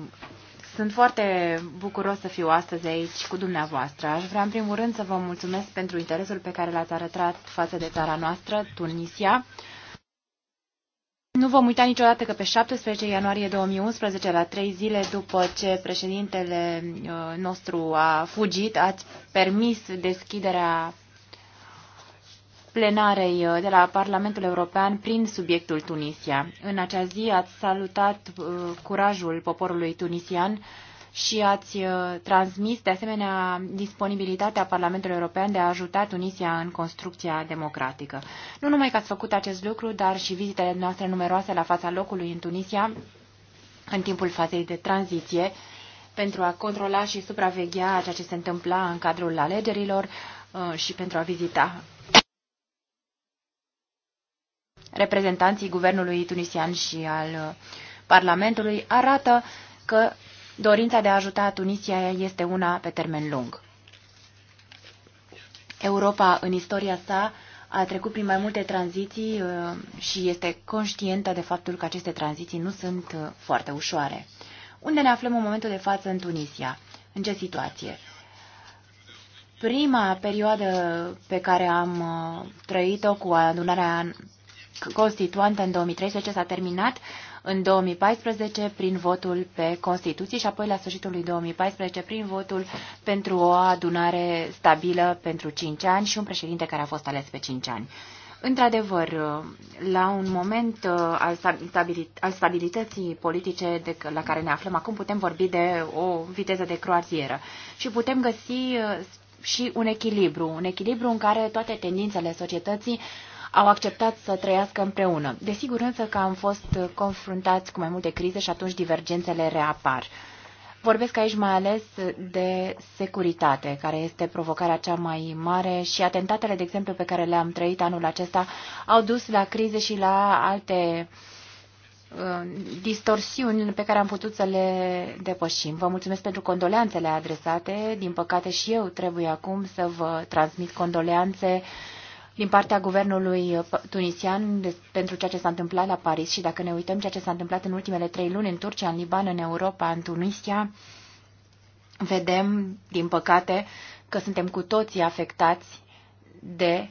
Sunt foarte bucuros să fiu astăzi aici cu dumneavoastră. Aș vrea în primul rând să vă mulțumesc pentru interesul pe care l-ați arătat față de țara noastră, Tunisia. Nu vom uita niciodată că pe 17 ianuarie 2011, la trei zile după ce președintele uh, nostru a fugit, ați permis deschiderea plenarei uh, de la Parlamentul European prin subiectul Tunisia. În acea zi ați salutat uh, curajul poporului tunisian și ați uh, transmis de asemenea disponibilitatea Parlamentului European de a ajuta Tunisia în construcția democratică. Nu numai că ați făcut acest lucru, dar și vizitele noastre numeroase la fața locului în Tunisia în timpul fazei de tranziție pentru a controla și supraveghea ceea ce se întâmpla în cadrul alegerilor uh, și pentru a vizita reprezentanții guvernului tunisian și al uh, Parlamentului arată că Dorința de a ajuta Tunisia este una pe termen lung. Europa, în istoria sa, a trecut prin mai multe tranziții uh, și este conștientă de faptul că aceste tranziții nu sunt uh, foarte ușoare. Unde ne aflăm în momentul de față în Tunisia? În ce situație? Prima perioadă pe care am uh, trăit-o cu adunarea constituantă în 2013 s-a terminat în 2014 prin votul pe Constituție și apoi la sfârșitul lui 2014 prin votul pentru o adunare stabilă pentru 5 ani și un președinte care a fost ales pe 5 ani. Într-adevăr, la un moment uh, al, stabilit al stabilității politice de la care ne aflăm acum, putem vorbi de o viteză de croazieră și putem găsi uh, și un echilibru, un echilibru în care toate tendințele societății au acceptat să trăiască împreună. Desigur însă că am fost confruntați cu mai multe crize și atunci divergențele reapar. Vorbesc aici mai ales de securitate, care este provocarea cea mai mare și atentatele, de exemplu, pe care le-am trăit anul acesta au dus la crize și la alte uh, distorsiuni pe care am putut să le depășim. Vă mulțumesc pentru condoleanțele adresate. Din păcate și eu trebuie acum să vă transmit condoleanțe uh, din partea guvernului uh, tunisian pentru ceea ce s-a întâmplat la Paris și dacă ne uităm ceea ce s-a întâmplat în ultimele trei luni în Turcia, în Liban, în Europa, în Tunisia, vedem, din păcate, că suntem cu toții afectați de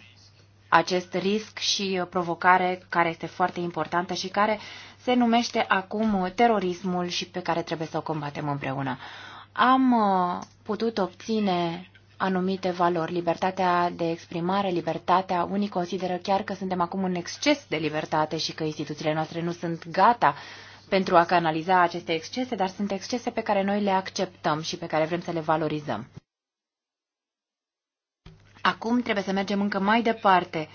acest risc și uh, provocare care este foarte importantă și care se numește acum terorismul și pe care trebuie să o combatem împreună. Am uh, putut obține anumite valori. Libertatea de exprimare, libertatea, unii consideră chiar că suntem acum în exces de libertate și că instituțiile noastre nu sunt gata pentru a canaliza aceste excese, dar sunt excese pe care noi le acceptăm și pe care vrem să le valorizăm. Acum trebuie să mergem încă mai departe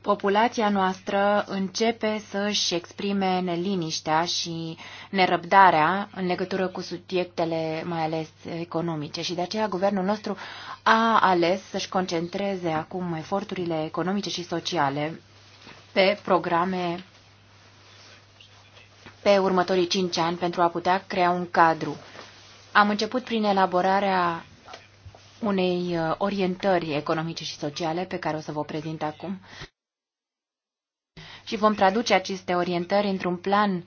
populația noastră începe să-și exprime neliniștea și nerăbdarea în legătură cu subiectele mai ales economice și de aceea guvernul nostru a ales să-și concentreze acum eforturile economice și sociale pe programe pe următorii cinci ani pentru a putea crea un cadru. Am început prin elaborarea unei uh, orientări economice și sociale pe care o să vă prezint acum și vom traduce aceste orientări într-un plan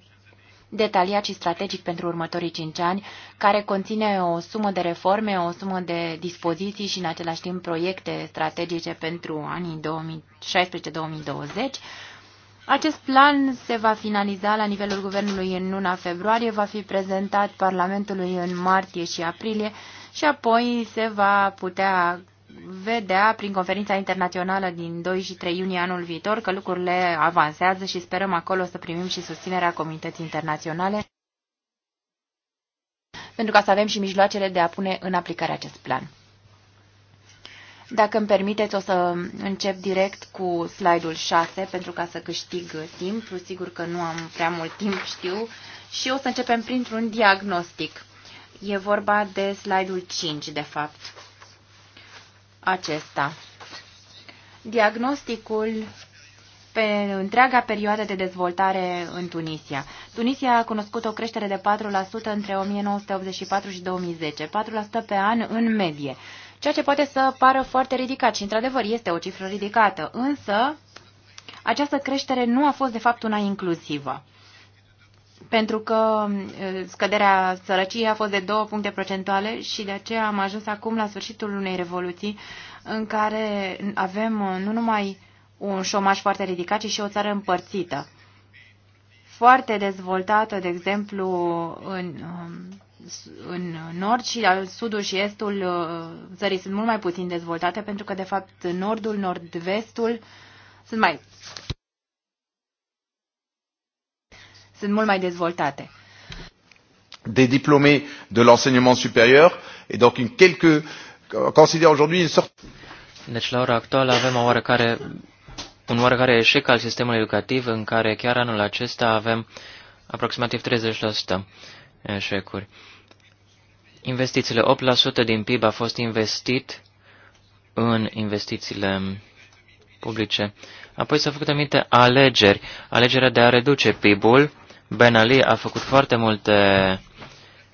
detaliat și strategic pentru următorii cinci ani, care conține o sumă de reforme, o sumă de dispoziții și în același timp proiecte strategice pentru anii 2016-2020. Acest plan se va finaliza la nivelul guvernului în luna februarie, va fi prezentat Parlamentului în martie și aprilie și apoi se va putea vedea prin conferința internațională din 2 și 3 iunie anul viitor că lucrurile avansează și sperăm acolo să primim și susținerea comunității internaționale pentru ca să avem și mijloacele de a pune în aplicare acest plan. Dacă îmi permiteți, o să încep direct cu slide-ul 6 pentru ca să câștig timp. Sigur că nu am prea mult timp, știu. Și o să începem printr-un diagnostic. E vorba de slide-ul 5, de fapt acesta. Diagnosticul pe întreaga perioadă de dezvoltare în Tunisia. Tunisia a cunoscut o creștere de 4% între 1984 și 2010, 4% pe an în medie, ceea ce poate să pară foarte ridicat și, într-adevăr, este o cifră ridicată, însă această creștere nu a fost, de fapt, una inclusivă pentru că scăderea sărăciei a fost de două puncte procentuale și de aceea am ajuns acum la sfârșitul unei revoluții în care avem nu numai un șomaj foarte ridicat, ci și o țară împărțită. Foarte dezvoltată, de exemplu, în, în nord și sudul și estul țării sunt mult mai puțin dezvoltate, pentru că, de fapt, nordul, nord-vestul sunt mai sunt mult mai dezvoltate. Des diplômés de l'enseignement supérieur et donc une quelque considère aujourd'hui une sorte Deci la ora actuală avem o oarecare un oarecare eșec al sistemului educativ în care chiar anul acesta avem aproximativ 30% eșecuri. Investițiile 8% din PIB a fost investit în investițiile publice. Apoi s-au făcut anumite alegeri. Alegerea de a reduce PIB-ul Ben Ali a făcut foarte multe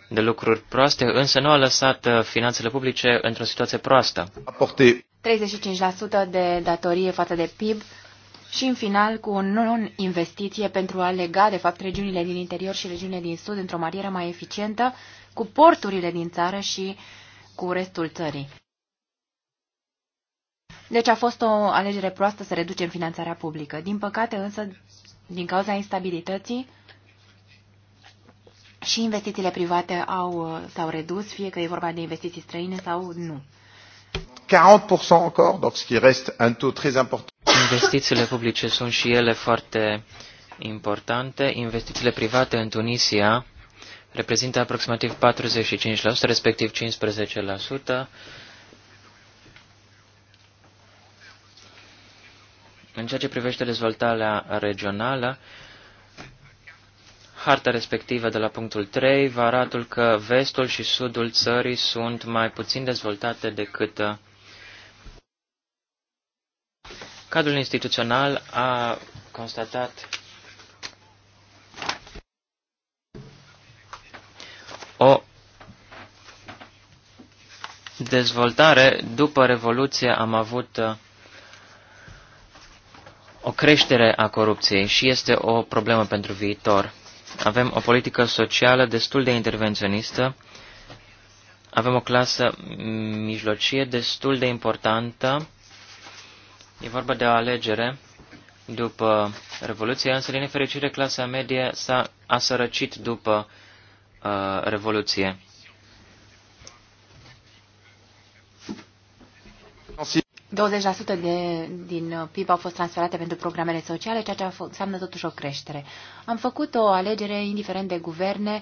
de lucruri proaste, însă nu a lăsat uh, finanțele publice într-o situație proastă. 35% de datorie față de PIB și în final cu o non-investiție pentru a lega de fapt regiunile din interior și regiunile din sud într-o manieră mai eficientă cu porturile din țară și cu restul țării. Deci a fost o alegere proastă să reducem finanțarea publică. Din păcate însă, din cauza instabilității, și investițiile private au, s-au redus, fie că e vorba de investiții străine sau nu. 40% encore, donc ce qui reste un taux très important. Investițiile publice sunt și ele foarte importante. Investițiile private în Tunisia reprezintă aproximativ 45%, respectiv 15%. În ceea ce privește dezvoltarea regională, Harta respectivă de la punctul 3 va arată că vestul și sudul țării sunt mai puțin dezvoltate decât uh, Cadrul instituțional a constatat o dezvoltare. După Revoluție am avut uh, o creștere a corupției și este o problemă pentru viitor avem o politică socială destul de intervenționistă, avem o clasă mijlocie destul de importantă. E vorba de o alegere după Revoluție, însă, din nefericire, clasa medie s-a asărăcit după uh, Revoluție. 20% de, din uh, PIB au fost transferate pentru programele sociale, ceea ce înseamnă totuși o creștere. Am făcut o alegere, indiferent de guverne,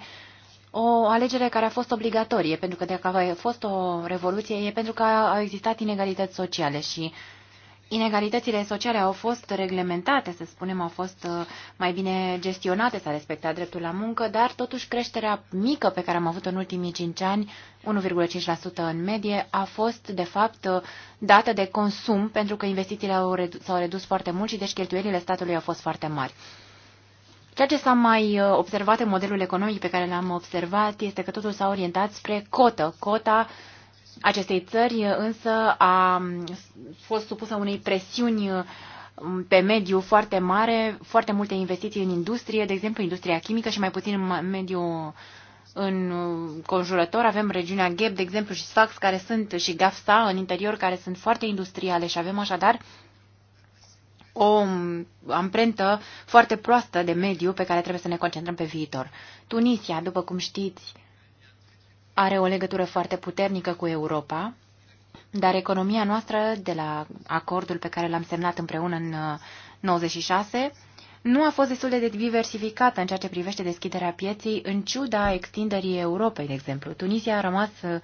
o alegere care a fost obligatorie, pentru că dacă a fost o revoluție, e pentru că au existat inegalități sociale și uh, inegalitățile sociale au fost reglementate, să spunem, au fost uh, mai bine gestionate, s-a respectat dreptul la muncă, dar totuși creșterea mică pe care am avut-o în ultimii 5 ani, 1,5% în medie, a fost de fapt uh, dată de consum pentru că investițiile s-au redus, redus foarte mult și deci cheltuielile statului au fost foarte mari. Ceea ce s-a mai uh, observat în modelul economic pe care l-am observat este că totul s-a orientat spre cotă. Cota, cota acestei țări însă a fost supusă unei presiuni pe mediu foarte mare, foarte multe investiții în industrie, de exemplu industria chimică și mai puțin în mediu în conjurător. Avem regiunea Gheb, de exemplu, și Sfax care sunt și Gafsa în interior care sunt foarte industriale și avem așadar o amprentă foarte proastă de mediu pe care trebuie să ne concentrăm pe viitor. Tunisia, după cum știți, are o legătură foarte puternică cu Europa, dar economia noastră, de la acordul pe care l-am semnat împreună în 96, uh, nu a fost destul de diversificată în ceea ce privește deschiderea pieței, în ciuda extinderii Europei, de exemplu. Tunisia a rămas uh,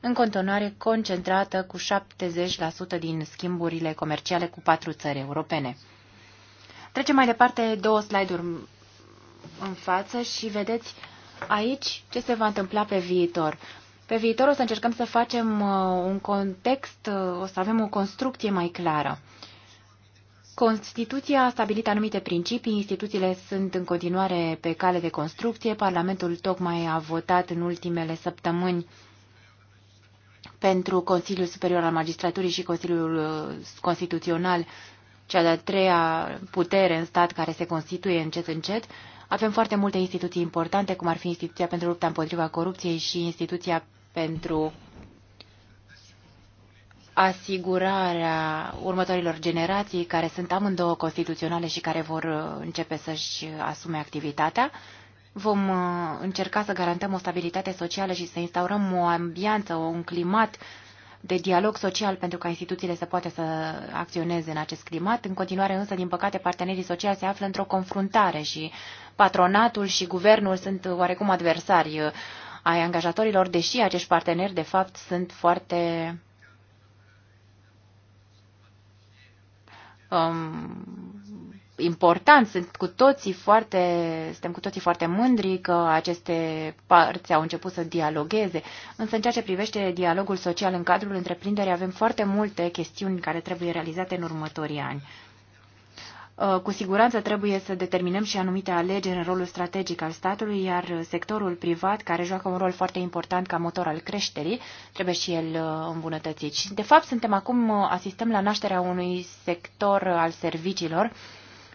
în continuare concentrată cu 70% din schimburile comerciale cu patru țări europene. Trecem mai departe două slide-uri în față și vedeți uh, aici ce se va întâmpla pe viitor. Pe viitor o să încercăm să facem uh, un context, uh, o să avem o construcție mai clară. Constituția a stabilit anumite principii, instituțiile sunt în continuare pe cale de construcție, Parlamentul tocmai a votat în ultimele săptămâni pentru Consiliul Superior al Magistraturii și Consiliul uh, Constituțional, cea de-a treia putere în stat care se constituie încet încet, avem foarte multe instituții importante, cum ar fi Instituția pentru lupta împotriva corupției și Instituția pentru asigurarea următorilor generații, care sunt amândouă constituționale și care vor uh, începe să-și asume activitatea. Vom uh, încerca să garantăm o stabilitate socială și să instaurăm o ambianță, un climat de dialog social pentru ca instituțiile să poată să acționeze în acest climat. În continuare însă, din păcate, partenerii sociali se află într-o confruntare și patronatul și guvernul sunt oarecum adversari ai angajatorilor, deși acești parteneri, de fapt, sunt foarte um, important, sunt cu toții foarte, suntem cu toții foarte mândri că aceste părți au început să dialogueze, însă în ceea ce privește dialogul social în cadrul întreprinderii avem foarte multe chestiuni care trebuie realizate în următorii ani. Uh, cu siguranță trebuie să determinăm și anumite alegeri în rolul strategic al statului, iar sectorul privat, care joacă un rol foarte important ca motor al creșterii, trebuie și el uh, îmbunătățit. Și, de fapt, suntem acum, uh, asistăm la nașterea unui sector al serviciilor.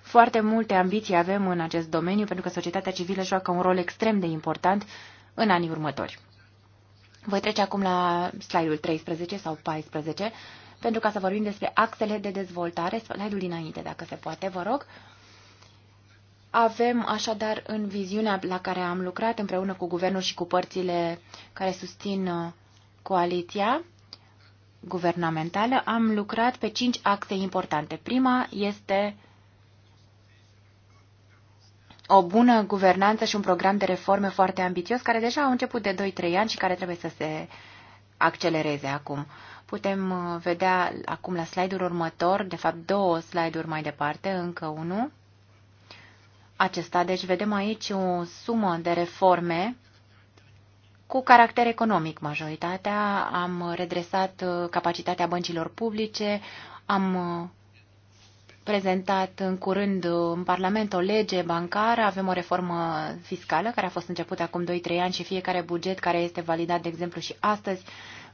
Foarte multe ambiții avem în acest domeniu, pentru că societatea civilă joacă un rol extrem de important în anii următori. Voi trece acum la slide-ul 13 sau 14, pentru ca să vorbim despre axele de dezvoltare. Slide-ul dinainte, dacă se poate, vă rog. Avem așadar în viziunea la care am lucrat împreună cu guvernul și cu părțile care susțin uh, coaliția guvernamentală, am lucrat pe cinci axe importante. Prima este o bună guvernanță și un program de reforme foarte ambițios, care deja au început de 2-3 ani și care trebuie să se accelereze acum. Putem uh, vedea acum la slide-ul următor, de fapt două slide-uri mai departe, încă unul. Acesta, deci vedem aici o sumă de reforme cu caracter economic majoritatea. Am redresat uh, capacitatea băncilor publice, am uh, prezentat în curând în Parlament o lege bancară, avem o reformă fiscală care a fost începută acum 2-3 ani și fiecare buget care este validat, de exemplu, și astăzi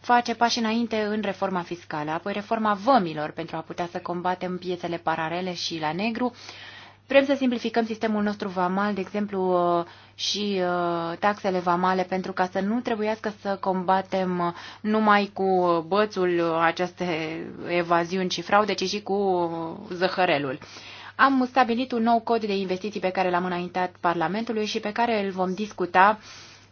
face pași înainte în reforma fiscală, apoi reforma vămilor pentru a putea să combatem piețele paralele și la negru. Vrem să simplificăm sistemul nostru vamal, de exemplu, uh, și uh, taxele vamale, pentru ca să nu trebuiască să combatem uh, numai cu bățul aceste evaziuni și fraude, ci și cu zăhărelul. Am stabilit un nou cod de investiții pe care l-am înaintat Parlamentului și pe care îl vom discuta uh,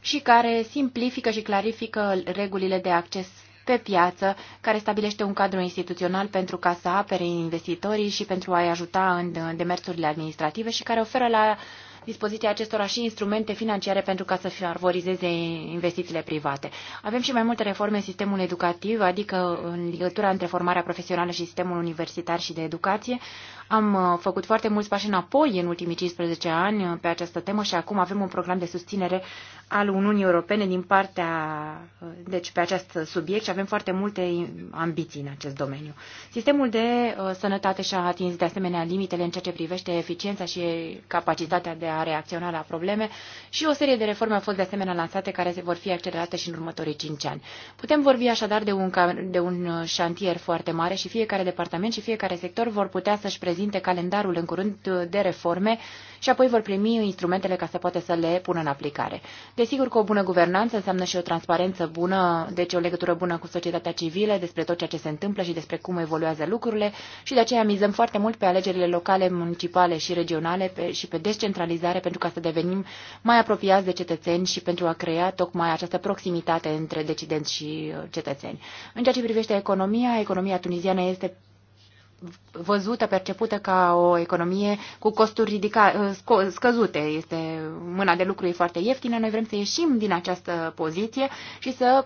și care simplifică și clarifică regulile de acces pe piață, care stabilește un cadru instituțional pentru ca să apere investitorii și pentru a-i ajuta în demersurile administrative și care oferă la dispoziția acestora și instrumente financiare pentru ca să favorizeze investițiile private. Avem și mai multe reforme în sistemul educativ, adică în legătura între formarea profesională și sistemul universitar și de educație. Am uh, făcut foarte mulți pași înapoi în ultimii 15 ani uh, pe această temă și acum avem un program de susținere al Uniunii Europene din partea, uh, deci pe acest subiect și avem foarte multe ambiții în acest domeniu. Sistemul de sănătate și-a atins de asemenea limitele în ceea ce privește eficiența și capacitatea de a reacționa la probleme și o serie de reforme au fost de asemenea lansate care se vor fi accelerate și în următorii cinci ani. Putem vorbi așadar de un, de un șantier foarte mare și fiecare departament și fiecare sector vor putea să-și prezinte calendarul în curând de reforme și apoi vor primi instrumentele ca să poată să le pună în aplicare. Desigur că o bună guvernanță înseamnă și o transparență bună, deci o legătură bună cu societatea civilă despre tot ceea ce se întâmplă și despre cum evoluează lucrurile și de aceea mizăm foarte mult pe alegerile locale, municipale și regionale pe, și pe descentralizare digitalizare pentru ca să devenim mai apropiați de cetățeni și pentru a crea tocmai această proximitate între decidenți și uh, cetățeni. În ceea ce privește economia, economia tuniziană este văzută, percepută ca o economie cu costuri ridica, uh, scăzute. Este mâna de lucru e foarte ieftină. Noi vrem să ieșim din această poziție și să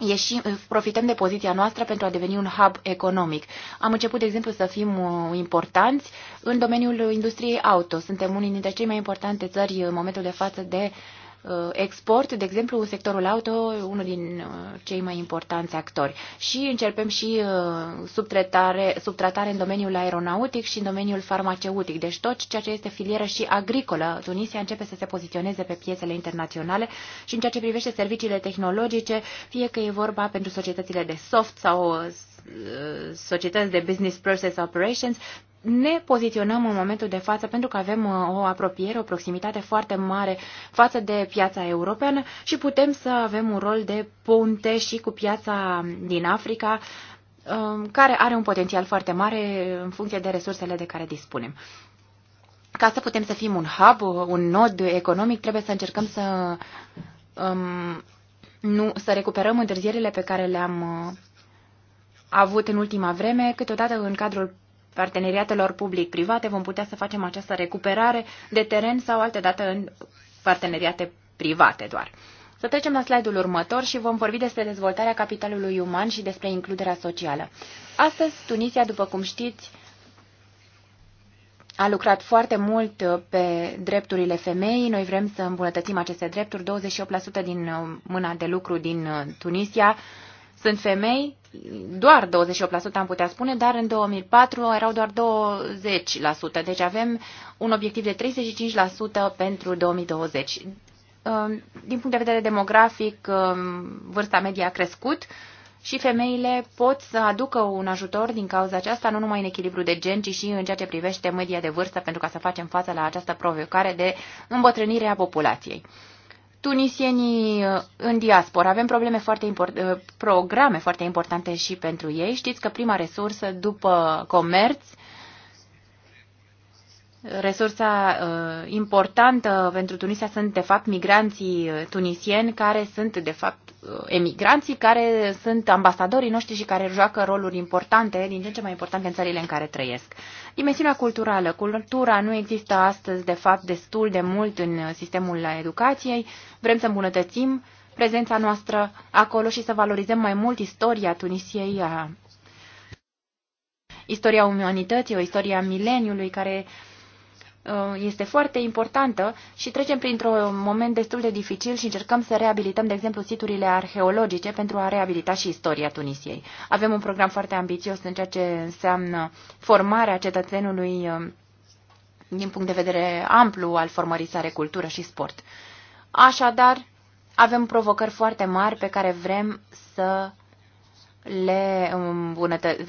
ieșim, profităm de poziția noastră pentru a deveni un hub economic. Am început, de exemplu, să fim uh, importanți în domeniul industriei auto. Suntem unii dintre cei mai importante țări în momentul de față de Uh, export, de exemplu, în sectorul auto, unul din uh, cei mai importanți actori. Și începem și uh, subtratare, subtratare în domeniul aeronautic și în domeniul farmaceutic. Deci tot ceea ce este filieră și agricolă, Tunisia începe să se poziționeze pe piețele internaționale și în ceea ce privește serviciile tehnologice, fie că e vorba pentru societățile de soft sau societăți de business process operations, ne poziționăm în momentul de față pentru că avem uh, o apropiere, o proximitate foarte mare față de piața europeană și putem să avem un rol de punte și cu piața din Africa, um, care are un potențial foarte mare în funcție de resursele de care dispunem. Ca să putem să fim un hub, uh, un nod economic, trebuie să încercăm să, um, nu, să recuperăm întârzierile pe care le-am uh, avut în ultima vreme, câteodată în cadrul parteneriatelor public-private vom putea să facem această recuperare de teren sau alte dată în parteneriate private doar. Să trecem la slide-ul următor și vom vorbi despre dezvoltarea capitalului uman și despre includerea socială. Astăzi, Tunisia, după cum știți, a lucrat foarte mult uh, pe drepturile femeii. Noi vrem să îmbunătățim aceste drepturi. 28% din uh, mâna de lucru din uh, Tunisia sunt femei, doar 28% am putea spune, dar în 2004 erau doar 20%. Deci avem un obiectiv de 35% pentru 2020. Um, din punct de vedere demografic, um, vârsta medie a crescut și femeile pot să aducă un ajutor din cauza aceasta, nu numai în echilibru de gen, ci și în ceea ce privește media de vârstă, pentru ca să facem față la această provocare de îmbătrânire a populației tunisienii uh, în diaspora. Avem probleme foarte import- uh, programe foarte importante și pentru ei. Știți că prima resursă după comerț Resursa uh, importantă pentru Tunisia sunt, de fapt, migranții uh, tunisieni care sunt, de fapt, uh, emigranții care sunt ambasadorii noștri și care joacă roluri importante, din ce în ce mai importante în țările în care trăiesc. Dimensiunea culturală. Cultura nu există astăzi, de fapt, destul de mult în sistemul educației. Vrem să îmbunătățim prezența noastră acolo și să valorizăm mai mult istoria Tunisiei, istoria umanității, o istoria mileniului care uh, Uh, este foarte importantă și trecem printr-un moment destul de dificil și încercăm să reabilităm, de exemplu, siturile arheologice pentru a reabilita și istoria Tunisiei. Avem un program foarte ambițios în ceea ce înseamnă formarea cetățenului uh, din punct de vedere amplu al formării sare, cultură și sport. Așadar, avem provocări foarte mari pe care vrem să le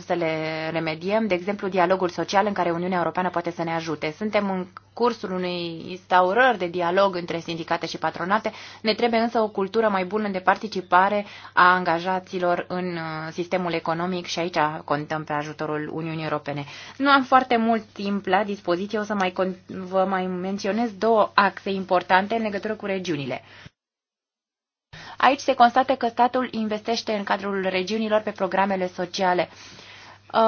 să le remediem, de exemplu, dialogul social în care Uniunea Europeană poate să ne ajute. Suntem în cursul unei instaurări de dialog între sindicate și patronate, ne trebuie însă o cultură mai bună de participare a angajaților în uh, sistemul economic și aici contăm pe ajutorul Uniunii Europene. Nu am foarte mult timp la dispoziție, o să mai vă mai menționez două axe importante în legătură cu regiunile. Aici se constată că statul investește în cadrul regiunilor pe programele sociale.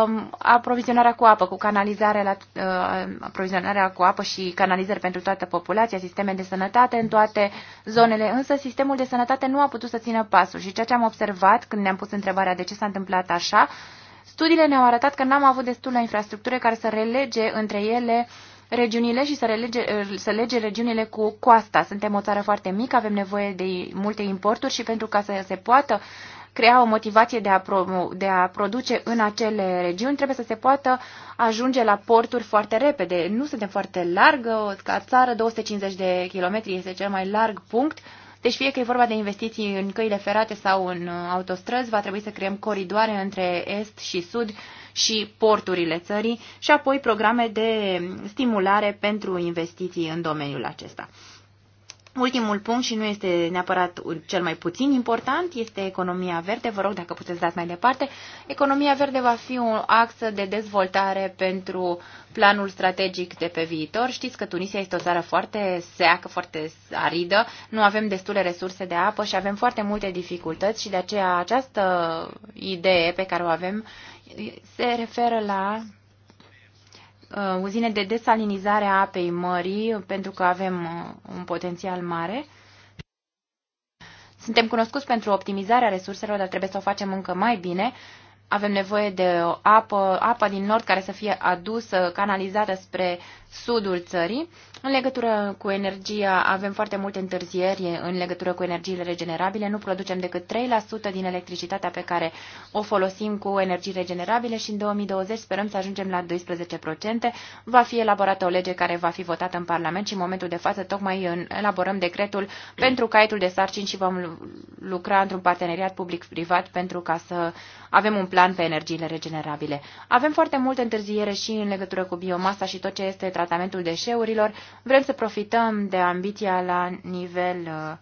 Um, aprovizionarea cu apă, cu canalizare la, uh, aprovizionarea cu apă și canalizări pentru toată populația, sisteme de sănătate în toate zonele, însă sistemul de sănătate nu a putut să țină pasul și ceea ce am observat când ne-am pus întrebarea de ce s-a întâmplat așa, studiile ne-au arătat că n-am avut destulă infrastructură care să relege între ele uh, regiunile și să, relege, să lege regiunile cu coasta. Suntem o țară foarte mică, avem nevoie de multe importuri și pentru ca să se poată crea o motivație de a, pro, de a produce în acele regiuni, trebuie să se poată ajunge la porturi foarte repede. Nu suntem foarte largă, ca țară 250 de kilometri este cel mai larg punct, deci fie că e vorba de investiții în căile ferate sau în autostrăzi, va trebui să creăm coridoare între est și sud și porturile țării și apoi programe de stimulare pentru investiții în domeniul acesta. Ultimul punct și nu este neapărat cel mai puțin important este economia verde. Vă rog dacă puteți dați mai departe. Economia verde va fi o axă de dezvoltare pentru planul strategic de pe viitor. Știți că Tunisia este o țară foarte seacă, foarte aridă, nu avem destule resurse de apă și avem foarte multe dificultăți și de aceea această idee pe care o avem se referă la uh, uzine de desalinizare a apei mării, pentru că avem uh, un potențial mare. Suntem cunoscuți pentru optimizarea resurselor, dar trebuie să o facem încă mai bine. Avem nevoie de o apă, din nord care să fie adusă, canalizată spre sudul țării în legătură cu energia, avem foarte multe întârzieri în legătură cu energiile regenerabile. Nu producem decât 3% din electricitatea pe care o folosim cu energii regenerabile și în 2020 sperăm să ajungem la 12%. Va fi elaborată o lege care va fi votată în Parlament și în momentul de față tocmai elaborăm decretul pentru caietul de sarcini și vom lucra într-un parteneriat public-privat pentru ca să avem un plan pe energiile regenerabile. Avem foarte multe întârziere și în legătură cu biomasa și tot ce este tratamentul deșeurilor. Vrem să profităm de ambiția la nivel uh,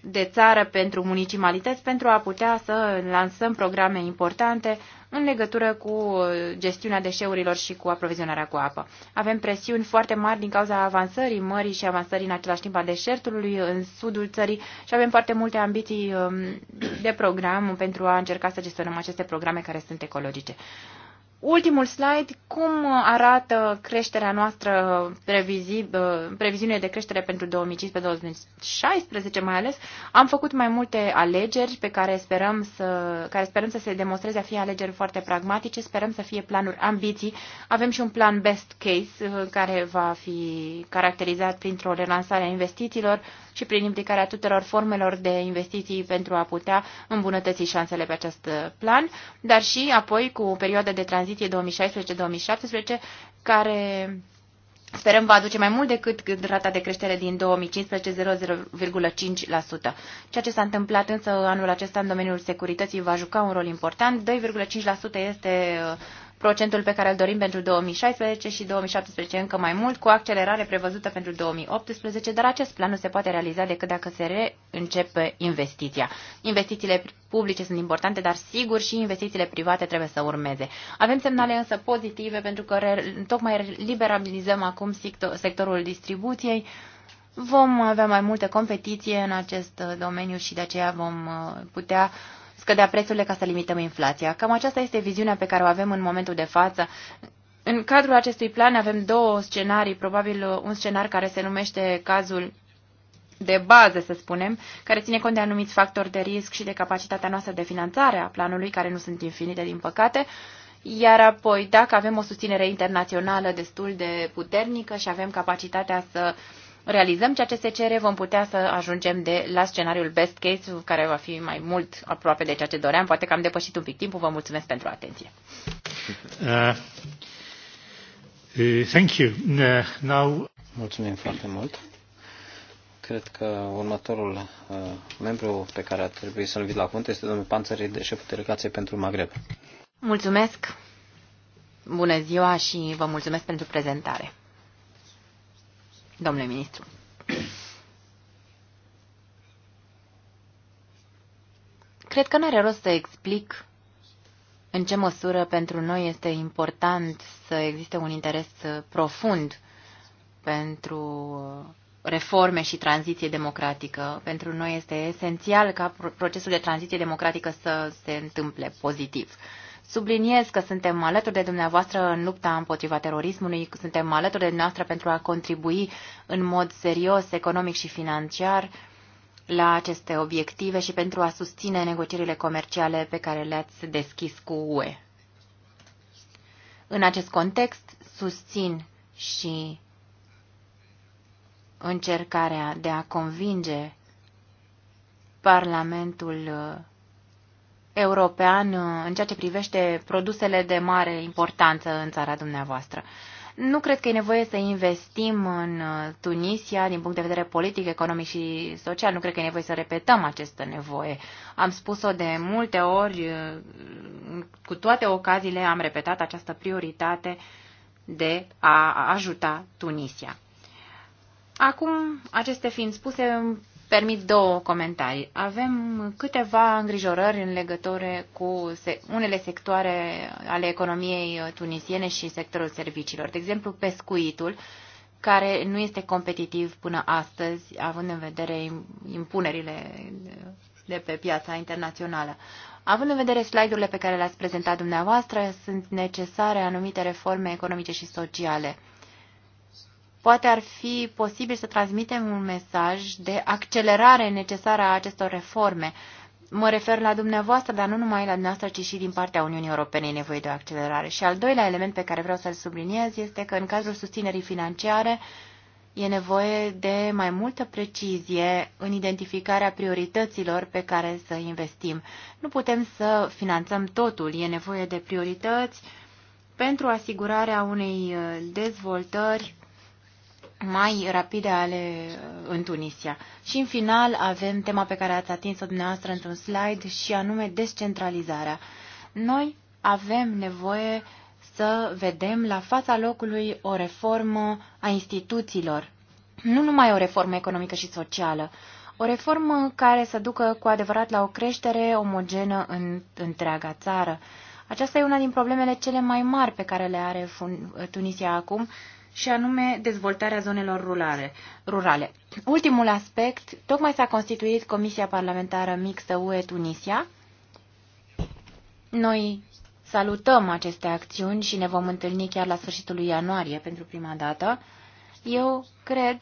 de țară pentru municipalități pentru a putea să lansăm programe importante în legătură cu uh, gestiunea deșeurilor și cu aprovizionarea cu apă. Avem presiuni foarte mari din cauza avansării mării și avansării în același timp a deșertului în sudul țării și avem foarte multe ambiții um, de program pentru a încerca să gestionăm aceste programe care sunt ecologice. Ultimul slide, cum arată creșterea noastră, previzi, previziune de creștere pentru 2015-2016 mai ales. Am făcut mai multe alegeri pe care sperăm, să, care sperăm să se demonstreze a fi alegeri foarte pragmatice, sperăm să fie planuri ambiții. Avem și un plan best case uh, care va fi caracterizat printr-o relansare a investițiilor și prin implicarea tuturor formelor de investiții pentru a putea îmbunătăți șansele pe acest uh, plan, dar și apoi cu o perioadă de tranziție tranziție 2016-2017, care sperăm va aduce mai mult decât rata de creștere din 2015, 0,5%. Ceea ce s-a întâmplat însă anul acesta în domeniul securității va juca un rol important. 2,5% este procentul pe care îl dorim pentru 2016 și 2017 încă mai mult, cu accelerare prevăzută pentru 2018, dar acest plan nu se poate realiza decât dacă se reîncepe investiția. Investițiile publice sunt importante, dar sigur și investițiile private trebuie să urmeze. Avem semnale însă pozitive pentru că tocmai liberalizăm acum sectorul distribuției, vom avea mai multă competiție în acest domeniu și de aceea vom uh, putea scădea prețurile ca să limităm inflația. Cam aceasta este viziunea pe care o avem în momentul de față. În cadrul acestui plan avem două scenarii, probabil un scenar care se numește cazul de bază, să spunem, care ține cont de anumiți factori de risc și de capacitatea noastră de finanțare a planului, care nu sunt infinite, din păcate, iar apoi, dacă avem o susținere internațională destul de puternică și avem capacitatea să realizăm ceea ce se cere, vom putea să ajungem de la scenariul best case, care va fi mai mult aproape de ceea ce doream. Poate că am depășit un pic timpul. Vă mulțumesc pentru atenție. Uh, uh, thank you. Uh, now... Mulțumim foarte mult. Cred că următorul uh, membru pe care ar trebui să-l vid la cont este domnul Panțări, de șeful delegației pentru Maghreb. Mulțumesc. Bună ziua și vă mulțumesc pentru prezentare domnule ministru. Cred că nu are rost să explic în ce măsură pentru noi este important să existe un interes profund pentru reforme și tranziție democratică. Pentru noi este esențial ca procesul de tranziție democratică să se întâmple pozitiv. Subliniez că suntem alături de dumneavoastră în lupta împotriva terorismului, suntem alături de dumneavoastră pentru a contribui în mod serios, economic și financiar la aceste obiective și pentru a susține negocierile comerciale pe care le-ați deschis cu UE. În acest context, susțin și încercarea de a convinge Parlamentul european uh, în ceea ce privește produsele de mare importanță în țara dumneavoastră. Nu cred că e nevoie să investim în uh, Tunisia din punct de vedere politic, economic și social. Nu cred că e nevoie să repetăm această nevoie. Am spus-o de multe ori, uh, cu toate ocaziile am repetat această prioritate de a ajuta Tunisia. Acum, aceste fiind spuse, permit două comentarii. Avem câteva îngrijorări în legătură cu unele sectoare ale economiei uh, tunisiene și sectorul serviciilor. De exemplu, pescuitul, care nu este competitiv până astăzi, având în vedere impunerile de pe piața internațională. Având în vedere slide-urile pe care le-ați prezentat dumneavoastră, sunt necesare anumite reforme economice și sociale. Poate ar fi posibil să transmitem un mesaj de accelerare necesară a acestor reforme. Mă refer la dumneavoastră, dar nu numai la dumneavoastră, ci și din partea Uniunii Europene e nevoie de o accelerare. Și al doilea element pe care vreau să-l subliniez este că în cazul susținerii financiare e nevoie de mai multă precizie în identificarea priorităților pe care să investim. Nu putem să finanțăm totul, e nevoie de priorități pentru asigurarea unei uh, dezvoltări mai rapide ale uh, în Tunisia. Și în final avem tema pe care ați atins-o dumneavoastră într-un slide și anume descentralizarea. Noi avem nevoie să vedem la fața locului o reformă a instituțiilor. Nu numai o reformă economică și socială, o reformă care să ducă cu adevărat la o creștere omogenă în întreaga țară. Aceasta e una din problemele cele mai mari pe care le are Tunisia acum și anume dezvoltarea zonelor rurale. rurale. Ultimul aspect, tocmai s-a constituit Comisia Parlamentară Mixtă UE-Tunisia. Noi salutăm aceste acțiuni și ne vom întâlni chiar la sfârșitul lui ianuarie pentru prima dată. Eu cred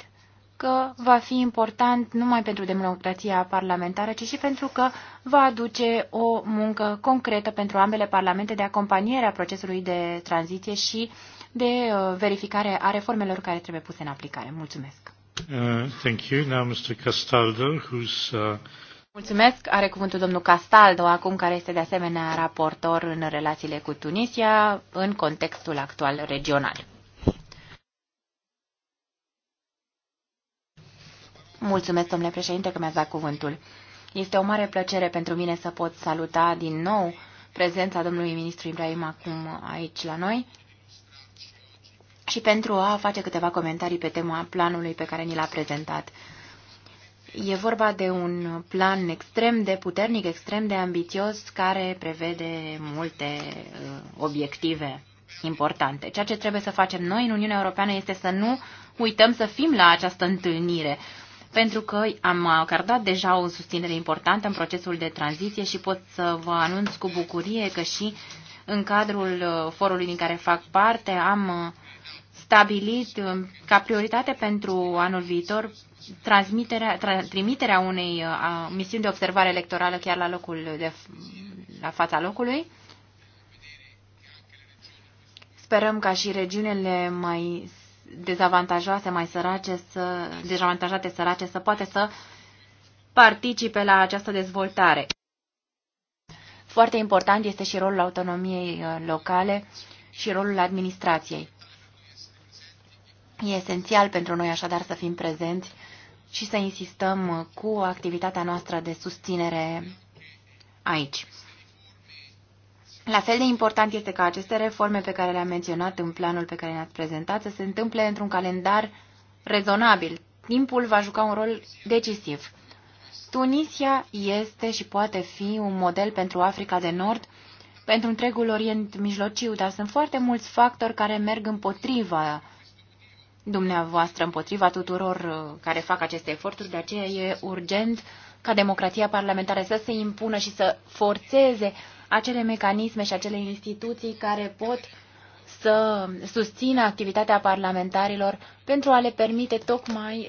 că va fi important numai pentru democrația parlamentară, ci și pentru că va aduce o muncă concretă pentru ambele parlamente de acompaniere a procesului de tranziție și uh, de uh, verificare a reformelor care trebuie puse în aplicare. Mulțumesc! Uh, thank you. Now Mr. Castaldo, who's, uh... Mulțumesc. Are cuvântul domnul Castaldo, acum care este de asemenea raportor în relațiile cu Tunisia în contextul actual regional. Mulțumesc, domnule președinte, că mi-ați dat cuvântul. Este o mare plăcere pentru mine să pot saluta din nou prezența domnului ministru Ibrahim acum aici la noi și pentru a face câteva comentarii pe tema planului pe care ni l-a prezentat. E vorba de un plan extrem de puternic, extrem de ambițios, care prevede multe uh, obiective importante. Ceea ce trebuie să facem noi în Uniunea Europeană este să nu uităm să fim la această întâlnire, pentru că am acordat deja o susținere importantă în procesul de tranziție și pot să vă anunț cu bucurie că și în cadrul uh, forului din care fac parte am uh, stabilit um, ca prioritate pentru anul viitor transmiterea, tra, trimiterea unei uh, a, misiuni de observare electorală chiar la locul de, la fața locului. Sperăm ca și regiunile mai dezavantajoase, mai sărace, să, dezavantajate sărace să poate să participe la această dezvoltare. Foarte important este și rolul autonomiei uh, locale și rolul administrației. E esențial pentru noi așadar să fim prezenți și să insistăm cu activitatea noastră de susținere aici. La fel de important este ca aceste reforme pe care le-am menționat în planul pe care ne-ați prezentat să se întâmple într-un calendar rezonabil. Timpul va juca un rol decisiv. Tunisia este și poate fi un model pentru Africa de Nord, pentru întregul Orient Mijlociu, dar sunt foarte mulți factori care merg împotriva dumneavoastră împotriva tuturor uh, care fac aceste eforturi, de aceea e urgent ca democrația parlamentară să se impună și să forțeze acele mecanisme și acele instituții care pot să susțină activitatea parlamentarilor pentru a le permite tocmai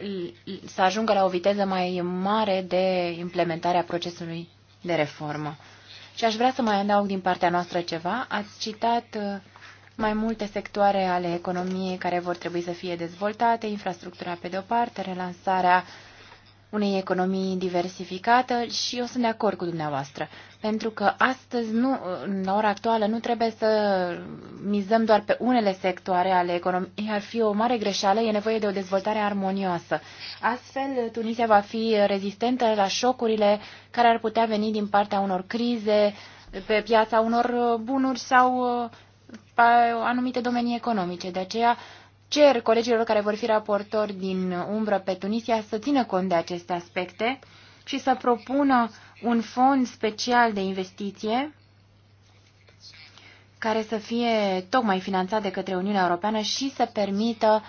să ajungă la o viteză mai mare de implementare a procesului de reformă. Și aș vrea să mai adaug din partea noastră ceva. Ați citat uh, mai multe sectoare ale economiei care vor trebui să fie dezvoltate, infrastructura pe de-o parte, relansarea unei economii diversificată și eu sunt de acord cu dumneavoastră. Pentru că astăzi, nu, în ora actuală, nu trebuie să mizăm doar pe unele sectoare ale economiei. Ar fi o mare greșeală, e nevoie de o dezvoltare armonioasă. Astfel, Tunisia va fi rezistentă la șocurile care ar putea veni din partea unor crize pe piața unor bunuri sau anumite domenii economice. De aceea cer colegilor care vor fi raportori din umbră pe Tunisia să țină cont de aceste aspecte și să propună un fond special de investiție care să fie tocmai finanțat de către Uniunea Europeană și să permită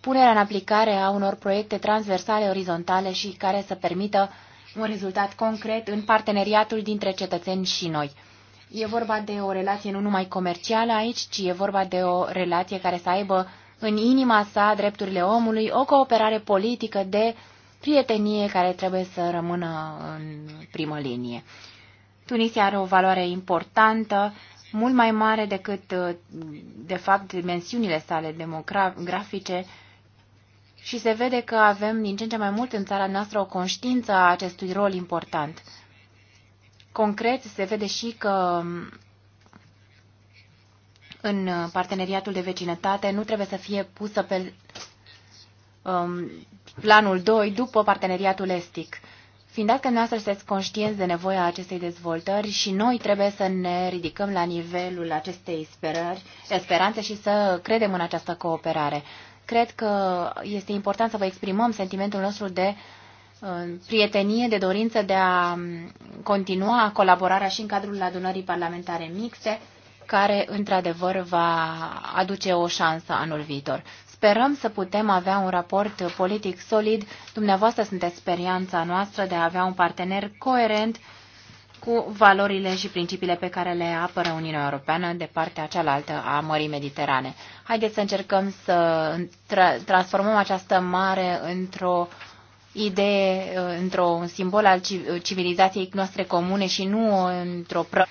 punerea în aplicare a unor proiecte transversale, orizontale și care să permită un rezultat concret în parteneriatul dintre cetățeni și noi. E vorba de o relație nu numai comercială aici, ci e vorba de o relație care să aibă în inima sa drepturile omului, o cooperare politică de prietenie care trebuie să rămână în primă linie. Tunisia are o valoare importantă, mult mai mare decât, de fapt, dimensiunile sale demografice și se vede că avem din ce în ce mai mult în țara noastră o conștiință a acestui rol important. Concret, se vede și că um, în parteneriatul de vecinătate nu trebuie să fie pusă pe um, planul 2 după parteneriatul estic. Fiind dat că noastră sunteți conștienți de nevoia acestei dezvoltări și noi trebuie să ne ridicăm la nivelul acestei sperări, speranțe și să credem în această cooperare. Cred că este important să vă exprimăm sentimentul nostru de uh, prietenie, de dorință de a continua colaborarea și în cadrul adunării parlamentare mixte, care într-adevăr va aduce o șansă anul viitor. Sperăm să putem avea un raport politic solid. Dumneavoastră sunteți experiența noastră de a avea un partener coerent cu valorile și principiile pe care le apără Uniunea Europeană de partea cealaltă a Mării Mediterane. Haideți să încercăm să tra transformăm această mare într-o idee, uh, într-un simbol al uh, civilizației noastre comune și nu într-o pră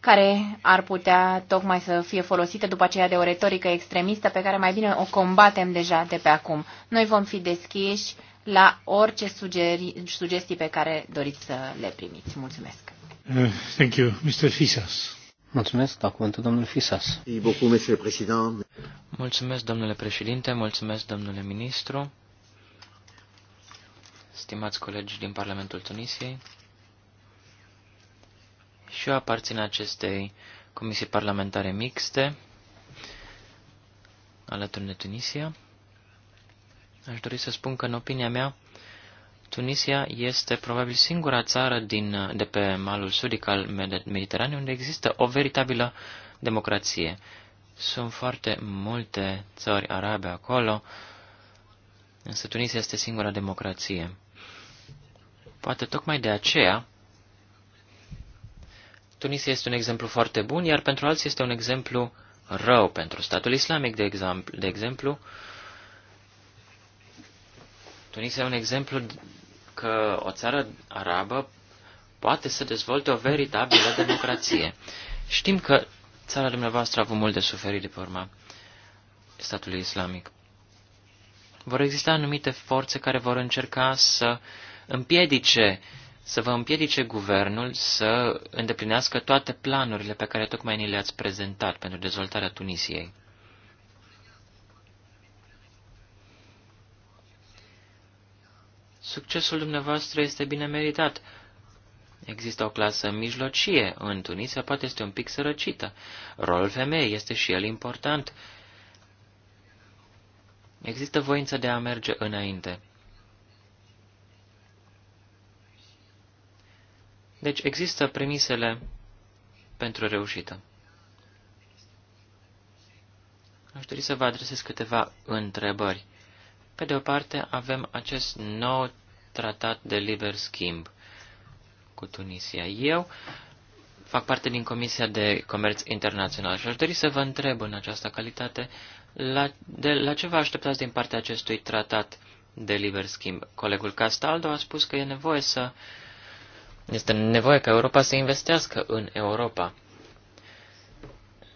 care ar putea tocmai să fie folosită după aceea de o retorică extremistă pe care mai bine o combatem deja de pe acum. Noi vom fi deschiși la orice sugeri, sugestii pe care doriți să le primiți. Mulțumesc. Uh, thank you, Mr. Fisas. Mulțumesc, la cuvântul domnul Fisas. Mulțumesc, domnule președinte, mulțumesc, domnule ministru stimați colegi din Parlamentul Tunisiei, și eu aparțin acestei comisii parlamentare mixte alături de Tunisia. Aș dori să spun că, în opinia mea, Tunisia este probabil singura țară din, de pe malul sudic al Mediteranei unde există o veritabilă democrație. Sunt foarte multe țări arabe acolo, însă Tunisia este singura democrație. Poate tocmai de aceea Tunisia este un exemplu foarte bun, iar pentru alții este un exemplu rău. Pentru statul islamic, de, exam- de exemplu, Tunisia e un exemplu că o țară arabă poate să dezvolte o veritabilă democrație. Știm că țara dumneavoastră a avut mult de suferit de pe urma statului islamic. Vor exista anumite forțe care vor încerca să uh, împiedice, să vă împiedice guvernul să îndeplinească toate planurile pe care tocmai ni le-ați prezentat pentru dezvoltarea Tunisiei. Succesul dumneavoastră este bine meritat. Există o clasă mijlocie în Tunisia, poate este un pic sărăcită. Rolul femeii este și el important. Există voință de a merge înainte. Deci există premisele pentru reușită. Aș dori să vă adresez câteva întrebări. Pe de o parte, avem acest nou tratat de liber schimb cu Tunisia. Eu fac parte din Comisia de Comerț Internațional și aș dori să vă întreb în această calitate la, de, la ce vă așteptați din partea acestui tratat de liber schimb. Colegul Castaldo a spus că e nevoie să uh, este nevoie ca Europa să investească în Europa.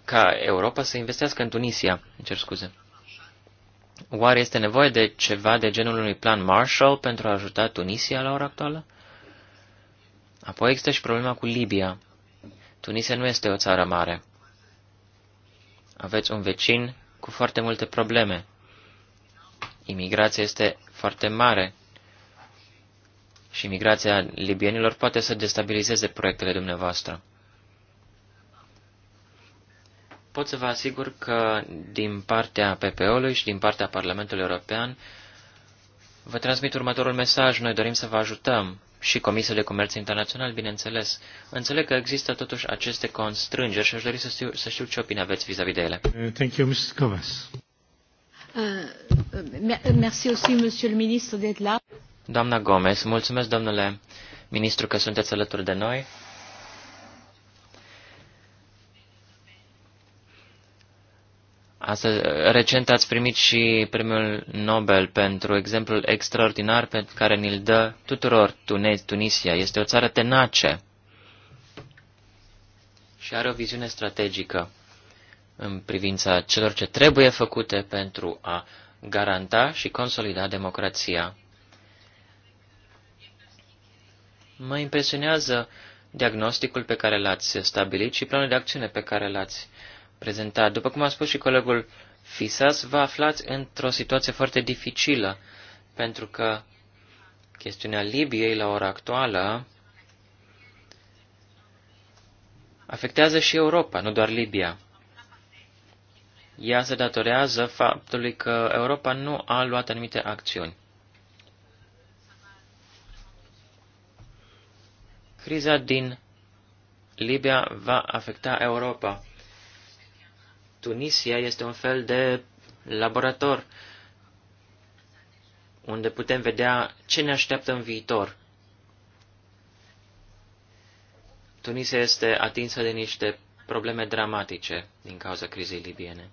Ca Europa să investească în Tunisia, cer scuze. Oare este nevoie de ceva de genul unui plan Marshall pentru a ajuta Tunisia la ora actuală? Apoi există și problema cu Libia. Tunisia nu este o țară mare. Aveți un vecin cu foarte multe probleme. Imigrația este foarte mare și migrația libienilor poate să destabilizeze proiectele dumneavoastră. Pot să vă asigur că din partea PPO-ului și din partea Parlamentului European vă transmit următorul mesaj. Noi dorim să vă ajutăm și Comisia de Comerț Internațional, bineînțeles. Înțeleg că există totuși aceste constrângeri și aș dori să știu, să știu ce opinie aveți vis-a-vis -vis de ele. Uh, thank you, Mrs. Covas. Uh, uh merci aussi, monsieur le ministre, d'être là. Doamna Gomez, mulțumesc, domnule ministru, că sunteți alături de noi. Astăzi, recent ați primit și premiul Nobel pentru exemplul extraordinar pe care ni-l dă tuturor Tunezi, Tunisia. Este o țară tenace și are o viziune strategică în privința celor ce trebuie făcute pentru a garanta și consolida democrația Mă impresionează diagnosticul pe care l-ați stabilit și planul de acțiune pe care l-ați prezentat. După cum a spus și colegul Fisas, vă aflați într-o situație foarte dificilă, pentru că chestiunea Libiei la ora actuală afectează și Europa, nu doar Libia. Ea se datorează faptului că Europa nu a luat anumite acțiuni. Criza din Libia va afecta Europa. Tunisia este un fel de laborator unde putem vedea ce ne așteaptă în viitor. Tunisia este atinsă de niște probleme dramatice din cauza crizei libiene.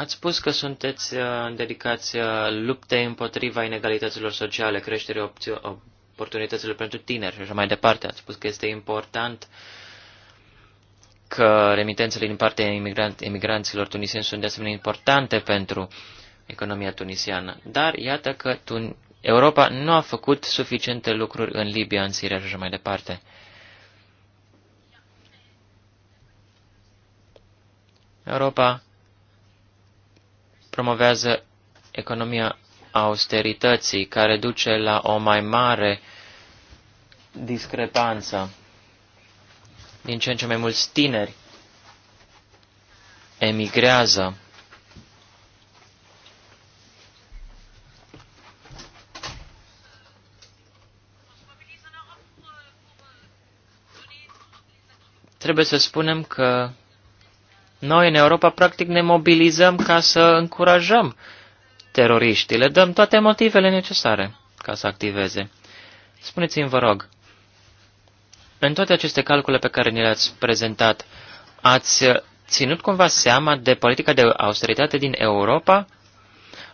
Ați spus că sunteți uh, dedicați uh, luptei împotriva inegalităților sociale, creșterii oportunităților pentru tineri și așa mai departe. Ați spus că este important că remitențele din partea imigran- imigranților tunisieni sunt de asemenea importante pentru economia tunisiană. Dar iată că tun- Europa nu a făcut suficiente lucruri în Libia, în Siria și așa mai departe. Europa promovează economia austerității, care duce la o mai mare discrepanță. Din ce în ce mai mulți tineri emigrează. Trebuie să spunem că noi în Europa practic ne mobilizăm ca să încurajăm teroriștii, le dăm toate motivele necesare ca să activeze. Spuneți-mi, vă rog, în toate aceste calcule pe care ni le-ați prezentat, ați ținut cumva seama de politica de austeritate din Europa?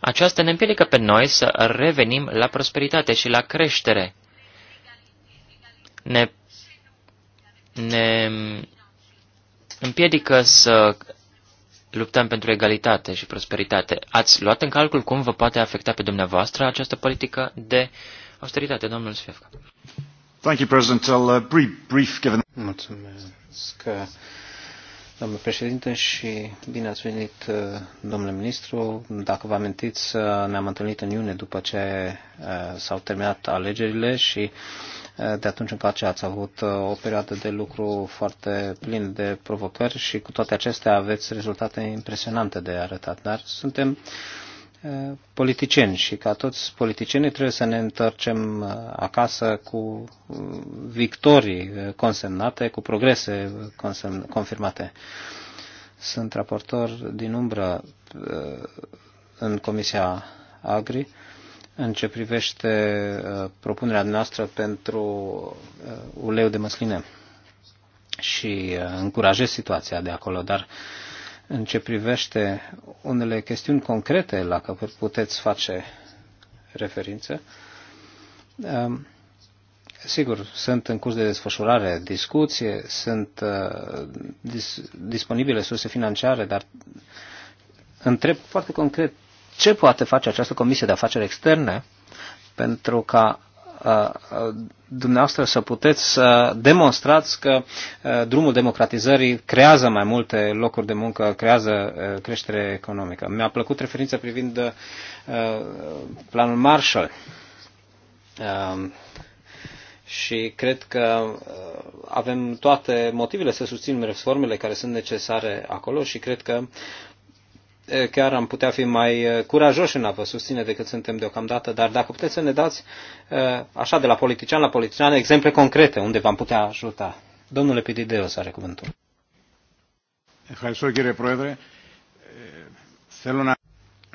Aceasta ne împiedică pe noi să revenim la prosperitate și la creștere. Ne, ne împiedică să luptăm pentru egalitate și prosperitate. Ați luat în calcul cum vă poate afecta pe dumneavoastră această politică de austeritate, domnul Sfefca? Thank you, President. I'll, uh, brief, brief given... Mulțumesc. Domnule președinte și bine ați venit, uh, domnule ministru. Dacă vă amintiți, uh, ne-am întâlnit în iunie după ce uh, s-au terminat alegerile și de atunci încoace ați avut o perioadă de lucru foarte plin de provocări și cu toate acestea aveți rezultate impresionante de arătat. Dar suntem politicieni și ca toți politicienii trebuie să ne întoarcem uh, acasă cu uh, victorii uh, consemnate, cu progrese confirmate. Sunt raportor din umbră în Comisia Agri în ce privește propunerea noastră pentru uleiul de măsline și încurajez situația de acolo, dar uh, în ce privește unele chestiuni concrete la care puteți face referință. Um, sigur, sunt în curs de desfășurare discuție, sunt uh, dis- disponibile surse financiare, dar întreb foarte concret ce poate face această Comisie de Afaceri Externe pentru ca dumneavoastră să puteți să demonstrați că drumul democratizării creează mai multe locuri de muncă, creează creștere economică. Mi-a plăcut referința privind planul Marshall. Și cred că avem toate motivele să susținem reformele care sunt necesare acolo și cred că chiar am putea fi mai curajoși în a vă susține decât suntem deocamdată, dar dacă puteți să ne dați, așa de la politician la politician, exemple concrete unde v-am putea ajuta. Domnule Pidideos are cuvântul.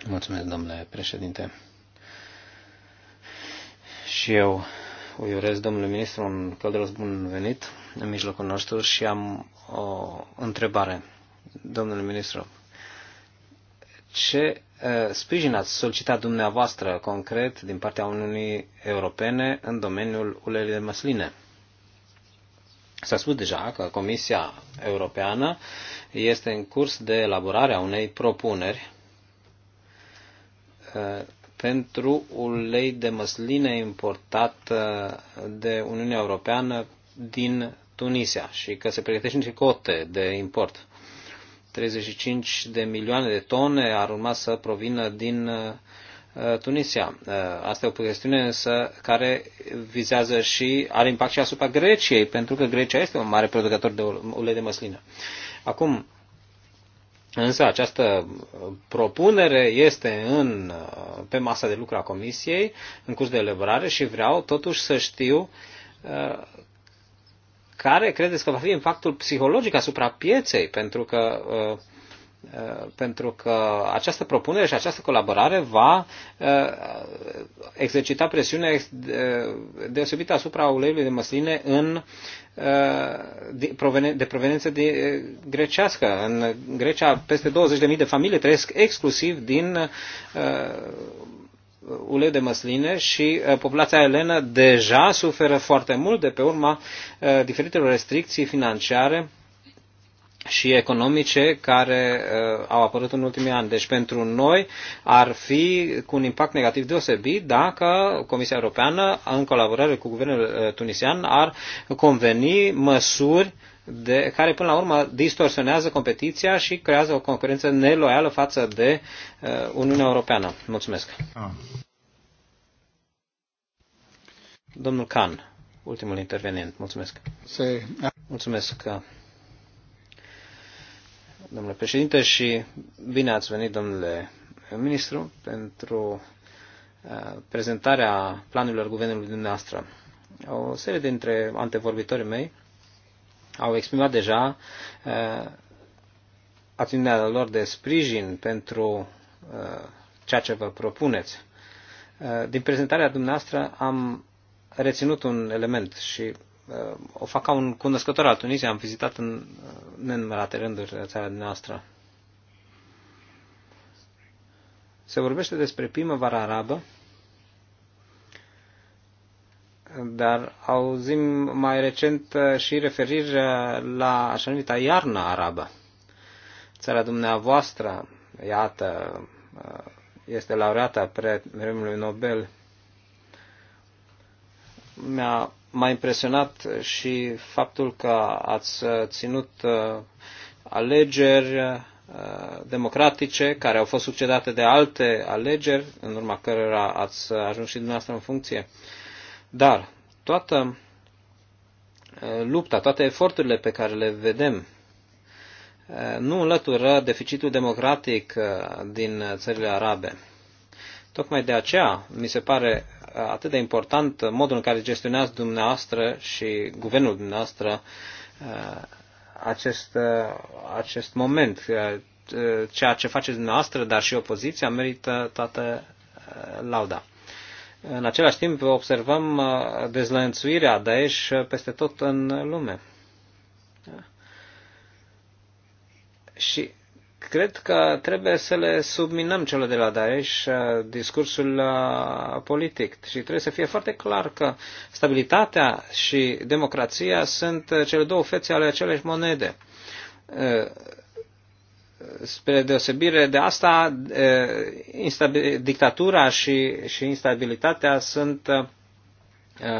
Mulțumesc, domnule președinte. Și eu îi urez domnule ministru un călduros bun venit în mijlocul nostru și am o întrebare. Domnule ministru, ce uh, sprijin ați solicitat dumneavoastră concret din partea Uniunii Europene în domeniul ulei de măsline? S-a spus deja că Comisia Europeană este în curs de elaborare a unei propuneri uh, pentru ulei de măsline importat uh, de Uniunea Europeană din Tunisia și că se pregătește niște cote de import. 35 de milioane de tone ar urma să provină din uh, uh, Tunisia. Uh, asta e o chestiune însă care vizează și, are impact și asupra Greciei, pentru că Grecia este un mare producător de ulei de măslină. Acum, însă această propunere este în, pe masa de lucru a Comisiei, în curs de elaborare și vreau totuși să știu care credeți că va fi impactul psihologic asupra pieței, pentru că uh, uh pentru că această propunere și această colaborare va uh, exercita presiune uh, deosebită asupra uleiului de măsline în, de proveniență de grecească. În Grecia peste 20.000 de familii trăiesc exclusiv din Uh, ulei de măsline și uh, populația elenă deja suferă foarte mult de pe urma uh, diferitelor restricții financiare și economice care uh, au apărut în ultimii ani. Deci pentru noi ar fi cu un impact negativ deosebit dacă Comisia Europeană, în colaborare cu guvernul tunisian, ar conveni măsuri de, care până la urmă distorsionează competiția și creează o concurență neloială față de uh, Uniunea Europeană. Mulțumesc. Ah. Domnul Khan, ultimul intervenient. Mulțumesc. Se... Mulțumesc, uh, domnule președinte, și bine ați venit, domnule ministru, pentru uh, prezentarea planurilor guvernului dumneavoastră. O serie dintre antevorbitorii mei au exprimat deja uh, atitudinea lor de sprijin pentru uh, ceea ce vă propuneți. Uh, din prezentarea dumneavoastră am reținut un element și o fac ca un cunoscător al Tunisiei, am vizitat în nenumărate rânduri țara dumneavoastră. Se vorbește despre primăvara arabă dar auzim mai recent uh, și referiri la așa numita iarnă arabă. Țara dumneavoastră, iată, uh, este laureata premiului Nobel. Mi-a mai impresionat și faptul că ați uh, ținut alegeri democratice care au fost succedate de alte alegeri, în urma cărora ați ajuns și dumneavoastră în funcție. Uh, dar toată lupta, toate eforturile pe care le vedem nu înlătură deficitul democratic din țările arabe. Tocmai de aceea mi se pare atât de important modul în care gestionează dumneavoastră și guvernul dumneavoastră acest, acest moment. Ceea ce faceți dumneavoastră, dar și opoziția, merită toată lauda. În același timp observăm uh, dezlănțuirea Daesh uh, peste tot în lume. Și cred că trebuie să le subminăm celor de la Daesh uh, discursul politic și trebuie să fie foarte clar că stabilitatea și democrația sunt cele două fețe ale aceleași monede spre deosebire de asta, dictatura și, și instabilitatea sunt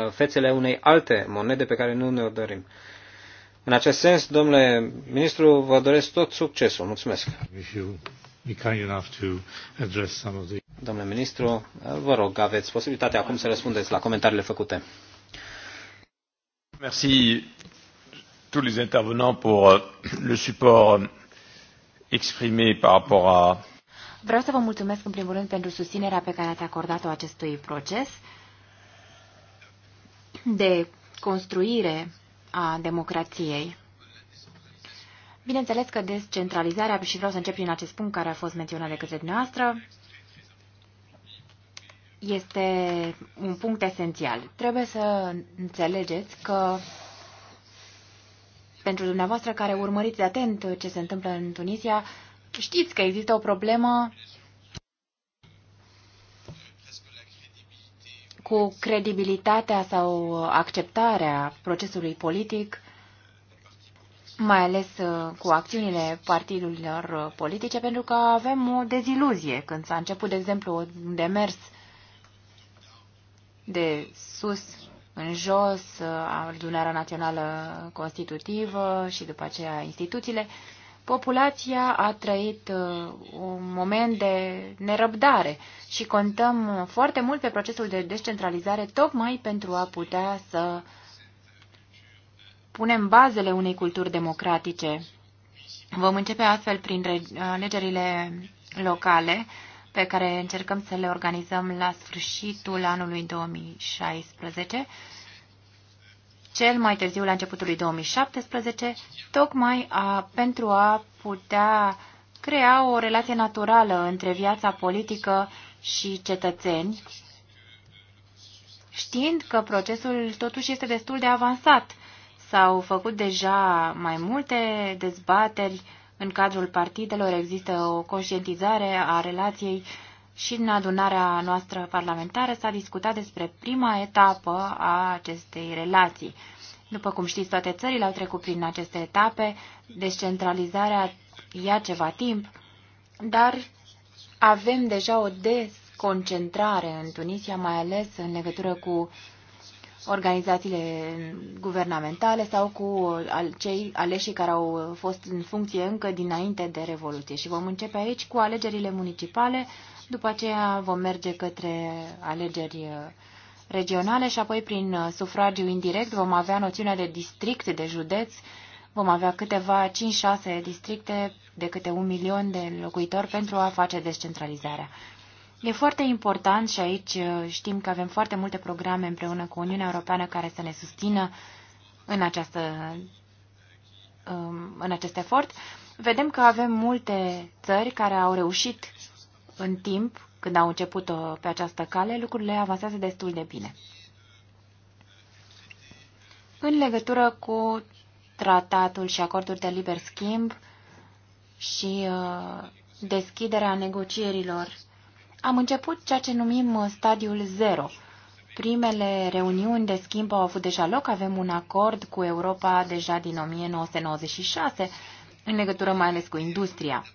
fețele unei alte monede pe care nu ne-o dorim. În acest sens, domnule ministru, vă doresc tot succesul. Mulțumesc. Domnule ministru, vă rog, aveți posibilitatea acum să răspundeți la comentariile făcute. Mulțumesc tuturor les pentru pour euh, euh, exprimé par rapport à... Vreau să vă mulțumesc în primul rând pentru susținerea pe care ați acordat-o acestui proces de construire a democrației. Bineînțeles că descentralizarea, și vreau să încep prin acest punct care a fost menționat de către dumneavoastră, este un punct esențial. Trebuie să înțelegeți că pentru dumneavoastră care urmăriți atent ce se întâmplă în Tunisia, știți că există o problemă cu credibilitatea sau acceptarea procesului politic, mai ales uh, cu acțiunile partidurilor politice, pentru că avem o deziluzie când s-a început, de exemplu, un demers de sus în jos, uh, adunarea națională constitutivă și după aceea instituțiile, populația a trăit uh, un moment de nerăbdare și contăm foarte mult pe procesul de descentralizare tocmai pentru a putea să punem bazele unei culturi democratice. Vom începe astfel prin alegerile locale pe care încercăm să le organizăm la sfârșitul anului 2016, cel mai târziu la începutul lui 2017, tocmai a, pentru a putea crea o relație naturală între viața politică și cetățeni, știind că procesul totuși este destul de avansat. S-au făcut deja mai multe dezbateri în cadrul partidelor există o conștientizare a relației și în adunarea noastră parlamentară s-a discutat despre prima etapă a acestei relații. După cum știți, toate țările au trecut prin aceste etape, descentralizarea ia ceva timp, dar avem deja o desconcentrare în Tunisia, mai ales în legătură cu uh, organizațiile guvernamentale sau cu cei aleși care au fost în funcție încă dinainte de Revoluție. Și vom începe aici cu alegerile municipale, după aceea vom merge către alegeri uh, regionale și apoi prin uh, sufragiu indirect vom avea noțiunea de district, de județ, vom avea câteva 5-6 districte de câte un milion de locuitori pentru a face descentralizarea. E foarte important și aici uh, știm că avem foarte multe programe împreună cu Uniunea Europeană care să ne susțină în, această, um, în acest efort. Vedem că avem multe țări care au reușit în timp, când au început pe această cale, lucrurile avansează destul de bine. În legătură cu tratatul și acordul de liber schimb și uh, deschiderea negocierilor am început ceea ce numim uh, stadiul zero. Primele reuniuni de schimb au avut deja loc, avem un acord cu Europa deja din 1996, în legătură mai ales cu industria.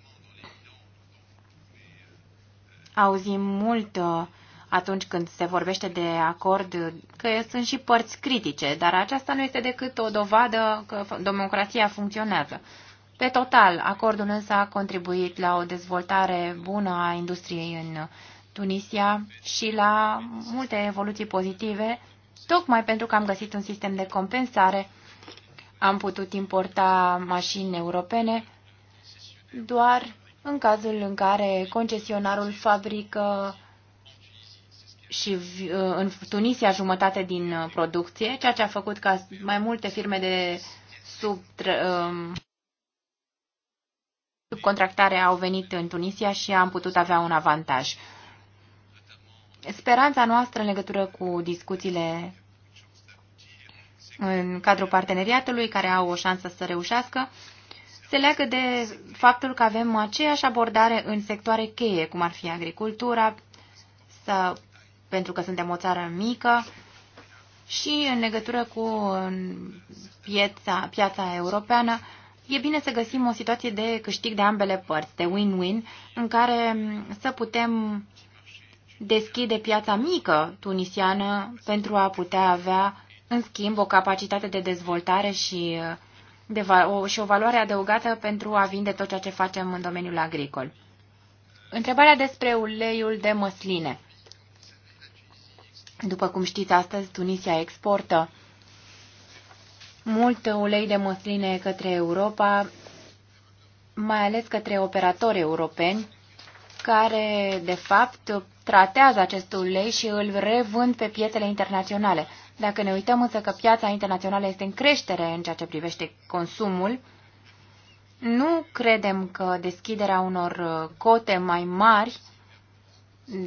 Auzim mult uh, atunci când se vorbește de acord uh, că sunt și părți critice, dar aceasta nu este decât o dovadă că democrația funcționează. Pe total, acordul însă a contribuit la o dezvoltare bună a industriei în Tunisia și la multe evoluții pozitive, tocmai pentru că am găsit un sistem de compensare, am putut importa mașini europene doar în cazul în care concesionarul fabrică și uh, în Tunisia jumătate din producție, ceea ce a făcut ca mai multe firme de sub um, subcontractare au venit în Tunisia și am putut avea un avantaj. Speranța noastră în legătură cu discuțiile în cadrul parteneriatului, care au o șansă să reușească, se leagă de faptul că avem aceeași abordare în sectoare cheie, cum ar fi agricultura, sau, pentru că suntem o țară mică, și în legătură cu piața, piața europeană, e bine să găsim o situație de câștig de ambele părți, de win-win, în care să putem deschide piața mică tunisiană pentru a putea avea, în schimb, o capacitate de dezvoltare și, de o, și o valoare adăugată pentru a vinde tot ceea ce facem în domeniul agricol. Întrebarea despre uleiul de măsline. După cum știți, astăzi Tunisia exportă mult ulei de măsline către Europa, mai ales către operatori europeni, care, de fapt, tratează acest ulei și îl revând pe piețele internaționale. Dacă ne uităm însă că piața internațională este în creștere în ceea ce privește consumul, nu credem că deschiderea unor cote mai mari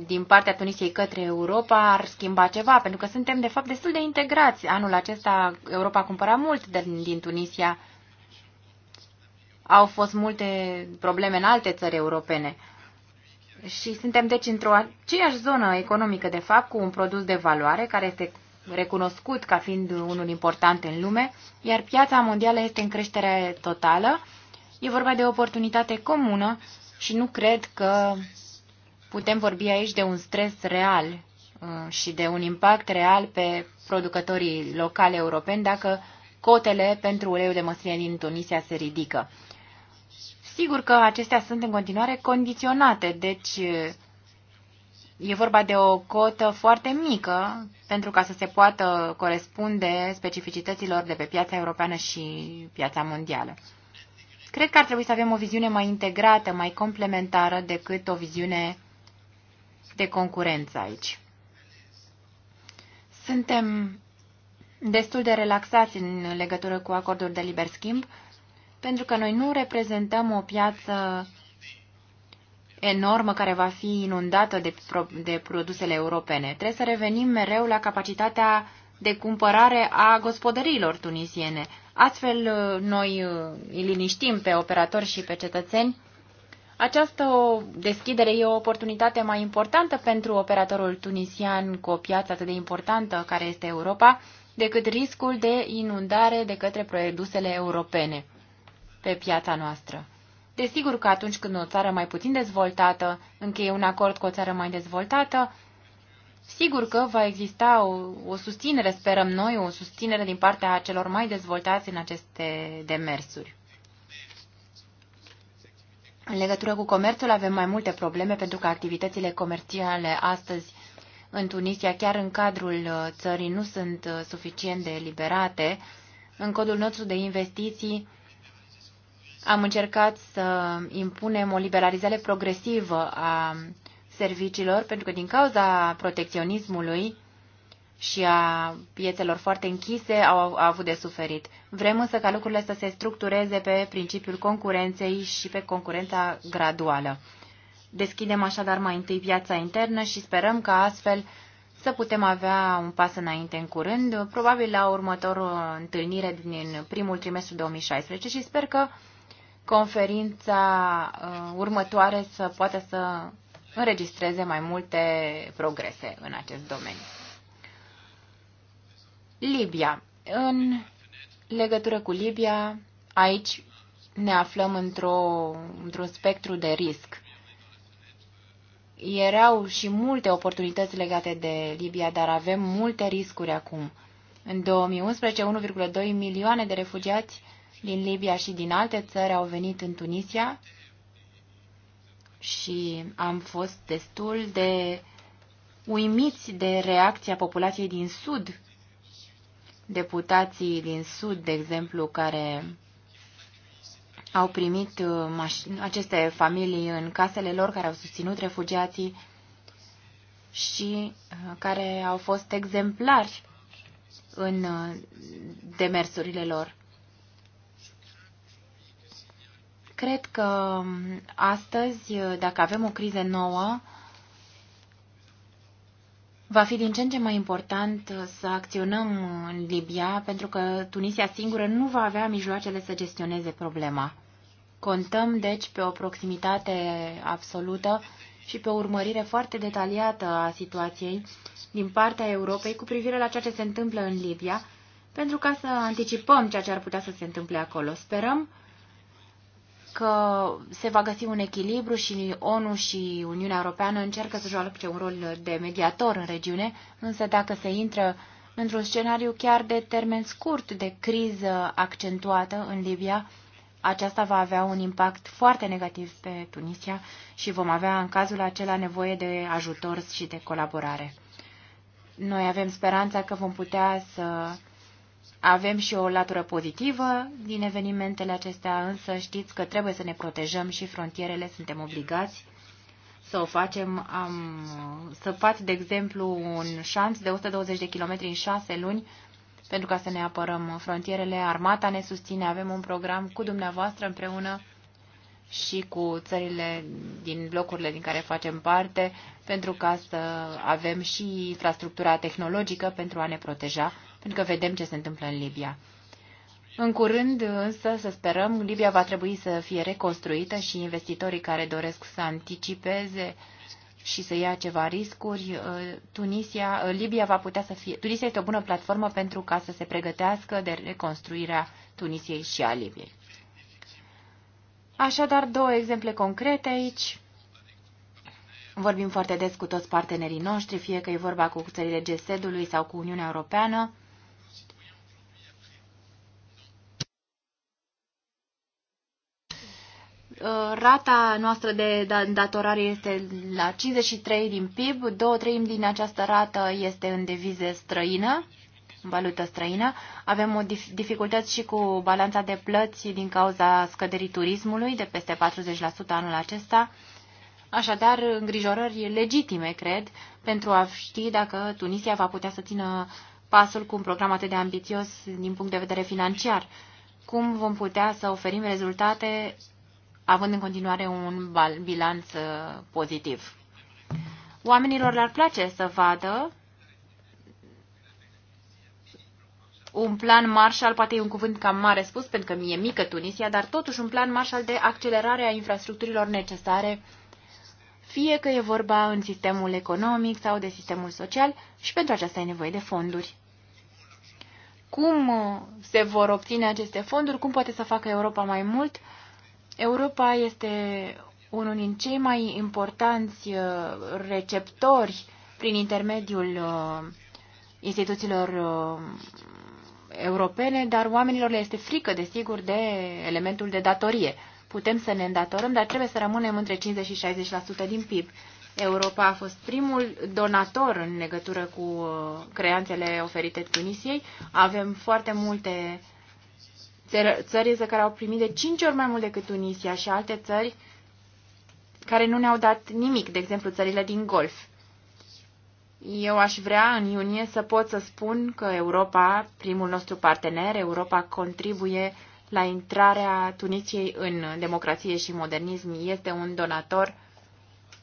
din partea Tunisiei către Europa ar schimba ceva, pentru că suntem, de fapt, destul de integrați. Anul acesta Europa a cumpărat mult din, din Tunisia. Au fost multe probleme în alte țări europene. Și suntem, deci, într-o aceeași zonă economică, de fapt, cu un produs de valoare care este recunoscut ca fiind unul important în lume, iar piața mondială este în creștere totală. E vorba de o oportunitate comună și nu cred că Putem vorbi aici de un stres real uh, și de un impact real pe producătorii locale europeni dacă cotele pentru uleiul de măsline din Tunisia se ridică. Sigur că acestea sunt în continuare condiționate, deci uh, e vorba de o cotă foarte mică pentru ca să se poată corespunde specificităților de pe piața europeană și piața mondială. Cred că ar trebui să avem o viziune mai integrată, mai complementară decât o viziune de concurență aici. Suntem destul de relaxați în legătură cu acordul de liber schimb, pentru că noi nu reprezentăm o piață enormă care va fi inundată de, pro de produsele europene. Trebuie să revenim mereu la capacitatea de cumpărare a gospodăriilor tunisiene. Astfel, noi îi liniștim pe operatori și pe cetățeni această deschidere e o oportunitate mai importantă pentru operatorul tunisian cu o piață atât de importantă care este Europa, decât riscul de inundare de către produsele europene pe piața noastră. Desigur că atunci când o țară mai puțin dezvoltată încheie un acord cu o țară mai dezvoltată, sigur că va exista o, o susținere, sperăm noi, o susținere din partea celor mai dezvoltați în aceste demersuri. În legătură cu comerțul avem mai multe probleme pentru că activitățile comerciale astăzi în Tunisia, chiar în cadrul uh, țării, nu sunt uh, suficient de liberate. În codul nostru de investiții am încercat să impunem o liberalizare progresivă a serviciilor, pentru că din cauza protecționismului și a piețelor foarte închise au, au avut de suferit. Vrem însă ca lucrurile să se structureze pe principiul concurenței și pe concurența graduală. Deschidem așadar mai întâi piața internă și sperăm că astfel să putem avea un pas înainte în curând, probabil la următorul întâlnire din primul trimestru 2016 și sper că conferința uh, următoare să poată să înregistreze mai multe progrese în acest domeniu. Libia. În legătură cu Libia, aici ne aflăm într-o, într-un spectru de risc. Erau și multe oportunități legate de Libia, dar avem multe riscuri acum. În 2011, 1,2 milioane de refugiați din Libia și din alte țări au venit în Tunisia și am fost destul de uimiți de reacția populației din sud deputații din Sud, de exemplu, care au primit uh, aceste familii în casele lor, care au susținut refugiații și uh, care au fost exemplari în uh, demersurile lor. Cred că um, astăzi, dacă avem o criză nouă, Va fi din ce în ce mai important uh, să acționăm în Libia, pentru că Tunisia singură nu va avea mijloacele să gestioneze problema. Contăm, deci, pe o proximitate absolută și pe o urmărire foarte detaliată a situației din partea Europei cu privire la ceea ce se întâmplă în Libia, pentru ca să anticipăm ceea ce ar putea să se întâmple acolo. Sperăm că se va găsi un echilibru și ONU și Uniunea Europeană încercă să joace un rol de mediator în regiune, însă dacă se intră într-un scenariu chiar de termen scurt de criză accentuată în Libia, aceasta va avea un impact foarte negativ pe Tunisia și vom avea în cazul acela nevoie de ajutor și de colaborare. Noi avem speranța că vom putea să avem și o latură pozitivă din evenimentele acestea, însă știți că trebuie să ne protejăm și frontierele, suntem obligați să o facem. Am săpat, de exemplu, un șanț de 120 de kilometri în 6 luni pentru ca să ne apărăm frontierele. Armata ne susține, avem un program cu dumneavoastră împreună și cu țările din blocurile din care facem parte, pentru ca să avem și infrastructura tehnologică pentru a ne proteja pentru că vedem ce se întâmplă în Libia. În curând, însă, să sperăm, Libia va trebui să fie reconstruită și investitorii care doresc să anticipeze și să ia ceva riscuri, uh, Tunisia, uh, Libia va putea să fie... Tunisia este o bună platformă pentru ca să se pregătească de reconstruirea Tunisiei și a Libiei. Așadar, două exemple concrete aici. Vorbim foarte des cu toți partenerii noștri, fie că e vorba cu țările GSED-ului sau cu Uniunea Europeană. Uh, rata noastră de da, datorare este la 53 din PIB, două treimi din această rată este în devize străină, valută străină. Avem o dif dificultăți și cu balanța de plăți din cauza scăderii turismului de peste 40% anul acesta. Așadar, îngrijorări legitime, cred, pentru a ști dacă Tunisia va putea să țină pasul cu un program atât de ambițios din punct de vedere financiar. Cum vom putea să oferim rezultate având în continuare un bilanț uh, pozitiv. Oamenilor le-ar place să vadă un plan Marshall, poate e un cuvânt cam mare spus, pentru că mi-e mică Tunisia, dar totuși un plan Marshall de accelerare a infrastructurilor necesare, fie că e vorba în sistemul economic sau de sistemul social, și pentru aceasta e nevoie de fonduri. Cum uh, se vor obține aceste fonduri? Cum poate să facă Europa mai mult? Uh, Europa este unul din cei mai importanți uh, receptori prin intermediul uh, instituțiilor uh, europene, dar oamenilor le este frică, desigur, de elementul de datorie. Putem să ne îndatorăm, dar trebuie să rămânem între 50 și 60% din PIB. Europa a fost primul donator în legătură cu creanțele oferite Tunisiei. Avem foarte multe uh, țări însă care au primit de cinci ori mai mult decât Tunisia și alte țări care nu ne-au dat nimic, de exemplu țările din Golf. Eu aș vrea în iunie să pot să spun că Europa, primul nostru partener, Europa contribuie la intrarea Tunisiei în democrație și modernism, este un donator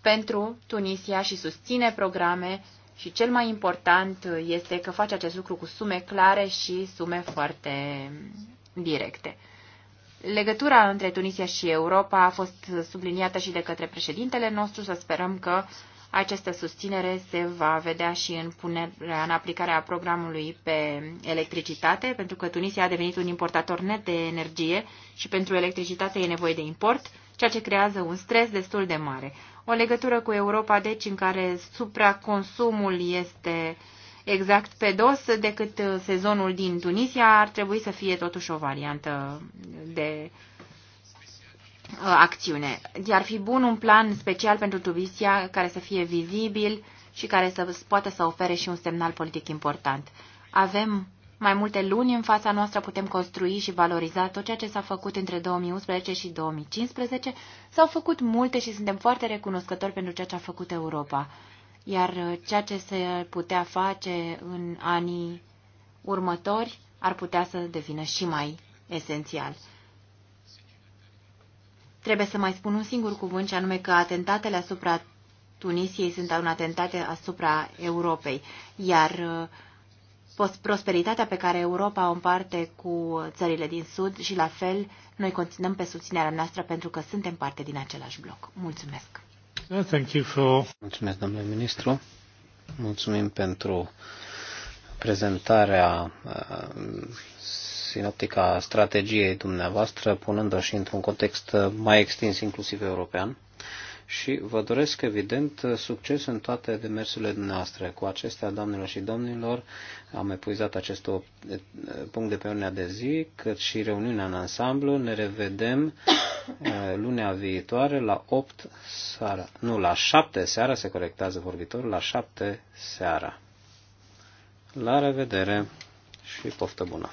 pentru Tunisia și susține programe și cel mai important este că face acest lucru cu sume clare și sume foarte directe. Legătura între Tunisia și Europa a fost subliniată și de către președintele nostru, să sperăm că această susținere se va vedea și în, punerea, în aplicarea programului pe electricitate, pentru că Tunisia a devenit un importator net de energie și pentru electricitate e nevoie de import, ceea ce creează un stres destul de mare. O legătură cu Europa, deci, în care supraconsumul este uh, exact pe dos decât uh, sezonul din Tunisia, ar trebui să fie totuși o variantă de uh, acțiune. Ar fi bun un plan special pentru Tunisia care să fie vizibil și care să poată să ofere și un semnal politic important. Avem mai multe luni în fața noastră putem construi și valoriza tot ceea ce s-a făcut între 2011 și 2015. S-au făcut multe și suntem foarte recunoscători pentru ceea ce a făcut Europa iar uh, ceea ce se putea face în anii următori ar putea să devină și mai esențial. Trebuie să mai spun un singur cuvânt, și anume că atentatele asupra Tunisiei sunt un atentat asupra Europei, iar uh, prosperitatea pe care Europa o împarte cu țările din Sud și la fel noi continuăm pe susținerea noastră pentru că suntem parte din același bloc. Mulțumesc! Thank you for... Mulțumesc, domnule ministru. Mulțumim pentru prezentarea uh, sinoptica strategiei dumneavoastră, punând-o și într-un context uh, mai extins, inclusiv european și vă doresc, evident, succes în toate demersurile noastre. Cu acestea, doamnelor și domnilor, am epuizat acest punct de pe ordinea de zi, cât și reuniunea în ansamblu. Ne revedem [COUGHS] uh, lunea viitoare la 8 seara. Nu, la 7 seara se corectează vorbitorul, la 7 seara. La revedere și poftă bună!